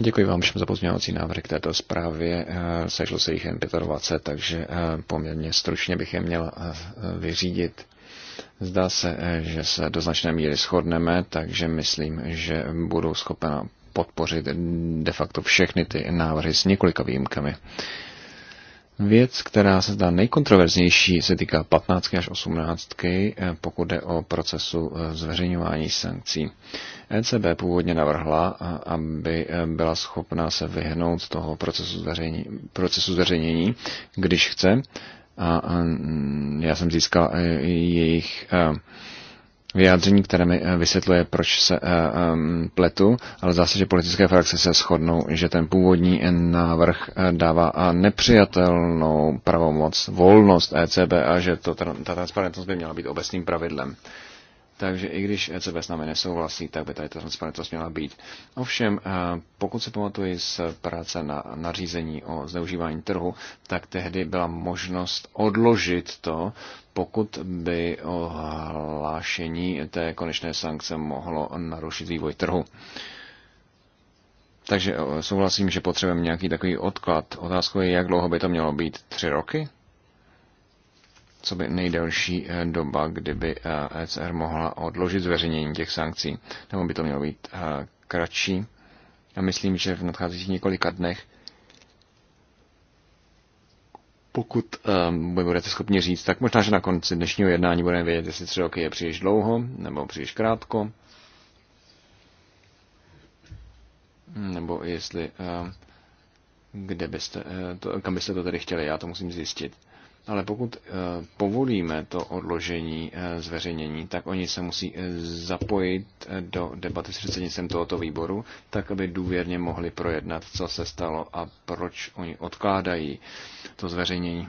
Děkuji vám všem za pozměňovací návrh k této zprávě. Sešlo se jich jen 25, takže poměrně stručně bych je měl vyřídit. Zdá se, eh, že se do značné míry shodneme, takže myslím, že budou schopena podpořit de facto všechny ty návrhy s několika výjimkami. Věc, která se zdá nejkontroverznější, se týká 15 až 18, eh, pokud jde o procesu eh, zveřejňování sankcí. ECB původně navrhla, aby byla schopná se vyhnout z toho procesu, zveřejnění, procesu zveřejnění, když chce, a mm, já jsem získal e, jejich e, vyjádření, které mi e, vysvětluje, proč se pletu, ale zase, že politické frakce se shodnou, že ten původní návrh dává nepřijatelnou pravomoc, volnost ECB a že to, ta transparentnost by měla být obecným pravidlem. Takže i když ECB s námi nesouhlasí, tak by tady ta transparentnost měla být. Ovšem, eh, pokud se pamatuji z práce na nařízení o zneužívání trhu, tak tehdy byla možnost odložit to, pokud by ohlášení té konečné sankce mohlo narušit vývoj trhu. Takže eh, souhlasím, že potřebujeme nějaký takový odklad. Otázkou je, jak dlouho by to mělo být? Tři roky? co by nejdelší eh, doba, kdyby ECR eh, e mohla odložit zveřejnění těch sankcí, nebo by to mělo být eh, kratší. Já myslím, že v nadcházejících několika dnech, pokud um, budete schopni říct, tak možná, že na konci dnešního jednání budeme vědět, jestli tři roky je příliš dlouho nebo příliš krátko, nebo jestli, uh, kde byste, uh, to, kam byste to tedy chtěli, já to musím zjistit. Ale pokud eh, povolíme to odložení eh, zveřejnění, tak oni se musí eh, zapojit do debaty s předsednictvím tohoto výboru, tak aby důvěrně mohli projednat, co se stalo a proč oni odkládají to zveřejnění.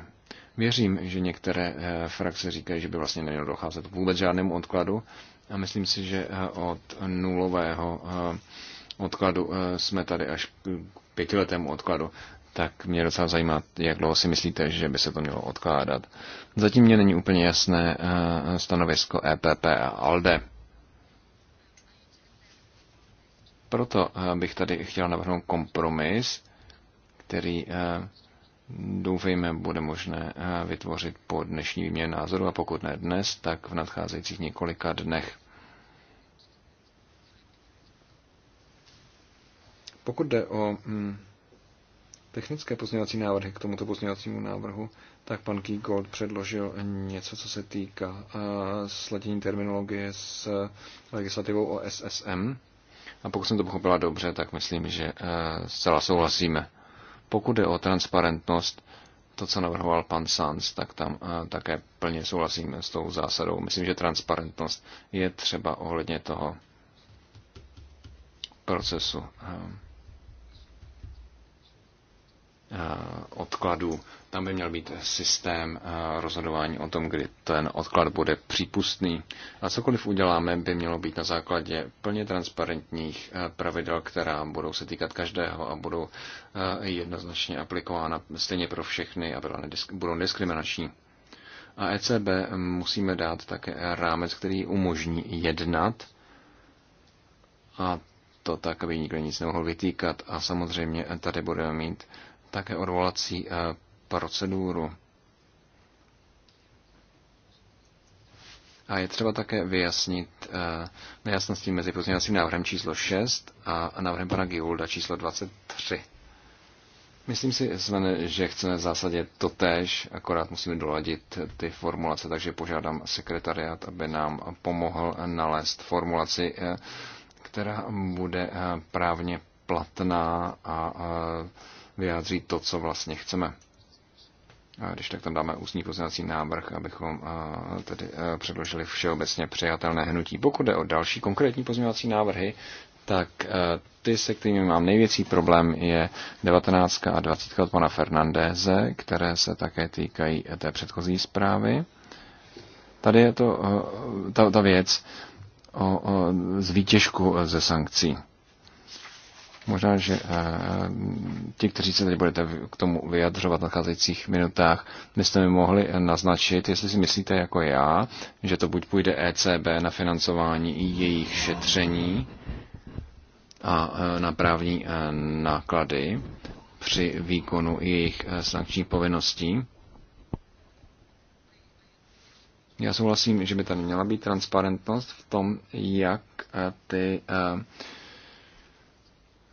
Věřím, že některé frakce říkají, že by vlastně nemělo docházet vůbec žádnému odkladu a myslím si, že od nulové odkladu eh, jsme tady až k pětiletému odkladu, tak mě docela zajímá, jak dlouho si myslíte, že by se to mělo odkládat. Zatím mě není úplně jasné eh, stanovisko EPP a ALDE. Proto eh, bych tady chtěl navrhnout kompromis, který doufejme bude možné vytvořit po dnešní výměně názoru a pokud ne dnes, tak v nadcházejících několika dnech. Pokud jde o mm, technické pozměňovací návrhy k tomuto pozměňovacímu návrhu, tak pan Keygold předložil něco, co se týká eh, sledění terminologie s eh, legislativou o SSM. A pokud jsem to pochopila dobře, tak myslím, že eh, zcela souhlasíme. Pokud jde o transparentnost, to, co navrhoval pan Sanz, tak tam také plně souhlasím s tou zásadou. Myslím, že transparentnost je třeba ohledně toho procesu Eh, odkladu, Tam by měl být systém eh, rozhodování o tom, kdy ten odklad bude přípustný. A cokoliv uděláme, by mělo být na základě plně transparentních eh, pravidel, která budou se týkat každého a budou jednoznačně aplikována stejně pro všechny a budou diskriminační. A ECB musíme dát také rámec, který umožní jednat a to tak, aby nikdo nic nemohl vytýkat. A samozřejmě tady budeme mít také odvolací eh, proceduru. A je třeba také vyjasnit eh, nejasnosti mezi pozměňovacím návrhem číslo 6 a návrhem pana Giulda číslo 23. Myslím si, Svene, že chceme v zásadě to tež, akorát musíme doladit ty formulace, takže požádám sekretariat, aby nám pomohl nalézt formulaci, eh, která bude právně platná a vyjádří to, co vlastně chceme. A když tak tam dáme ústní pozměňovací návrh, abychom tedy předložili všeobecně přijatelné hnutí. Pokud jde o další konkrétní pozměňovací návrhy, tak ty, se kterými mám největší problém, je 19. a 20. od pana Fernandéze, které se také týkají té předchozí zprávy. Tady je to ta, ta věc o, o, z výtěžku ze sankcí. Možná, že eh, ti, kteří se teď budete k tomu vyjadřovat v nadcházejících minutách, byste mi mohli eh, naznačit, jestli si myslíte jako já, že to buď půjde ECB na financování jejich šetření a eh, na právní náklady při výkonu jejich sankčních povinností. Já souhlasím, že by tam měla být transparentnost v tom, jak ty uh,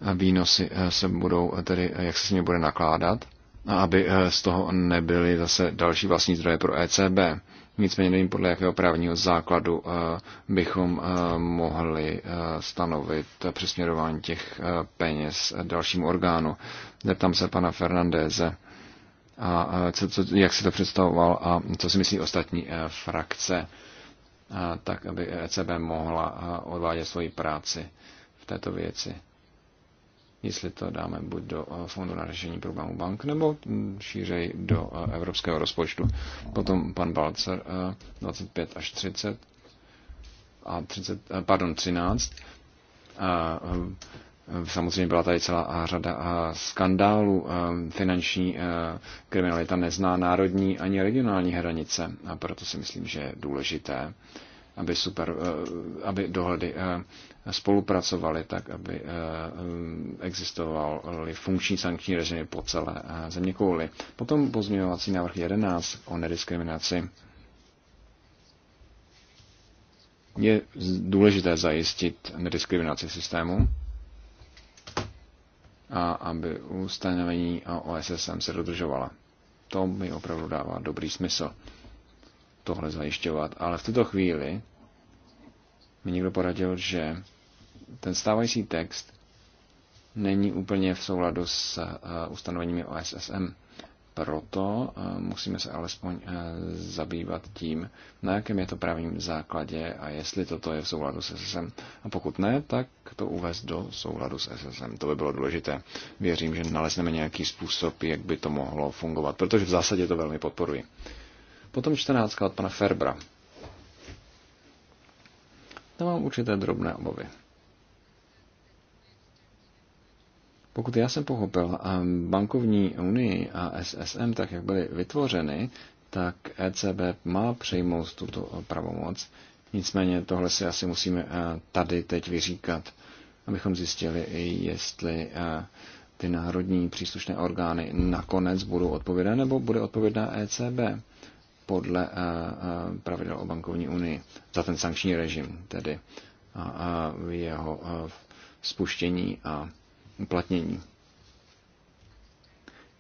výnosy eh, se budou, eh, tedy eh, jak se s nimi bude nakládat, a aby z toho nebyly zase další vlastní zdroje pro ECB. Nicméně nevím, podle jakého právního základu bychom mohli stanovit přesměrování těch peněz dalšímu orgánu. Zeptám se pana Fernandéze, a co, co, jak si to představoval a co si myslí ostatní frakce, tak aby ECB mohla odvádět svoji práci v této věci jestli to dáme buď do eh, fondu na řešení problémů bank, nebo hm, šířej do eh, evropského rozpočtu. Potom pan Balcer 25 eh, až 30 a 30, pardon, 13. A, hm, Samozřejmě byla tady celá řada skandálů. Finanční kriminalita nezná národní ani regionální hranice a proto si myslím, že je důležité, aby, super, eh, aby dohledy eh, spolupracovaly tak, aby eh, existovaly funkční sankční režimy po celé země kouly. Potom pozměňovací návrh 11 o nediskriminaci. Je důležité zajistit nediskriminaci systému a aby ustanovení o OSSM se dodržovala. To mi opravdu dává dobrý smysl tohle zajišťovat, ale v tuto chvíli mi někdo poradil, že ten stávající text není úplně v souladu s eh, ustanoveními OSSM. Proto eh, musíme se alespoň eh, zabývat tím, na jakém je to právním základě a jestli toto je v souladu s SSM. A pokud ne, tak to uvést do souladu s SSM. To by bylo důležité. Věřím, že nalezneme nějaký způsob, jak by to mohlo fungovat, protože v zásadě to velmi podporuji. Potom čtrnáctka od pana Ferbra. Tam mám určité drobné obavy. Pokud já jsem pochopil bankovní unii a SSM, tak jak byly vytvořeny, tak ECB má přejmout tuto pravomoc. Nicméně tohle si asi musíme eh, tady teď vyříkat, abychom zjistili, jestli eh, ty národní příslušné orgány nakonec budou odpovědné nebo bude odpovědná ECB podle eh, eh, pravidel o bankovní unii, za ten sankční režim tedy a jeho eh, spuštění a uplatnění.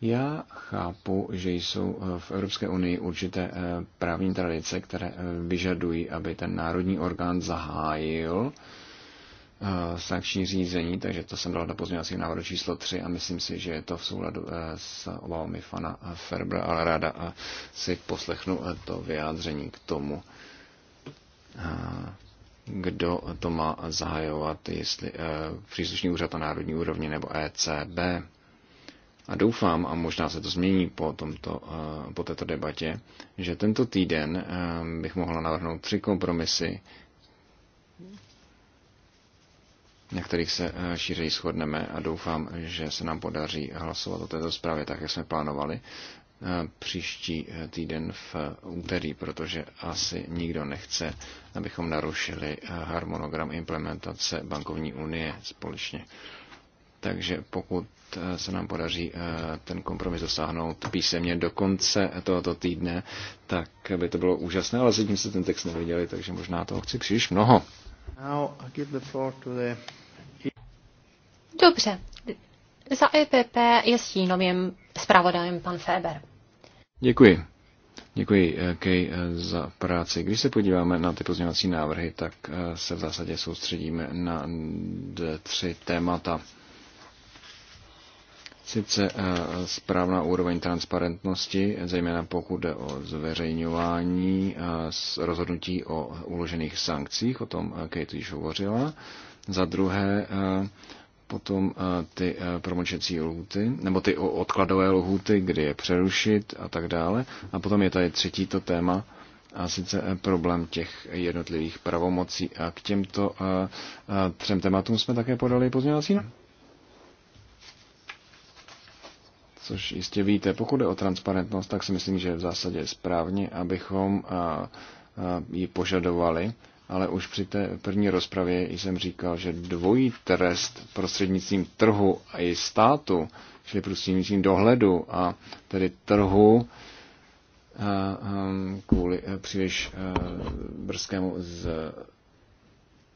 Já chápu, že jsou v Evropské unii určité právní tradice, které vyžadují, aby ten národní orgán zahájil uh, Eh, sankční řízení, takže to jsem dal do pozměňovacích návrhu číslo 3 a myslím si, že je to v souladu eh, s obavami fana eh, Ferber, ale ráda si poslechnu to vyjádření k tomu, kdo to má zahajovat, jestli příslušný úřad na národní úrovni nebo ECB. A doufám, a možná se to změní po, tomto, po této debatě, že tento týden bych mohla navrhnout tři kompromisy, na kterých se eh, šířej shodneme a doufám, že se nám podaří hlasovat o této zprávě tak, jak jsme plánovali eh, příští eh, týden v úterý, protože asi nikdo nechce, abychom narušili harmonogram implementace bankovní unie společně. Takže pokud se nám podaří ten kompromis dosáhnout písemně do konce tohoto týdne, tak by to bylo úžasné, ale zatím se ten text neviděli, takže možná toho chci příliš mnoho. Now I give the floor to the Dobře, za EPP je stínovým zpravodajem pan Feber. Děkuji. Děkuji, eh, Kej, eh, za práci. Když se podíváme na ty pozměňovací návrhy, tak eh, se v zásadě soustředíme na tři témata. Sice správná úroveň transparentnosti, zejména pokud jde o zveřejňování rozhodnutí o uložených sankcích, o tom Kate již hovořila. Za druhé potom eh, ty eh, promlčecí lhuty, nebo ty odkladové lhuty, kdy je přerušit a tak dále. A potom je tady třetí to téma, a sice eh, problém těch jednotlivých pravomocí. A k těmto třem tématům jsme také podali pozměňovací což jistě víte. Pokud je o transparentnost, tak si myslím, že v zásadě je správně, abychom ji požadovali ale už při té první rozpravě jsem říkal, že dvojí trest prostřednictvím trhu a i státu, čili prostřednictvím dohledu a tedy trhu eh, eh, kvůli eh, příliš brzkému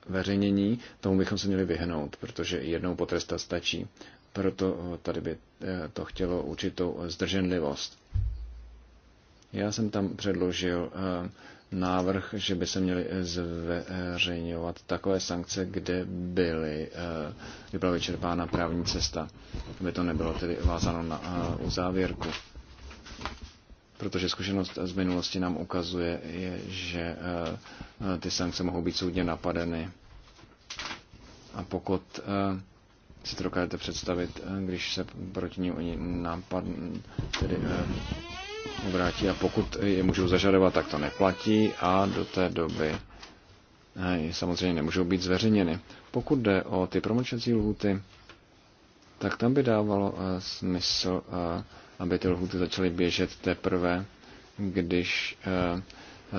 veřejnění, tomu bychom se měli vyhnout, protože jednou potresta stačí. Proto tady by to chtělo určitou zdrženlivost. Já jsem tam předložil uh, návrh, že by se měly zveřejňovat takové sankce, kde byly, eh, kdy byla vyčerpána právní cesta, aby to nebylo tedy vázáno na eh, uzávěrku. Protože zkušenost z minulosti nám ukazuje, že eh, ty sankce mohou být soudně napadeny. A pokud si to dokážete představit, když se proti ní napad, tedy obrátí a pokud je můžou zažadovat, tak to neplatí a do té doby eh, samozřejmě nemůžou být zveřejněny. Pokud jde o ty promlčecí lhuty, tak tam by dávalo eh, smysl, eh, aby ty lhuty začaly běžet teprve, když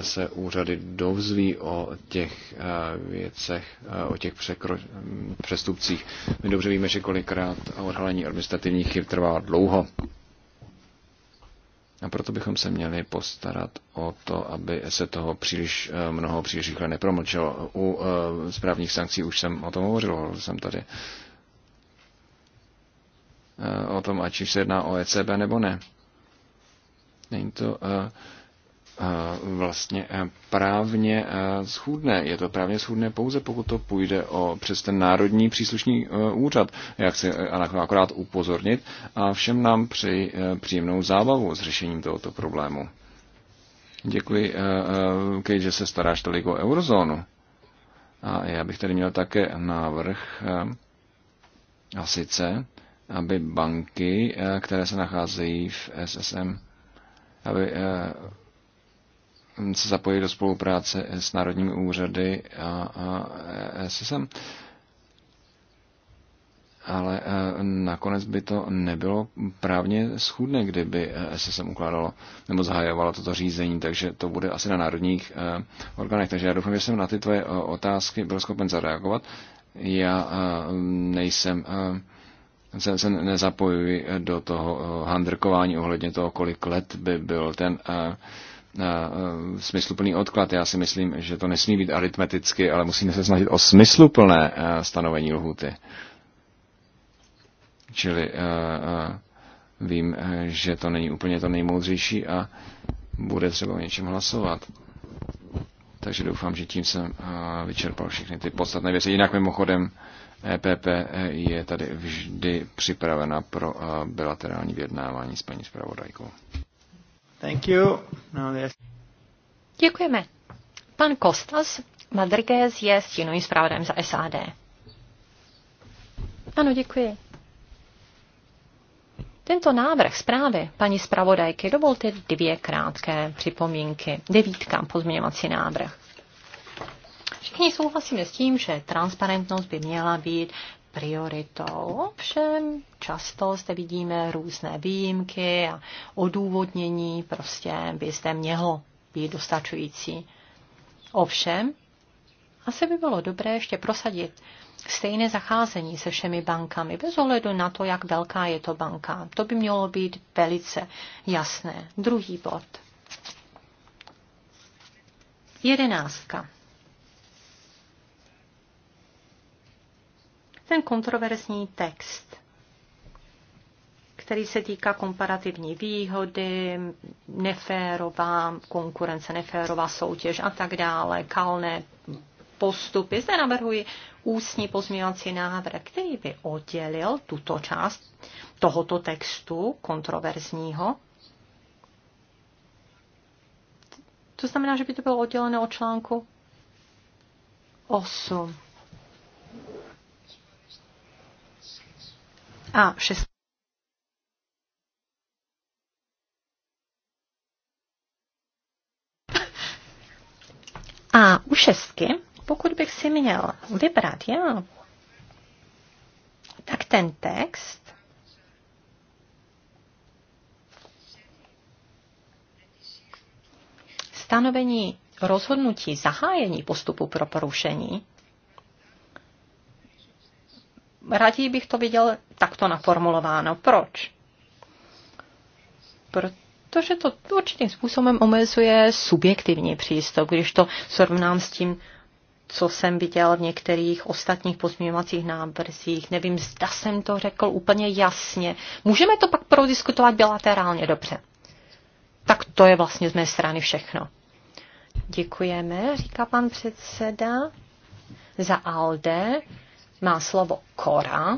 se úřady dovzví o těch věcech, o těch překro... přestupcích. My dobře víme, že kolikrát odhalení administrativních chyb trvá dlouho. A proto bychom se měli postarat o to, aby se toho příliš eh, mnoho příliš rychle nepromlčelo. U eh, správních sankcí už jsem o tom hovořil, hovořil jsem tady eh, o tom, ať už se jedná o ECB nebo ne. Není to Eh, vlastně eh, právně eh, schůdné. Je to právně schůdné pouze, pokud to půjde o, přes ten národní příslušný úřad. Já chci akorát upozornit a všem nám přeji příjemnou zábavu s řešením tohoto problému. Děkuji, Kate, že se staráš tolik o eurozónu. A já bych tady měl také návrh, a sice, aby banky, které se nacházejí v SSM, aby se zapojit do spolupráce s národními úřady a, a SSM. Ale e, nakonec by to nebylo právně schůdné, kdyby e, SSM ukládalo nebo zahajovalo toto řízení, takže to bude asi na národních e, orgánech. Takže já doufám, že jsem na ty tvoje otázky byl schopen zareagovat. Já nejsem se, se nezapojuji do toho handrkování ohledně toho, kolik let by byl ten smysluplný odklad. Já si myslím, že to nesmí být aritmeticky, ale musíme se snažit o smysluplné stanovení lhuty. Čili vím, že to není úplně to nejmoudřejší a bude třeba o něčem hlasovat. Takže doufám, že tím jsem vyčerpal všechny ty podstatné věci. Jinak mimochodem EPP je tady vždy připravena pro bilaterální vyjednávání s paní zpravodajkou. Thank you. No, yes. Děkujeme. Pan Kostas Madrigues je stínovým zpravodajem za SAD. Ano, děkuji. Tento návrh zprávy paní zpravodajky dovolte dvě krátké připomínky. Devítka pozměňovací návrh. Všichni souhlasíme s tím, že transparentnost by měla být prioritou. Ovšem často zde vidíme různé výjimky a odůvodnění prostě by zde mělo být dostačující. Ovšem, asi by bylo dobré ještě prosadit stejné zacházení se všemi bankami, bez ohledu na to, jak velká je to banka. To by mělo být velice jasné. Druhý bod. Jedenáctka. ten kontroverzní text, který se týká komparativní výhody, neférová konkurence, neférová soutěž a tak dále, kalné postupy. Zde navrhuji ústní pozměňovací návrh, který by oddělil tuto část tohoto textu kontroverzního. To znamená, že by to bylo odděleno od článku 8. a šest. A u šestky, pokud bych si měl vybrat já, tak ten text stanovení rozhodnutí zahájení postupu pro porušení raději bych to viděl takto naformulováno. Proč? Protože to určitým způsobem omezuje subjektivní přístup, když to srovnám s tím, co jsem viděl v některých ostatních pozměňovacích návrzích. Nevím, zda jsem to řekl úplně jasně. Můžeme to pak prodiskutovat bilaterálně, dobře. Tak to je vlastně z mé strany všechno. Děkujeme, říká pan předseda, za ALDE má slovo Kora.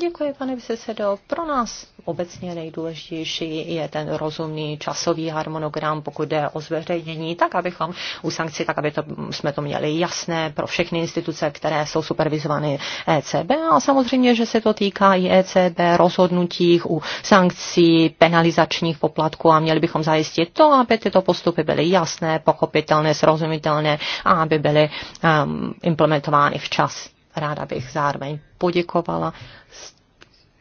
Děkuji, pane předsedo. Pro nás obecně nejdůležitější je ten rozumný časový harmonogram, pokud jde o zveřejnění, tak abychom u sankcí, tak aby to, jsme to měli jasné pro všechny instituce, které jsou supervizovány ECB a samozřejmě, že se to týká i ECB rozhodnutích u sankcí, penalizačních poplatků a měli bychom zajistit to, aby tyto postupy byly jasné, pochopitelné, srozumitelné a aby byly um, implementovány včas. Ráda bych zároveň poděkovala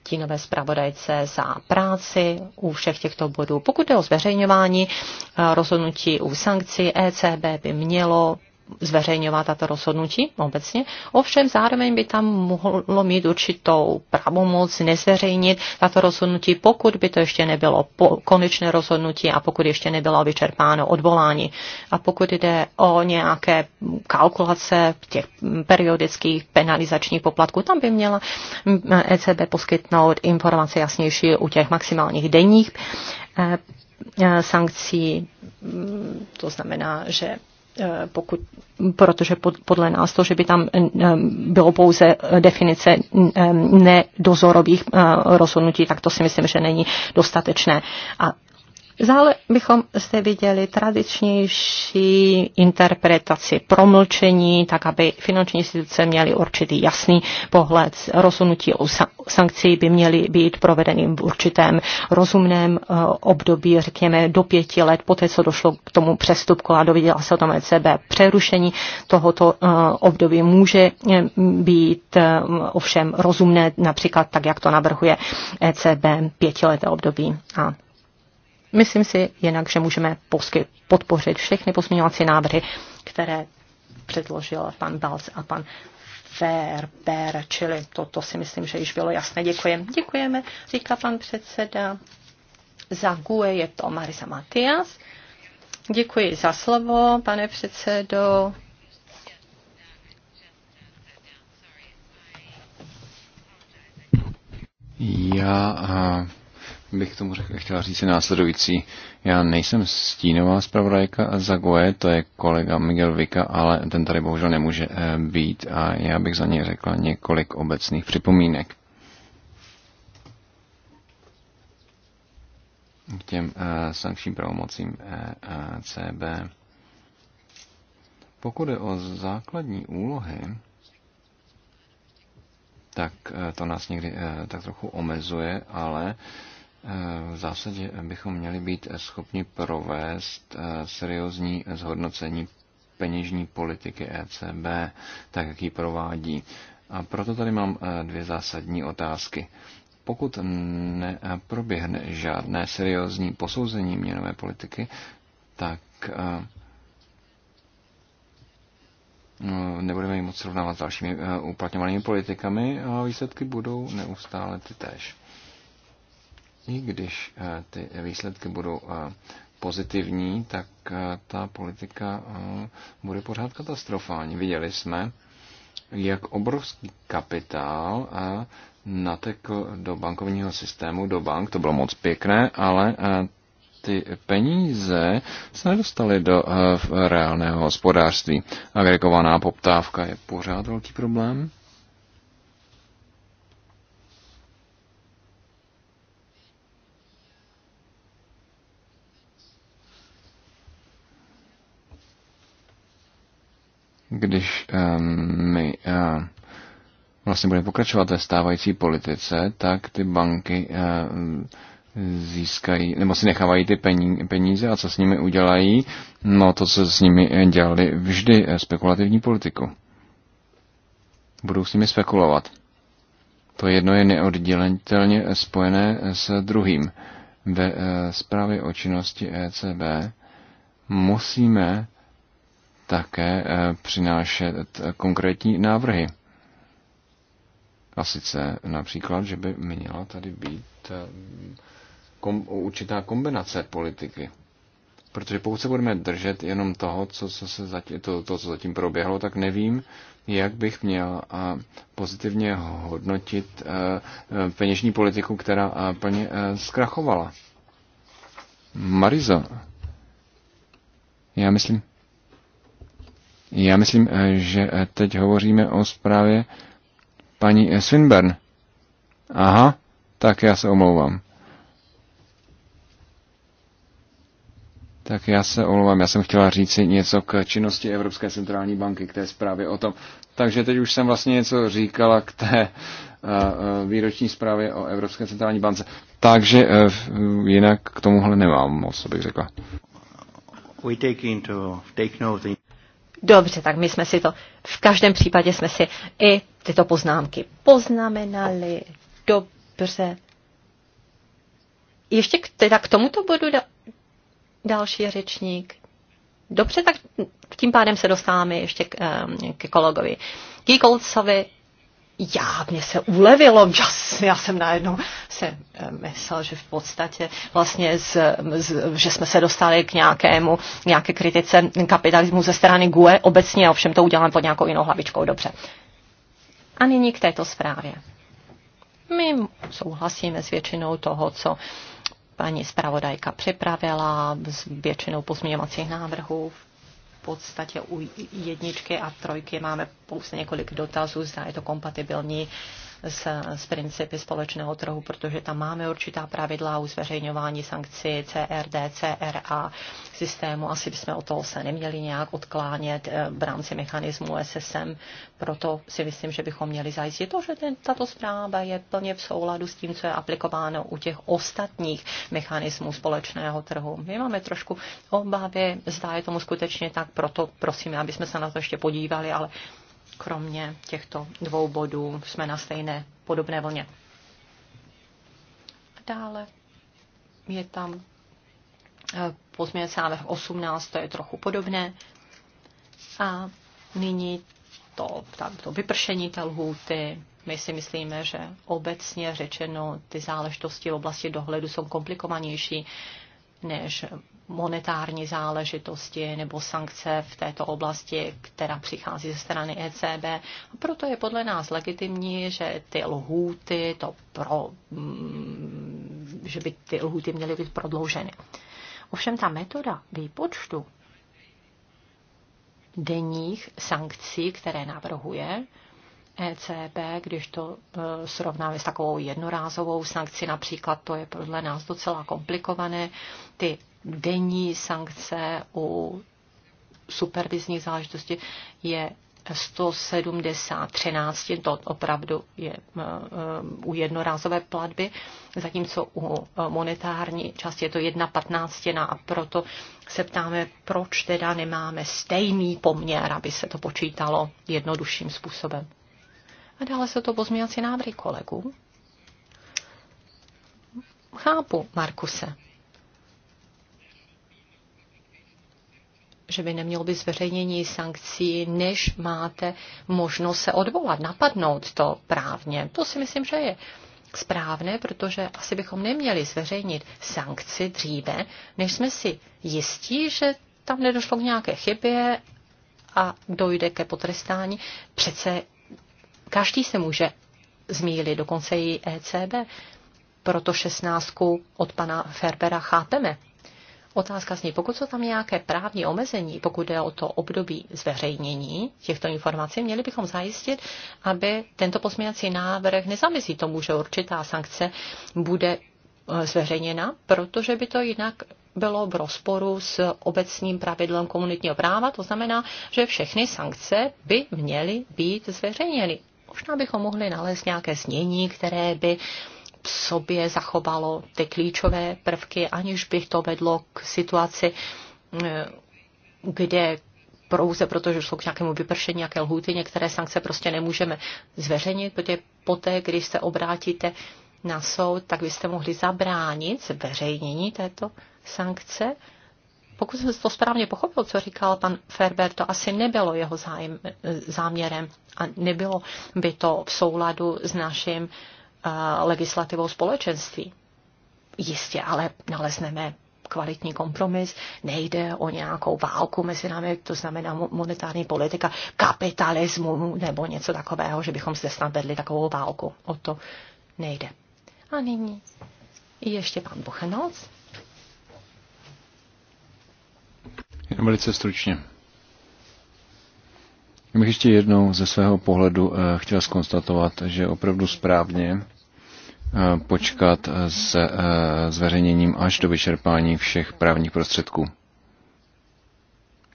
stínové zpravodajce za práci u všech těchto bodů. Pokud jde o zveřejňování eh, rozhodnutí u sankcí, ECB by mělo zveřejňovat tato rozhodnutí obecně. Ovšem zároveň by tam mohlo mít určitou pravomoc nezveřejnit tato rozhodnutí, pokud by to ještě nebylo po, konečné rozhodnutí a pokud ještě nebylo vyčerpáno odvolání. A pokud jde o nějaké kalkulace těch periodických penalizačních poplatků, tam by měla ECB poskytnout informace jasnější u těch maximálních denních eh, eh, sankcí. Mm, to znamená, že Eh, pokud, protože podle nás to, že by tam eh, bylo pouze definice eh, nedozorových rozhodnutí, tak to si myslím, že není dostatečné. A Zále bychom zde viděli tradičnější interpretaci promlčení, tak aby finanční instituce měly určitý jasný pohled. Rozhodnutí o sankcí by měly být provedeny v určitém rozumném eh, období, řekněme do pěti let, poté co došlo k tomu přestupku a dověděla se o tom ECB. Přerušení tohoto eh, období může eh, být ovšem rozumné, například tak, jak to navrhuje ECB pětileté období a Myslím si jinak, že můžeme posky podpořit všechny pozměňovací návrhy, které předložil pan Balc a pan Verber, čili toto to si myslím, že již bylo jasné. Děkujeme. Děkujeme, říká pan předseda. Za GUE je to Marisa Matias. Děkuji za slovo, pane předsedo. Já eh, bych tomu řekl, chtěla říct následující. Já nejsem stínová zpravodajka za GOE, to je kolega Miguel Vika, ale ten tady bohužel nemůže eh, být a já bych za něj řekla několik obecných připomínek. K těm uh, sankčním pravomocím ECB. Eh, Pokud je o základní úlohy, tak to nás někdy tak trochu omezuje, ale Eh, v zásadě bychom měli být eh, schopni provést eh, seriózní zhodnocení peněžní politiky ECB, tak jak ji provádí. A proto tady mám dvě zásadní otázky. Pokud neproběhne žádné seriózní posouzení měnové politiky, tak no, nebudeme ji moc srovnávat s dalšími uplatňovanými politikami a výsledky budou neustále ty též i když eh, ty výsledky budou eh, pozitivní, tak eh, ta politika bude pořád katastrofální. Viděli jsme, jak obrovský kapitál natekl do bankovního systému, do bank, to bylo moc pěkné, ale ty peníze se nedostaly do reálného hospodářství. Agregovaná poptávka je pořád velký problém. když my vlastně budeme pokračovat ve stávající politice, tak ty banky získají, nebo si nechávají ty peníze a co s nimi udělají, no to, co s nimi dělali vždy, eh, spekulativní politiku. Budou s nimi spekulovat. To jedno je neoddělitelně spojené eh, s druhým. Ve eh, zprávě o činnosti ECB musíme také eh, přinášet konkrétní návrhy. A sice například, že by měla tady být eh, kom, určitá kombinace politiky. Protože pokud se budeme držet jenom toho, co, co se zatím, to, to, co zatím proběhlo, tak nevím, jak bych měl eh, pozitivně hodnotit peněžní politiku, která plně zkrachovala. Marizo, já myslím, já myslím, eh, že eh, teď hovoříme o zprávě paní eh, Swinburne. Aha, tak já se omlouvám. Tak já se omlouvám, já jsem chtěla říct si něco k činnosti Evropské centrální banky, k té zprávě o tom. Takže teď už jsem vlastně něco říkala k té výroční zprávě o Evropské centrální bance. Takže jinak k tomuhle nemám moc, bych řekla. We take into, take note in... Dobře, tak my jsme si to, v každém případě jsme si i tyto poznámky poznamenali. Dobře. Ještě k, teda k tomuto bodu da, další řečník. Dobře, tak tím pádem se dostáváme ještě k, um, ke kolegovi Gigolcovi já, mě se ulevilo, já, já jsem najednou se eh, myslel, že v podstatě vlastně, z, z, že jsme se dostali k nějakému, nějaké kritice kapitalismu ze strany GUE obecně, ovšem to udělám pod nějakou jinou hlavičkou, dobře. A nyní k této zprávě. My souhlasíme s většinou toho, co paní zpravodajka připravila, s většinou pozměňovacích návrhů v podstatě u jedničky a trojky máme pouze několik dotazů, zda je to kompatibilní s, s principy společného trhu, protože tam máme určitá pravidla o zveřejňování sankcí CRD, CRA systému. Asi bychom o toho se neměli nějak odklánět eh, v rámci mechanismu SSM. Proto si myslím, že bychom měli zajistit to, že ten, tato zpráva je plně v souladu s tím, co je aplikováno u těch ostatních mechanismů společného trhu. My máme trošku obavy, zdá je tomu skutečně tak, proto prosím, aby jsme se na to ještě podívali, ale kromě těchto dvou bodů jsme na stejné podobné vlně. Dále je tam eh, pozměněný návrh 18, to je trochu podobné. A nyní to, tam, to vypršení té lhůty, my si myslíme, že obecně řečeno ty záležitosti v oblasti dohledu jsou komplikovanější než monetární záležitosti nebo sankce v této oblasti, která přichází ze strany ECB. A proto je podle nás legitimní, že ty lhůty, to pro, mm, že by ty lhůty měly být prodlouženy. Ovšem ta metoda výpočtu denních sankcí, které navrhuje, ECB, když to e, srovnáme s takovou jednorázovou sankcí, například to je podle nás docela komplikované. Ty denní sankce u supervizních záležitostí je 170, 13, to opravdu je eh, eh, u jednorázové platby, zatímco u monetární části je to 1,15 a proto se ptáme, proč teda nemáme stejný poměr, aby se to počítalo jednodušším způsobem. A dále se to pozměňovací návrhy kolegů. Chápu, Markuse. že by nemělo být zveřejnění sankcí, než máte možnost se odvolat, napadnout to právně. To si myslím, že je správné, protože asi bychom neměli zveřejnit sankci dříve, než jsme si jistí, že tam nedošlo k nějaké chybě a dojde ke potrestání. Přece každý se může zmílit, dokonce i ECB. Proto šestnáctku od pana Ferbera chápeme Otázka zní, pokud jsou tam nějaké právní omezení, pokud jde o to období zveřejnění těchto informací, měli bychom zajistit, aby tento pozměňovací návrh nezamizí tomu, že určitá sankce bude eh, zveřejněna, protože by to jinak bylo v rozporu s obecným pravidlem komunitního práva. To znamená, že všechny sankce by měly být zveřejněny. Možná bychom mohli nalézt nějaké znění, které by uh, sobě zachovalo ty klíčové prvky, aniž by to vedlo k situaci, eh, kde prouze, protože šlo k nějakému vypršení nějaké lhuty, některé sankce prostě nemůžeme zveřejnit, protože poté, když se obrátíte na soud, tak byste mohli zabránit zveřejnění této sankce. Pokud jsem to správně pochopil, co říkal pan Ferber, to asi nebylo jeho zájem, eh, záměrem a nebylo by to v souladu s naším legislativou společenství. Jistě ale nalezneme kvalitní kompromis, nejde o nějakou válku mezi námi, to znamená monetární politika, kapitalismu nebo něco takového, že bychom zde snad vedli takovou válku. O to nejde. A nyní ještě pan Buchenoc. Velice stručně. Já bych ještě jednou ze svého pohledu eh, chtěl skonstatovat, že opravdu správně eh, počkat s eh, zveřejněním až do vyčerpání všech právních prostředků.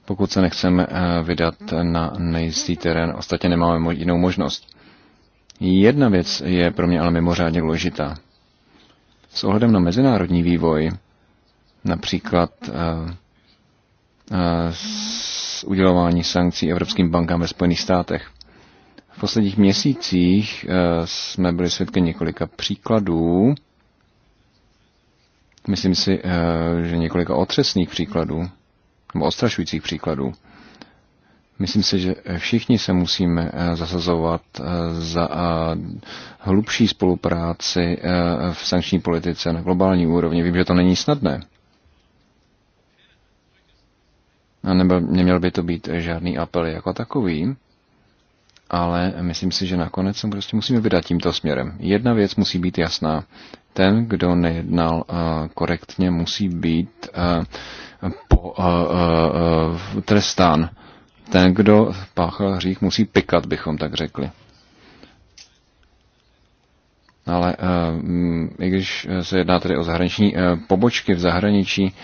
Pokud se nechceme vydat na nejistý terén, ostatně nemáme jinou možnost. Jedna věc je pro mě ale mimořádně důležitá. S ohledem na mezinárodní vývoj, například udělování sankcí evropským bankám ve Spojených státech. V posledních měsících eh, jsme byli svědky několika příkladů, myslím si, eh, že několika otřesných příkladů, nebo ostrašujících příkladů. Myslím si, že všichni se musíme eh, zasazovat za hlubší spolupráci v sankční politice na globální úrovni. Vím, že to není snadné. nebyl, neměl by to být žádný apel jako takový, ale myslím si, že nakonec se prostě musíme vydat tímto směrem. Jedna věc musí být jasná. Ten, kdo nejednal eh, korektně, musí být eh, po, eh, trestán. Ten, kdo páchal hřích, musí pikat, bychom tak řekli. Ale i když se jedná tedy o zahraniční pobočky v zahraničí,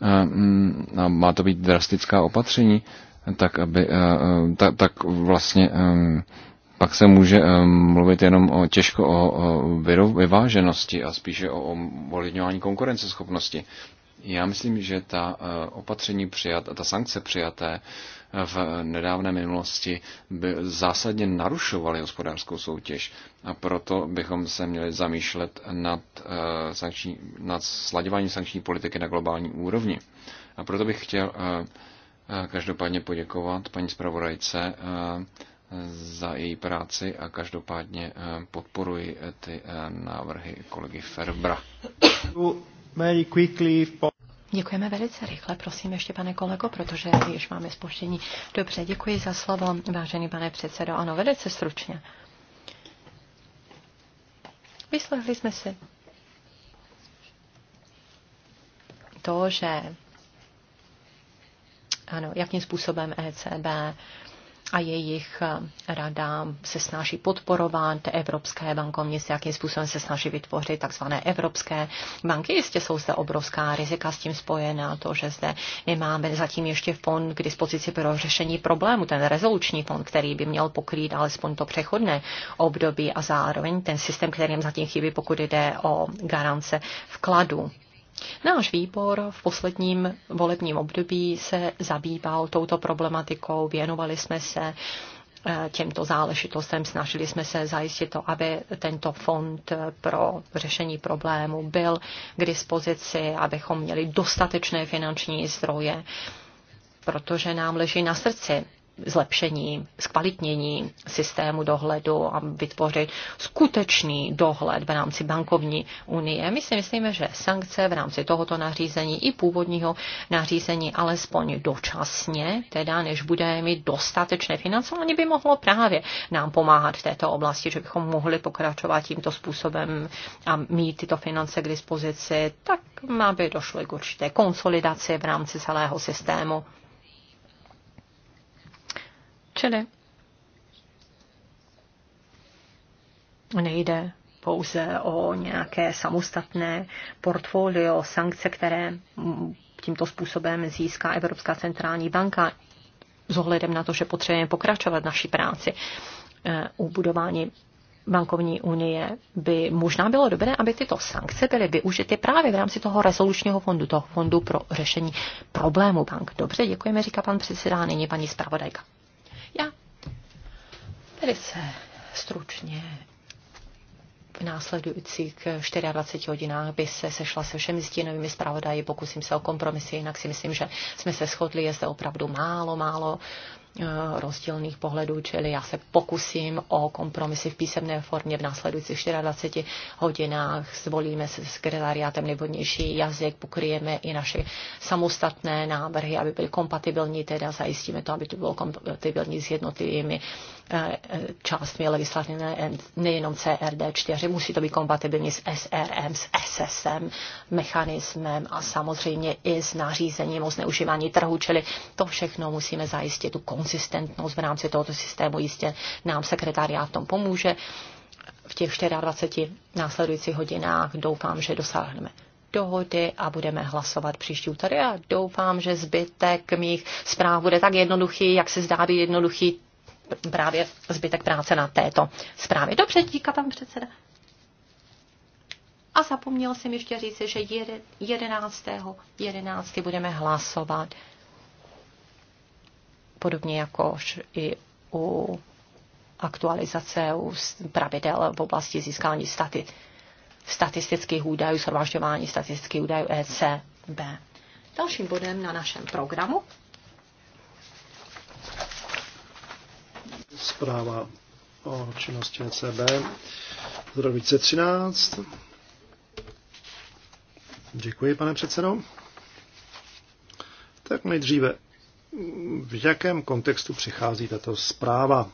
Eh, mm, a má to být drastická opatření, tak, aby, eh, eh, tak, tak vlastně ehm, pak se může ehm, mluvit jenom o těžko o vyváženosti a spíše o ovlivňování konkurenceschopnosti. Já myslím, že ta opatření přijat, ta sankce přijaté v nedávné minulosti by zásadně narušovaly hospodářskou soutěž a proto bychom se měli zamýšlet nad, eh, sankční, nad sladěváním sankční politiky na globální úrovni. A proto bych chtěl eh, eh, každopádně poděkovat paní zpravodajce za její práci a každopádně podporuji ty návrhy kolegy Ferbra. Very quickly Děkujeme velice rychle, prosím ještě pane kolego, protože již máme spoštění. Dobře, děkuji za slovo, vážený pane předsedo. Ano, velice stručně. Vyslechli jsme si to, že ano, jakým způsobem ECB a jejich eh, rada se snaží podporovat evropské bankovnictví, jakým způsobem se snaží vytvořit takzvané evropské banky. Jistě jsou zde obrovská rizika s tím spojená, to, že zde nemáme zatím ještě fond k dispozici pro řešení problému, ten rezoluční fond, který by měl pokrýt alespoň to přechodné období a zároveň ten systém, kterým zatím chybí, pokud jde o garance vkladu. Náš výbor v posledním volebním období se zabýval touto problematikou, věnovali jsme se eh, těmto záležitostem. Snažili jsme se zajistit to, aby tento fond eh, pro řešení problému byl k dispozici, abychom měli dostatečné finanční zdroje, protože nám leží na srdci zlepšení, zkvalitnění systému dohledu a vytvořit skutečný dohled v rámci bankovní unie. My si myslíme, že sankce v rámci tohoto nařízení i původního nařízení alespoň dočasně, teda než bude mít dostatečné financování, by mohlo právě nám pomáhat v této oblasti, že bychom mohli pokračovat tímto způsobem a mít tyto finance k dispozici, tak aby došlo k určité konsolidaci v rámci celého systému. Čili nejde pouze o nějaké samostatné portfolio sankce, které tímto způsobem získá Evropská centrální banka s ohledem na to, že potřebujeme pokračovat naší práci eh, u budování bankovní unie, by možná bylo dobré, aby tyto sankce byly využity právě v rámci toho rezolučního fondu, toho fondu pro řešení problému bank. Dobře, děkujeme, říká pan předseda, nyní paní zpravodajka velice stručně v následujících 24 hodinách by se sešla se všemi stínovými zpravodaji, pokusím se o kompromisy, jinak si myslím, že jsme se shodli, je zde opravdu málo, málo Eh, rozdílných pohledů, čili já se pokusím o kompromisy v písemné formě v následujících 24 hodinách. Zvolíme se kredariátem nejvhodnější jazyk, pokryjeme i naše samostatné návrhy, aby byly kompatibilní, teda zajistíme to, aby to bylo kompatibilní s jednotlivými eh, částmi legislativy, nejenom CRD4, musí to být kompatibilní s SRM, s SSM, mechanismem a samozřejmě i s nařízením o zneužívání trhu, čili to všechno musíme zajistit tu konzultaci Konzistentnost v rámci tohoto systému. Jistě nám sekretariát v tom pomůže. V těch 24 následujících hodinách doufám, že dosáhneme dohody a budeme hlasovat příští úterý a doufám, že zbytek mých zpráv bude tak jednoduchý, jak se zdá být jednoduchý právě zbytek práce na této zprávě. Dobře, díka pan předseda. A zapomněl jsem ještě říct, že 11. 11. budeme hlasovat podobně jako i u aktualizace u pravidel v oblasti získání staty, statistických údajů, shromažďování statistických údajů ECB. Dalším bodem na našem programu zpráva o činnosti ECB z 2013. Děkuji, pane předsedo. Tak nejdříve v jakém kontextu přichází tato zpráva.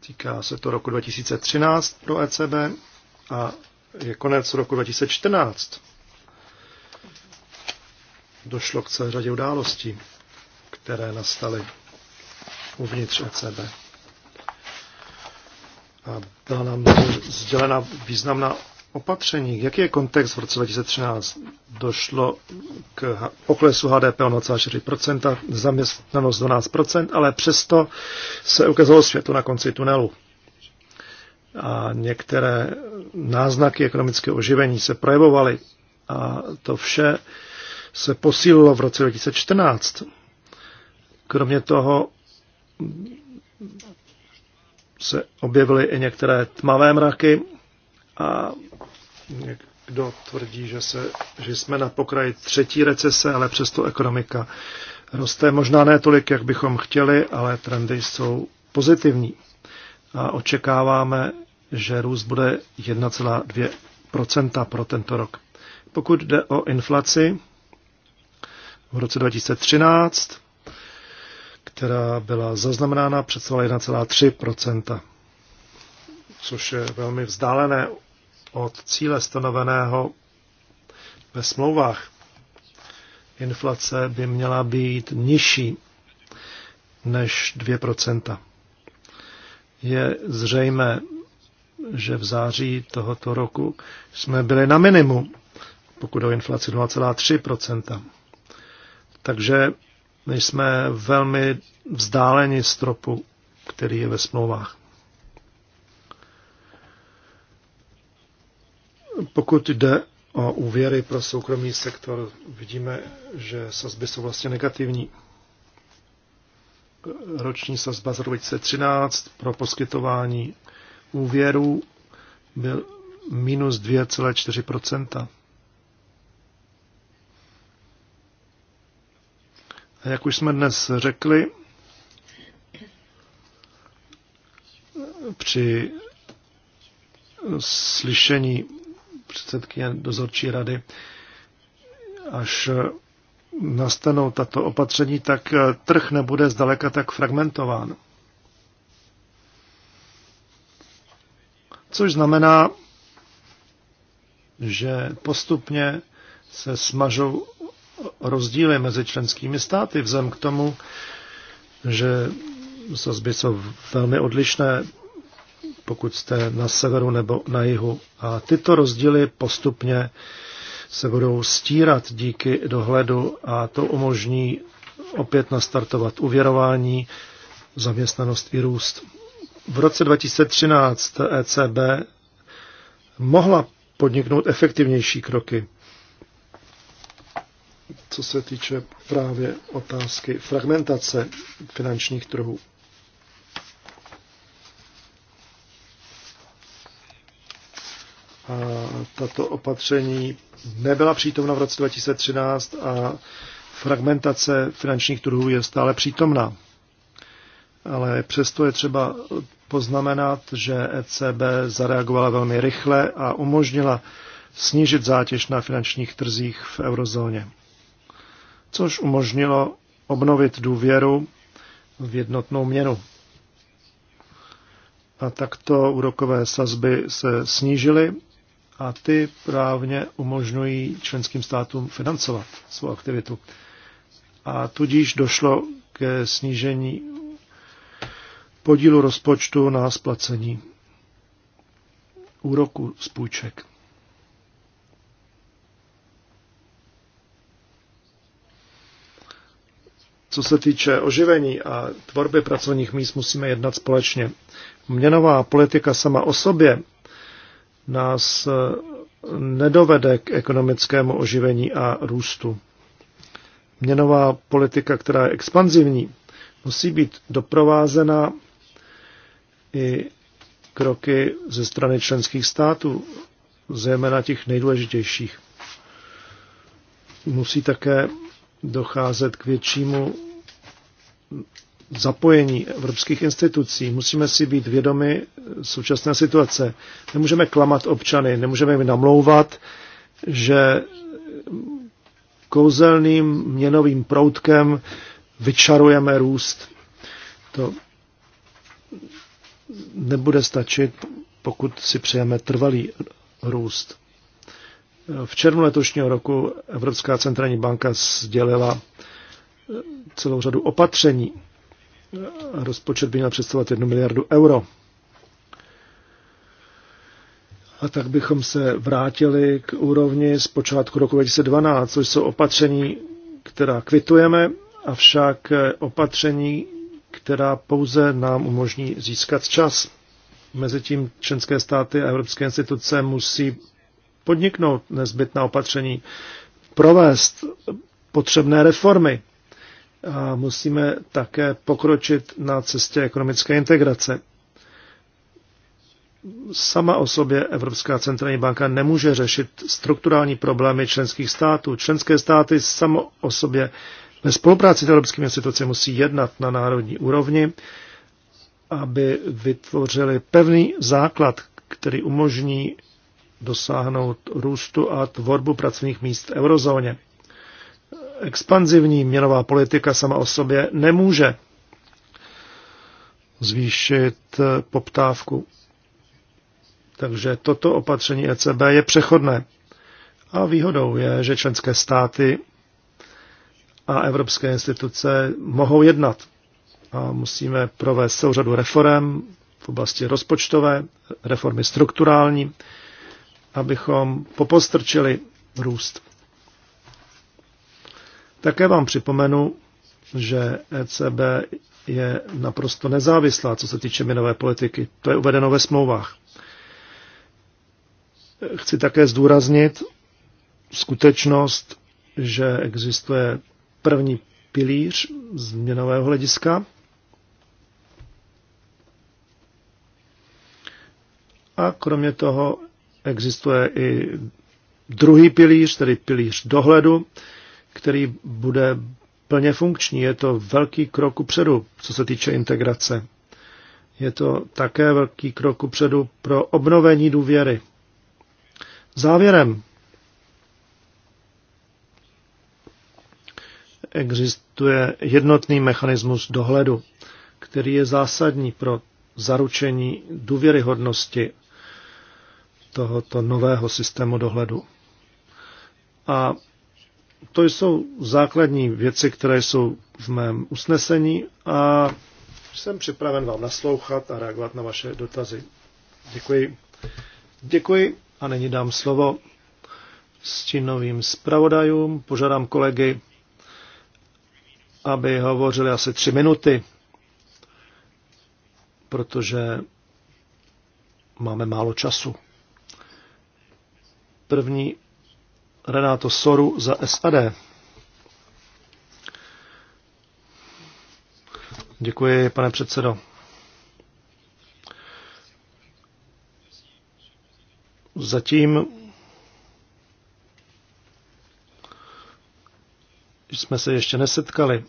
Týká se to roku 2013 pro ECB a je konec roku 2014. Došlo k celé řadě událostí, které nastaly uvnitř ECB. A byla nám sdělena významná opatření. Jaký je kontext v roce 2013? Došlo k poklesu HDP o 0,4%, zaměstnanost 12%, ale přesto se ukázalo světlo na konci tunelu. A některé náznaky ekonomického oživení se projevovaly a to vše se posílilo v roce 2014. Kromě toho se objevily i některé tmavé mraky a kdo tvrdí, že, se, že jsme na pokraji třetí recese, ale přesto ekonomika roste. Možná ne tolik, jak bychom chtěli, ale trendy jsou pozitivní. A očekáváme, že růst bude 1,2 pro tento rok. Pokud jde o inflaci v roce 2013, která byla zaznamenána, představila 1,3 což je velmi vzdálené od cíle stanoveného ve smlouvách. Inflace by měla být nižší než 2%. Je zřejmé, že v září tohoto roku jsme byli na minimu, pokud o inflaci 2,3%. Takže my jsme velmi vzdáleni stropu, který je ve smlouvách. Pokud jde o úvěry pro soukromý sektor, vidíme, že sazby jsou vlastně negativní. Roční sazba z 2013 pro poskytování úvěrů byl minus 2,4 A jak už jsme dnes řekli, při slyšení předsedkyně dozorčí rady, až nastanou tato opatření, tak eh, trh nebude zdaleka tak fragmentován. Což znamená, že postupně se smažou rozdíly mezi členskými státy vzhledem k tomu, že sazby jsou velmi odlišné pokud jste na severu nebo na jihu. A tyto rozdíly postupně se budou stírat díky dohledu a to umožní opět nastartovat uvěrování, zaměstnanost i růst. V roce 2013 ECB mohla podniknout efektivnější kroky, co se týče právě otázky fragmentace finančních trhů. tato opatření nebyla přítomna v roce 2013 a fragmentace finančních trhů je stále přítomna. Ale přesto je třeba poznamenat, že ECB zareagovala velmi rychle a umožnila snížit zátěž na finančních trzích v eurozóně, což umožnilo obnovit důvěru v jednotnou měnu. A takto úrokové sazby se snížily a ty právně umožňují členským státům financovat svou aktivitu. A tudíž došlo ke snížení podílu rozpočtu na splacení úroku z půjček. Co se týče oživení a tvorby pracovních míst, musíme jednat společně. Měnová politika sama o sobě nás eh, nedovede k ekonomickému oživení a růstu. Měnová politika, která je expanzivní, musí být doprovázena i kroky ze strany členských států, zejména těch nejdůležitějších. Musí také docházet k většímu zapojení evropských institucí. Musíme si být vědomi současné situace. Nemůžeme klamat občany, nemůžeme jim namlouvat, že kouzelným měnovým proutkem vyčarujeme růst. To nebude stačit, pokud si přejeme trvalý růst. V červnu letošního roku Evropská centrální banka sdělila celou řadu opatření, rozpočet by měl představovat 1 miliardu euro. A tak bychom se vrátili k úrovni z počátku roku 2012, což jsou opatření, která kvitujeme, avšak opatření, která pouze nám umožní získat čas. Mezitím členské státy a evropské instituce musí podniknout nezbytná opatření, provést potřebné reformy a musíme také pokročit na cestě ekonomické integrace. Sama o sobě Evropská centrální banka nemůže řešit strukturální problémy členských států. Členské státy samo o sobě ve spolupráci s evropskými institucemi musí jednat na národní úrovni, aby vytvořili pevný základ, který umožní dosáhnout růstu a tvorbu pracovních míst v eurozóně expanzivní měnová politika sama o sobě nemůže zvýšit eh, poptávku. Takže toto opatření ECB je přechodné. A výhodou je, že členské státy a evropské instituce mohou jednat. A musíme provést celou řadu reform v oblasti rozpočtové, reformy strukturální, abychom popostrčili růst. Také vám připomenu, že ECB je naprosto nezávislá, co se týče minové politiky. To je uvedeno ve smlouvách. Chci také zdůraznit skutečnost, že existuje první pilíř z měnového hlediska a kromě toho existuje i druhý pilíř, tedy pilíř dohledu, který bude plně funkční. Je to velký krok upředu, co se týče integrace. Je to také velký krok upředu pro obnovení důvěry. Závěrem. Existuje jednotný mechanismus dohledu, který je zásadní pro zaručení důvěryhodnosti tohoto nového systému dohledu. A to jsou základní věci, které jsou v mém usnesení a jsem připraven vám naslouchat a reagovat na vaše dotazy. Děkuji. Děkuji a nyní dám slovo s činovým zpravodajům. Požádám kolegy, aby hovořili asi tři minuty, protože máme málo času. První Renato Soru za SAD. Děkuji, pane předsedo. Zatím jsme se ještě nesetkali.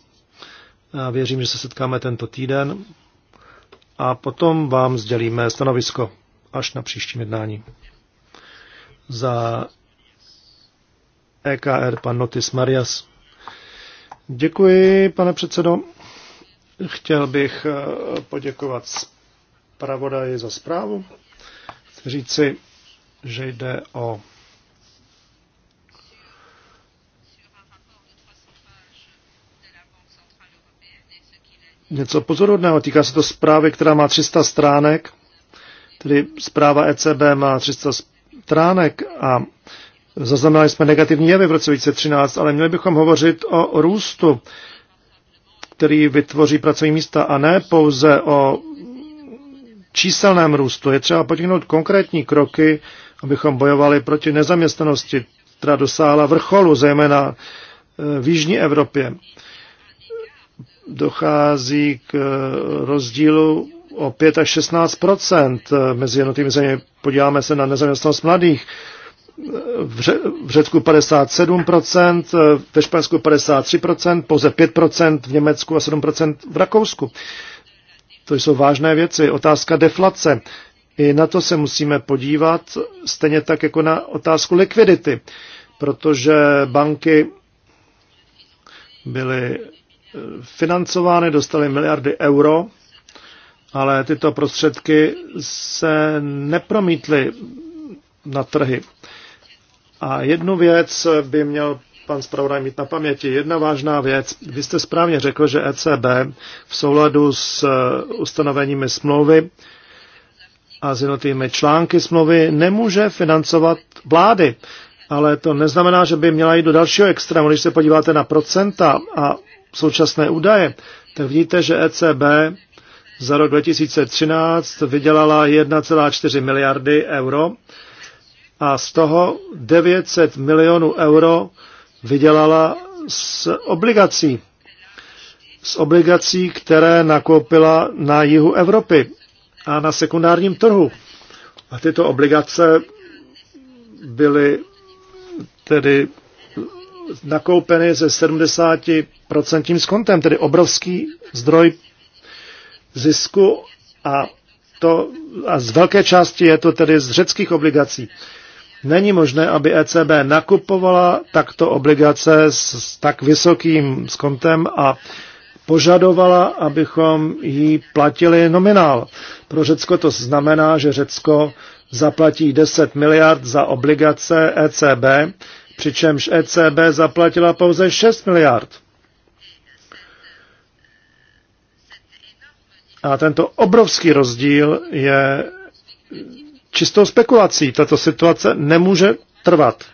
Já věřím, že se setkáme tento týden a potom vám sdělíme stanovisko až na příštím jednání. Za EKR, pan Notis Marias. Děkuji, pane předsedo. Chtěl bych eh, poděkovat zpravodaji za zprávu. Chci říci, že jde o něco pozorodného. Týká se to zprávy, která má 300 stránek, tedy zpráva ECB má 300 stránek a Zaznamenali jsme negativní jevy v roce 2013, ale měli bychom hovořit o růstu, který vytvoří pracovní místa a ne pouze o číselném růstu. Je třeba podniknout konkrétní kroky, abychom bojovali proti nezaměstnanosti, která dosáhla vrcholu, zejména e, v Jižní Evropě. Dochází k e, rozdílu o 5 až 16 e, mezi jednotlivými zeměmi. Podíváme se na nezaměstnanost mladých v Řecku 57%, ve Španělsku 53%, pouze 5% v Německu a 7% v Rakousku. To jsou vážné věci. Otázka deflace. I na to se musíme podívat, stejně tak jako na otázku likvidity, protože banky byly eh, financovány, dostaly miliardy euro, ale tyto prostředky se nepromítly na trhy. A jednu věc by měl pan zpravodaj mít na paměti. Jedna vážná věc. Vy jste správně řekl, že ECB v souladu s eh, ustanoveními smlouvy a s jednotlivými články smlouvy nemůže financovat vlády. Ale to neznamená, že by měla jít do dalšího extrému. Když se podíváte na procenta a současné údaje, tak vidíte, že ECB za rok 2013 vydělala 1,4 miliardy euro a z toho 900 milionů euro vydělala z obligací. Z obligací, které nakoupila na jihu Evropy a na sekundárním trhu. A tyto obligace byly tedy nakoupeny se 70% skontem, tedy obrovský zdroj zisku a, to, a z velké části je to tedy z řeckých obligací. Není možné, aby ECB nakupovala takto obligace s tak vysokým skontem a požadovala, abychom jí platili nominál. Pro Řecko to znamená, že Řecko zaplatí 10 miliard za obligace ECB, přičemž ECB zaplatila pouze 6 miliard. A tento obrovský rozdíl je čistou spekulací. Tato situace nemůže trvat.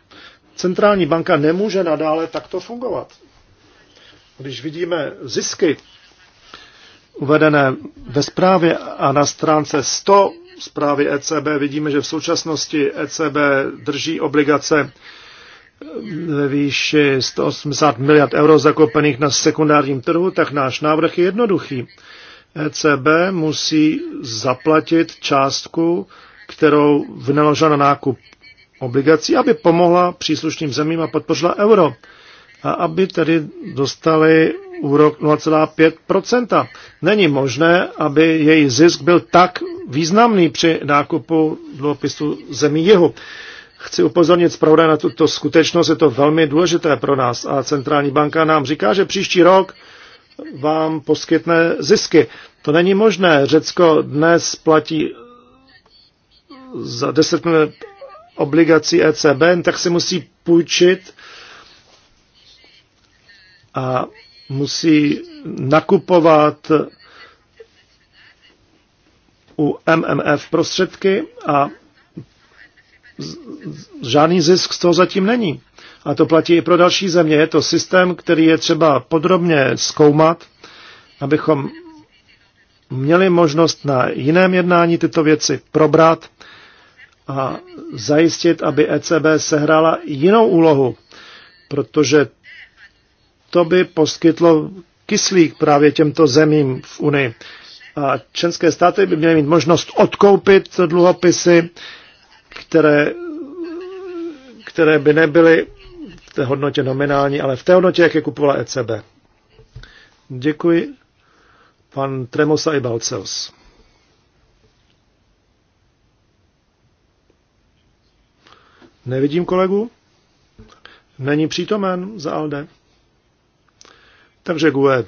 Centrální banka nemůže nadále takto fungovat. Když vidíme zisky uvedené ve zprávě a na stránce 100 zprávy ECB vidíme, že v současnosti ECB drží obligace ve výši 180 miliard euro zakoupených na sekundárním trhu, tak náš návrh je jednoduchý. ECB musí zaplatit částku kterou vynaložila na nákup obligací, aby pomohla příslušným zemím a podpořila euro. A aby tedy dostali úrok 0,5%. Není možné, aby její zisk byl tak významný při nákupu dluhopisu zemí jihu. Chci upozornit zpravodaj na tuto skutečnost, je to velmi důležité pro nás a centrální banka nám říká, že příští rok vám poskytne zisky. To není možné. Řecko dnes platí za 10 miliard obligací ECB, tak si musí půjčit a musí nakupovat u MMF prostředky a žádný zisk z toho zatím není. A to platí i pro další země. Je to systém, který je třeba podrobně zkoumat, abychom měli možnost na jiném jednání tyto věci probrat a zajistit, aby ECB sehrála jinou úlohu, protože to by poskytlo kyslík právě těmto zemím v Unii. A členské státy by měly mít možnost odkoupit dluhopisy, které, které by nebyly v té hodnotě nominální, ale v té hodnotě, jak je kupovala ECB. Děkuji. Pan Tremosa i Balceus. Nevidím kolegu? Není přítomen za Alde. Takže Gue.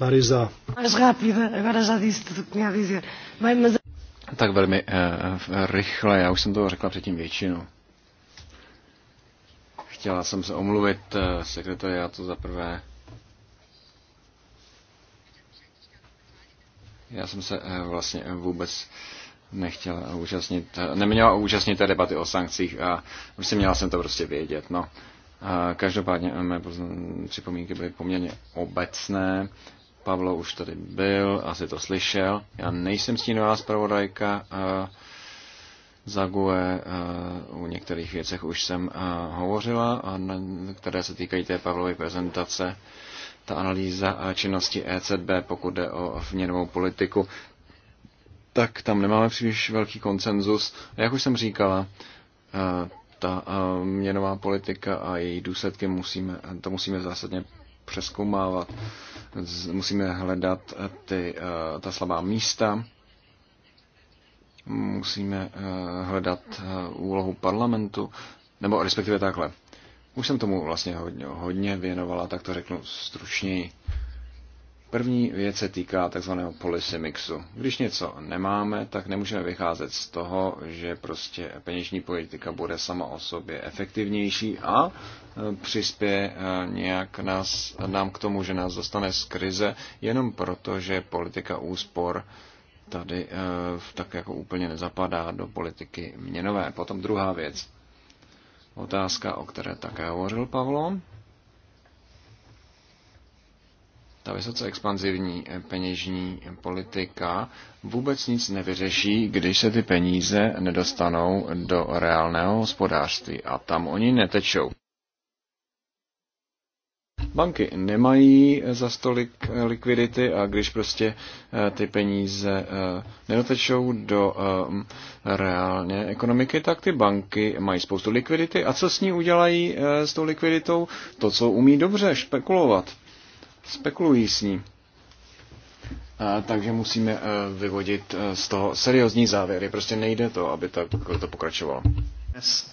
Marisa. Tak velmi uh, rychle, já už jsem to řekla předtím většinu. Chtěla jsem se omluvit uh, sekretariátu za prvé. Já jsem se uh, vlastně vůbec uh, nechtěla účastnit, neměla účastnit té debaty o sankcích a prostě měla jsem to prostě vědět. No. A každopádně eh, mé připomínky byly poměrně obecné. Pavlo už tady byl, asi to slyšel. Já nejsem stínová zpravodajka eh, za GUE. Eh, u některých věcech už jsem hovořila, a které se týkají té Pavlovy prezentace. Ta analýza činnosti ECB, pokud jde o měnovou politiku, tak tam nemáme příliš velký konsenzus. Jak už jsem říkala, eh, ta eh, měnová politika a její důsledky musíme, to musíme zásadně přeskoumávat. Musíme hledat ty, eh, ta slabá místa, musíme hledat úlohu parlamentu, nebo respektive takhle. Už jsem tomu vlastně hodně, hodně věnovala, tak to řeknu stručněji. První věc se týká takzvaného policy mixu. Když něco nemáme, tak nemůžeme vycházet z toho, že prostě peněžní politika bude sama o sobě efektivnější a e, přispěje e, nějak nás, nám k tomu, že nás dostane z krize, jenom proto, že politika úspor tady e, tak jako úplně nezapadá do politiky měnové. Potom druhá věc. Otázka, o které také hovořil Pavlo ta vysoce expanzivní eh, peněžní eh, politika vůbec nic nevyřeší, když se ty peníze nedostanou do reálného hospodářství a tam oni netečou. Banky nemají eh, za stolik likvidity a když prostě ty peníze nedotečou do reálné ekonomiky, tak ty banky mají spoustu likvidity. A co s ní udělají s tou likviditou? To, co umí dobře, špekulovat spekulují s ní. Takže musíme e, vyvodit e, z toho seriózní závěry. Prostě nejde to, aby tak to pokračovalo. Gracias.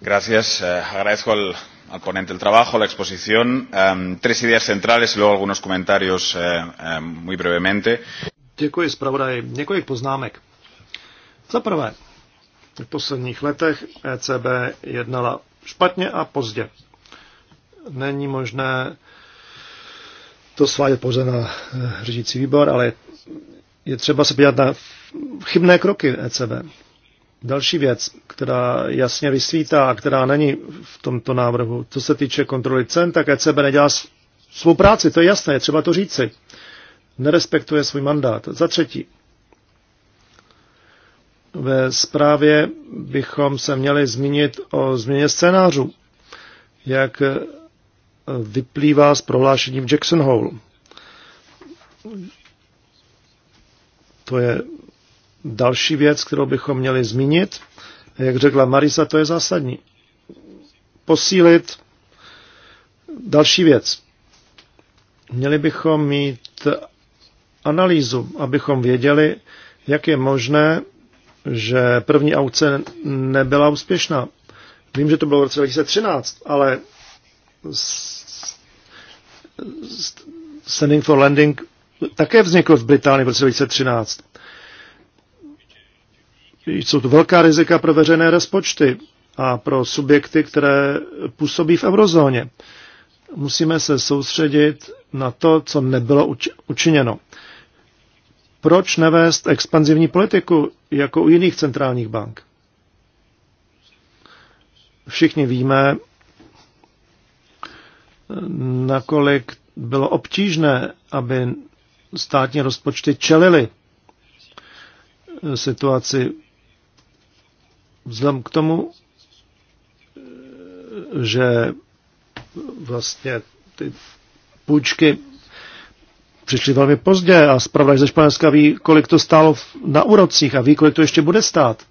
Gracias. E, agradezco al, al ponente el trabajo, la exposición. Um, tres ideas centrales y luego algunos comentarios eh, eh, muy brevemente. Děkuji zpravodaji. Několik poznámek. Za prvé, v posledních letech ECB jednala špatně a pozdě není možné to svádět pouze na eh, řídící výbor, ale je třeba se podívat na chybné kroky ECB. Další věc, která jasně vysvítá a která není v tomto návrhu, co se týče kontroly cen, tak ECB nedělá svou práci, to je jasné, je třeba to říci. Nerespektuje svůj mandát. Za třetí, ve zprávě bychom se měli zmínit o změně scénářů. Jak vyplývá s prohlášením Jackson Hole. To je další věc, kterou bychom měli zmínit. Jak řekla Marisa, to je zásadní. Posílit další věc. Měli bychom mít analýzu, abychom věděli, jak je možné, že první aukce nebyla úspěšná. Vím, že to bylo v roce 2013, ale Standing for Landing také vznikl v Británii v roce 2013. Jsou to velká rizika pro veřejné rozpočty a pro subjekty, které působí v eurozóně. Musíme se soustředit na to, co nebylo učiněno. Proč nevést expanzivní politiku jako u jiných centrálních bank? Všichni víme, nakolik bylo obtížné, aby státní rozpočty čelily situaci vzhledem k tomu, že vlastně ty půjčky přišly velmi pozdě a zpravodaj ze Španělska ví, kolik to stálo na úrocích a ví, kolik to ještě bude stát.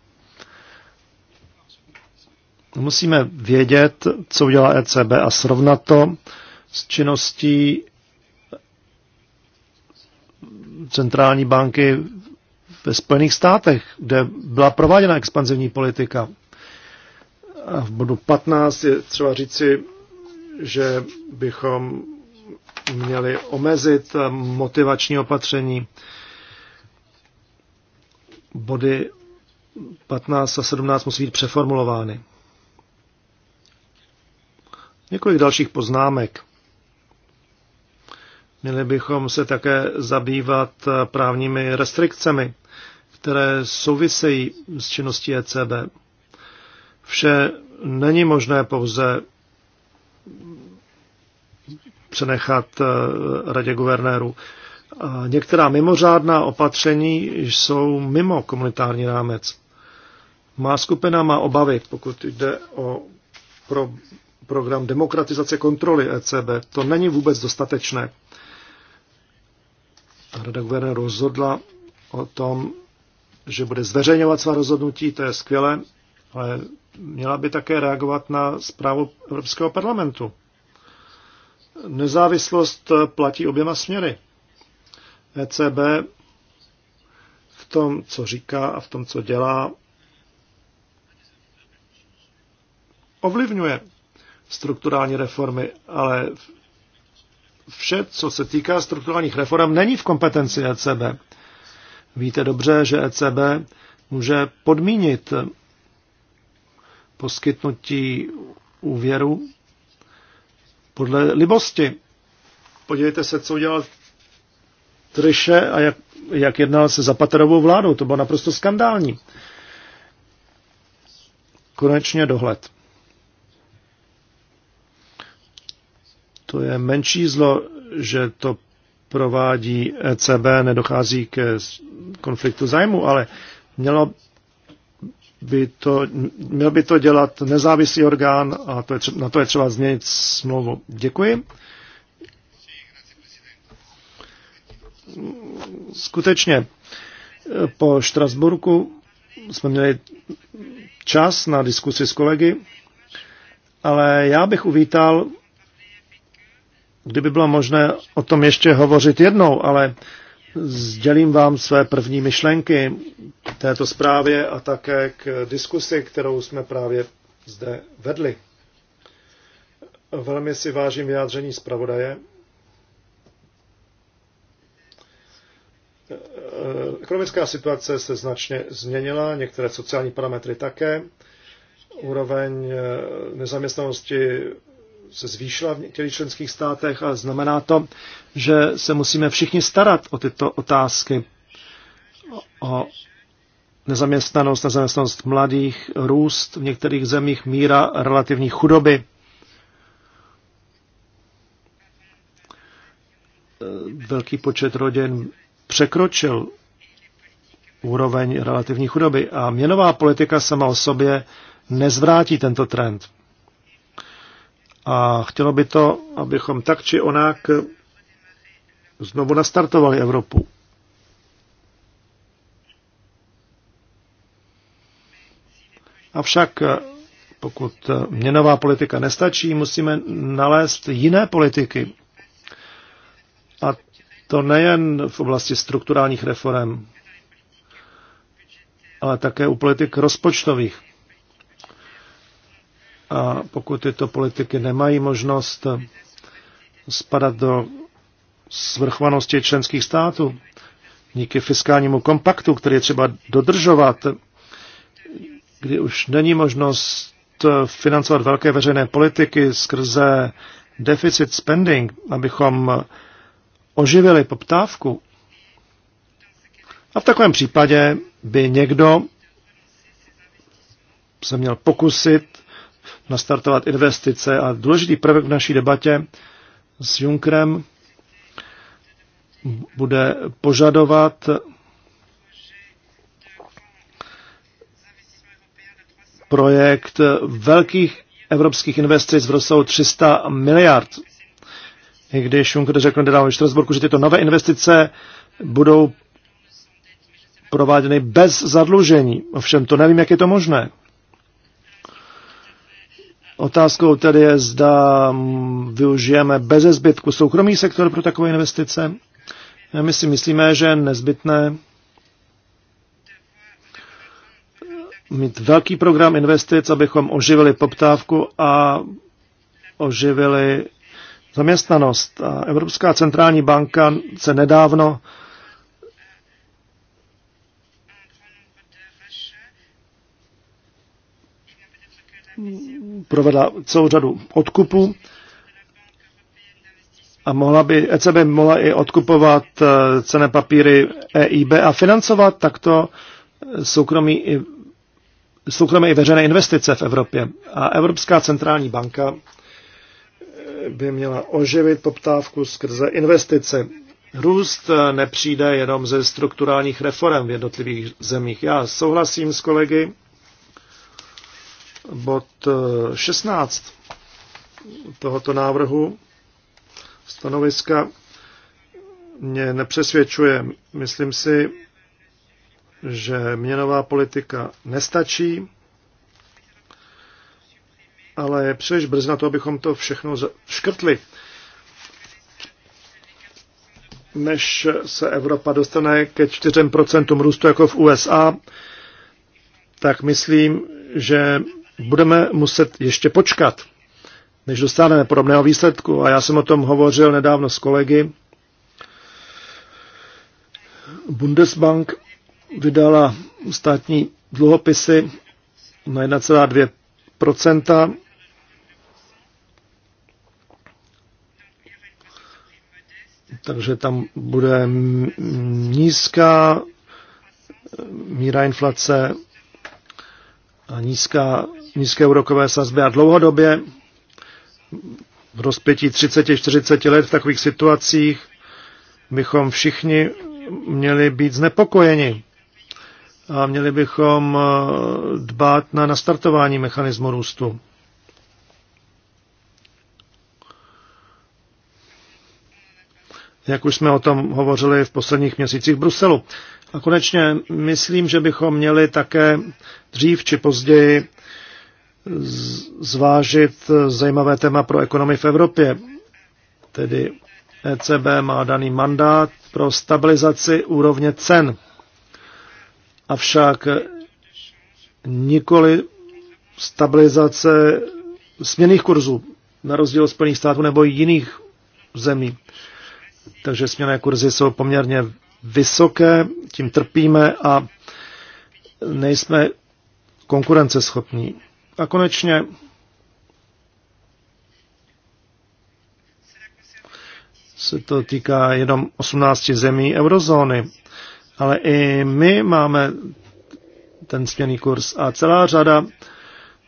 Musíme vědět, co udělá ECB a srovnat to s činností centrální banky ve Spojených státech, kde byla prováděna expanzivní politika. A v bodu 15 je třeba říci, že bychom měli omezit motivační opatření. Body 15 a 17 musí být přeformulovány. Několik dalších poznámek. Měli bychom se také zabývat právními restrikcemi, které souvisejí s činností ECB. Vše není možné pouze přenechat eh, radě guvernérů. některá mimořádná opatření jsou mimo komunitární rámec. Má skupina má obavy, pokud jde o pro program demokratizace kontroly ECB. To není vůbec dostatečné. Rada guvernér rozhodla o tom, že bude zveřejňovat svá rozhodnutí, to je skvělé, ale měla by také reagovat na zprávu Evropského parlamentu. Nezávislost platí oběma směry. ECB v tom, co říká a v tom, co dělá, ovlivňuje strukturální reformy, ale vše, co se týká strukturálních reform, není v kompetenci ECB. Víte dobře, že ECB může podmínit poskytnutí úvěru podle libosti. Podívejte se, co udělal Triše a jak, jak jednal se Zapaterovou vládou. To bylo naprosto skandální. Konečně dohled. To je menší zlo, že to provádí ECB, nedochází k konfliktu zájmu, ale mělo by to, měl by to dělat nezávislý orgán a to je třeba, na to je třeba změnit smlouvu. Děkuji. Skutečně, po Štrasburku jsme měli čas na diskusi s kolegy, ale já bych uvítal, kdyby bylo možné o tom ještě hovořit jednou, ale sdělím vám své první myšlenky k této zprávě a také k diskusi, kterou jsme právě zde vedli. Velmi si vážím vyjádření zpravodaje. Ekonomická situace se značně změnila, některé sociální parametry také. Úroveň nezaměstnanosti se zvýšila v některých členských státech a znamená to, že se musíme všichni starat o tyto otázky, o nezaměstnanost, nezaměstnanost mladých, růst v některých zemích, míra relativní chudoby. Velký počet rodin překročil úroveň relativní chudoby a měnová politika sama o sobě nezvrátí tento trend. A chtělo by to, abychom tak či onak znovu nastartovali Evropu. Avšak pokud měnová politika nestačí, musíme nalézt jiné politiky. A to nejen v oblasti strukturálních reform, ale také u politik rozpočtových. A pokud tyto politiky nemají možnost spadat do svrchovanosti členských států, díky fiskálnímu kompaktu, který je třeba dodržovat, kdy už není možnost financovat velké veřejné politiky skrze deficit spending, abychom oživili poptávku. A v takovém případě by někdo se měl pokusit nastartovat investice a důležitý prvek v naší debatě s Junkrem bude požadovat projekt velkých evropských investic v rozsahu 300 miliard. I když Juncker řekl nedávno v Štrasburku, že tyto nové investice budou prováděny bez zadlužení. Ovšem to nevím, jak je to možné. Otázkou tedy je, zda využijeme bez zbytku soukromý sektor pro takové investice. My si myslíme, že je nezbytné mít velký program investic, abychom oživili poptávku a oživili zaměstnanost. A Evropská centrální banka se nedávno mm provedla celou řadu odkupů a mohla by, ECB mohla i odkupovat eh, cené papíry EIB a financovat takto eh, soukromí i soukromé i veřejné investice v Evropě. A Evropská centrální banka eh, by měla oživit poptávku skrze investice. Růst nepřijde jenom ze strukturálních reform v jednotlivých zemích. Já souhlasím s kolegy, Bod 16 eh, tohoto návrhu stanoviska mě nepřesvědčuje. Myslím si, že měnová politika nestačí, ale je příliš brzy na to, abychom to všechno škrtli. Než se Evropa dostane ke 4% růstu jako v USA, tak myslím, že budeme muset ještě počkat, než dostaneme podobného výsledku. A já jsem o tom hovořil nedávno s kolegy. Bundesbank vydala státní dluhopisy na 1,2 takže tam bude nízká míra inflace a nízká nízké úrokové sazby a dlouhodobě v rozpětí 30-40 let v takových situacích bychom všichni měli být znepokojeni a měli bychom eh, dbát na nastartování mechanismu růstu. Jak už jsme o tom hovořili v posledních měsících v Bruselu. A konečně myslím, že bychom měli také dřív či později zvážit eh, zajímavé téma pro ekonomii v Evropě. Tedy ECB má daný mandát pro stabilizaci úrovně cen. Avšak nikoli stabilizace směných kurzů, na rozdíl od Spojených států nebo jiných zemí. Takže směné kurzy jsou poměrně vysoké, tím trpíme a nejsme konkurenceschopní. A konečně se to týká jenom 18 zemí eurozóny, ale i my máme ten směný kurz a celá řada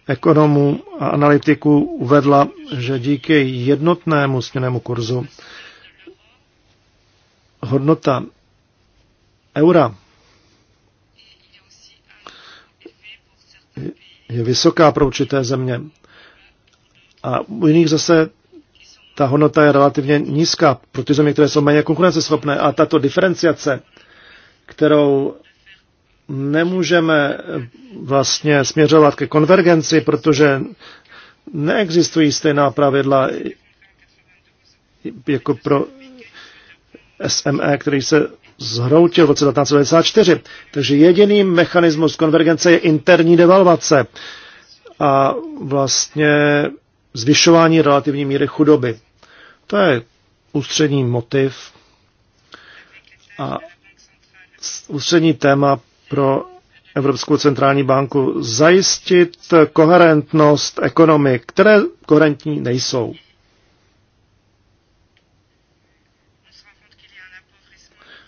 ekonomů a analytiků uvedla, že díky jednotnému směnému kurzu hodnota eura je vysoká pro určité země. A u jiných zase ta hodnota je relativně nízká pro ty země, které jsou méně konkurenceschopné. A tato diferenciace, kterou nemůžeme vlastně směřovat ke konvergenci, protože neexistují stejná pravidla jako pro SME, který se zhroutil v roce 1994. Takže jediný mechanismus konvergence je interní devalvace a vlastně zvyšování relativní míry chudoby. To je ústřední motiv a ústřední téma pro Evropskou centrální banku zajistit koherentnost ekonomik, které koherentní nejsou.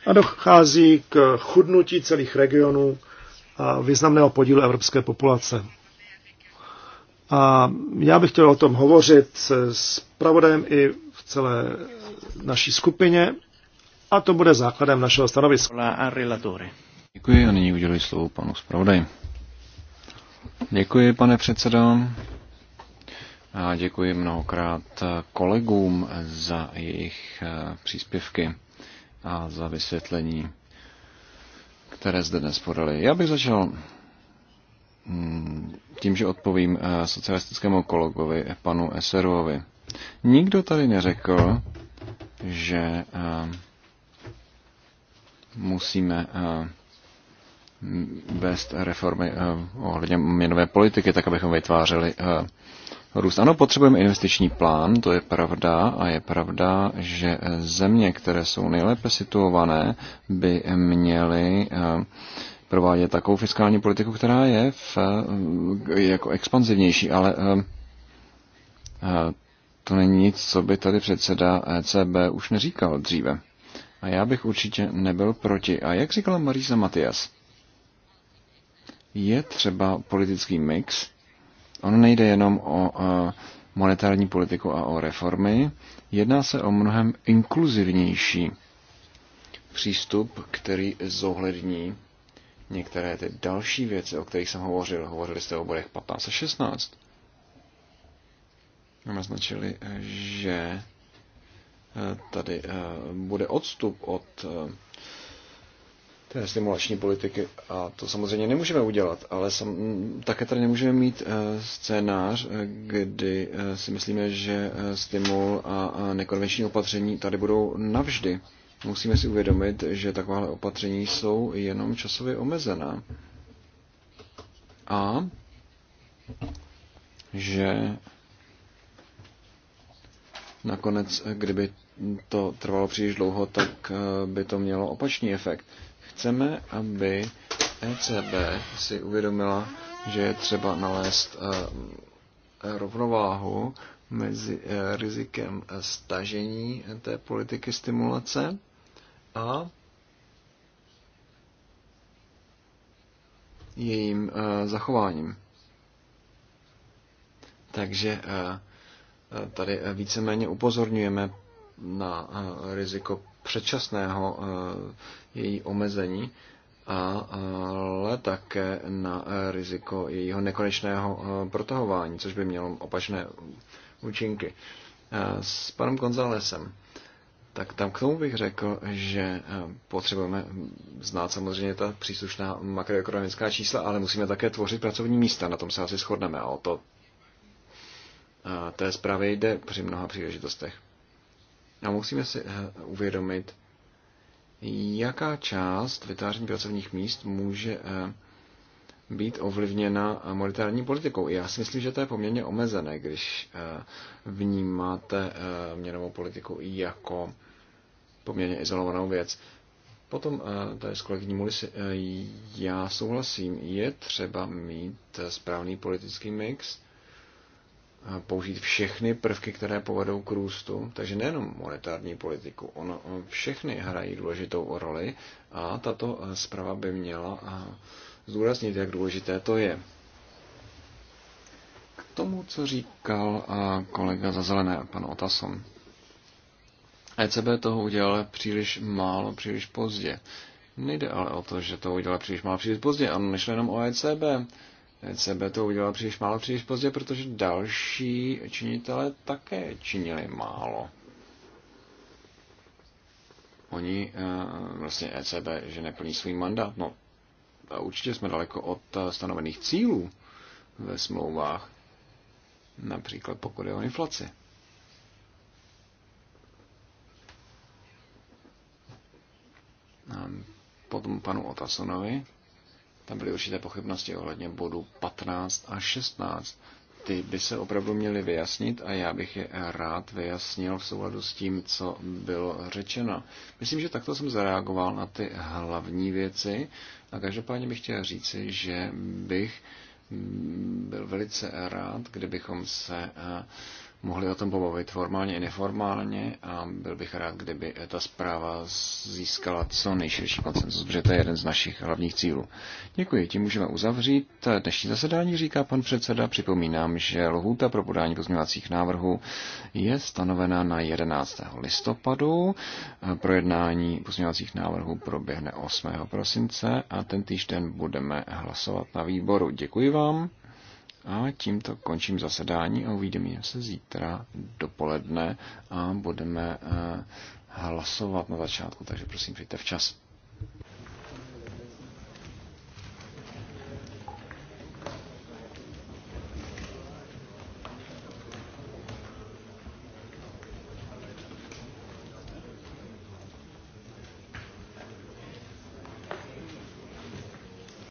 a dochází k chudnutí celých regionů a významného podílu evropské populace. A já bych chtěl o tom hovořit s pravodem i v celé naší skupině a to bude základem našeho stanoviska. Děkuji a nyní uděluji slovo panu zpravodaji. Děkuji, pane předsedo. A děkuji mnohokrát kolegům za jejich eh, příspěvky a za vysvětlení, které zde dnes podali. Já bych začal mm, tím, že odpovím eh, socialistickému kolegovi, panu Eserovi. Nikdo tady neřekl, že eh, musíme eh, vést reformy ohledně měnové politiky, tak abychom vytvářeli růst. Ano, potřebujeme investiční plán, to je pravda a je pravda, že země, které jsou nejlépe situované, by měly eh, provádět takovou fiskální politiku, která je v, eh, jako expanzivnější, ale eh, to není nic, co by tady předseda ECB už neříkal dříve. A já bych určitě nebyl proti. A jak říkala Marisa Matias, je třeba politický mix, Ono nejde jenom o monetární politiku a o reformy, jedná se o mnohem inkluzivnější přístup, který zohlední některé ty další věci, o kterých jsem hovořil. Hovořili jste o bodech 15 a 16. Naznačili, že eh, tady eh, bude odstup od eh, té stimulační politiky. A to samozřejmě nemůžeme udělat, ale sam, také tady nemůžeme mít eh, scénář, eh, kdy eh, si myslíme, že stimul a nekonvenční opatření tady budou navždy. Musíme si uvědomit, že takováhle opatření jsou jenom časově omezená. A že nakonec, kdyby to trvalo příliš dlouho, tak by to mělo opačný efekt. Chceme, aby ECB si uvědomila, že je třeba nalézt eh, rovnováhu mezi eh, rizikem stažení té politiky stimulace a jejím eh, zachováním. Takže tady víceméně upozorňujeme na riziko předčasného její omezení, a, ale také na eh, riziko jejího nekonečného eh, protahování, což by mělo opačné účinky. Eh, s panem Gonzálesem. Tak tam k tomu bych řekl, že potřebujeme znát samozřejmě ta příslušná makroekonomická čísla, ale musíme také tvořit pracovní místa, na tom se asi shodneme a o to té zprávě jde při mnoha příležitostech. A musíme si uvědomit, jaká část vytváření pracovních míst může eh, být ovlivněna monetární politikou. Já si myslím, že to je poměrně omezené, když eh, vnímáte eh, měnovou politiku jako poměrně izolovanou věc. Potom tady s kolegyní Mulisy, já souhlasím, je třeba mít správný politický mix, použít všechny prvky, které povedou k růstu, takže nejenom monetární politiku, ono, eh, všechny hrají důležitou roli a tato eh, zpráva by měla eh, zdůraznit, jak důležité to je. K tomu, co říkal kolega za zelené, pan Otason. ECB toho udělala příliš málo, příliš pozdě. Nejde ale o to, že to udělala příliš málo, příliš pozdě. Ano, nešlo jenom o ECB ECB to udělala příliš málo, příliš pozdě, protože další činitele také činili málo. Oni, eh, vlastně ECB, že neplní svůj mandát, no určitě jsme daleko od eh, stanovených cílů ve smlouvách, například pokud je o inflaci. A potom panu Otasonovi. Tam byly určité pochybnosti ohledně bodu 15 a 16. Ty by se opravdu měly vyjasnit a já bych je rád vyjasnil v souladu s tím, co bylo řečeno. Myslím, že takto jsem zareagoval na ty hlavní věci a každopádně bych chtěl říci, že bych mm, byl velice rád, kdybychom se eh, mohli o tom pobavit formálně i neformálně a byl bych rád, kdyby ta zpráva získala co nejširší koncensus, protože to je jeden z našich hlavních cílů. Děkuji, tím můžeme uzavřít dnešní zasedání, říká pan předseda. Připomínám, že lhůta pro podání pozměňovacích návrhů je stanovena na 11. listopadu. Projednání pozměňovacích návrhů proběhne 8. prosince a ten týžden budeme hlasovat na výboru. Děkuji vám. A tímto končím zasedání a uvidíme se zítra dopoledne a budeme eh, hlasovat na začátku, takže prosím přijďte včas.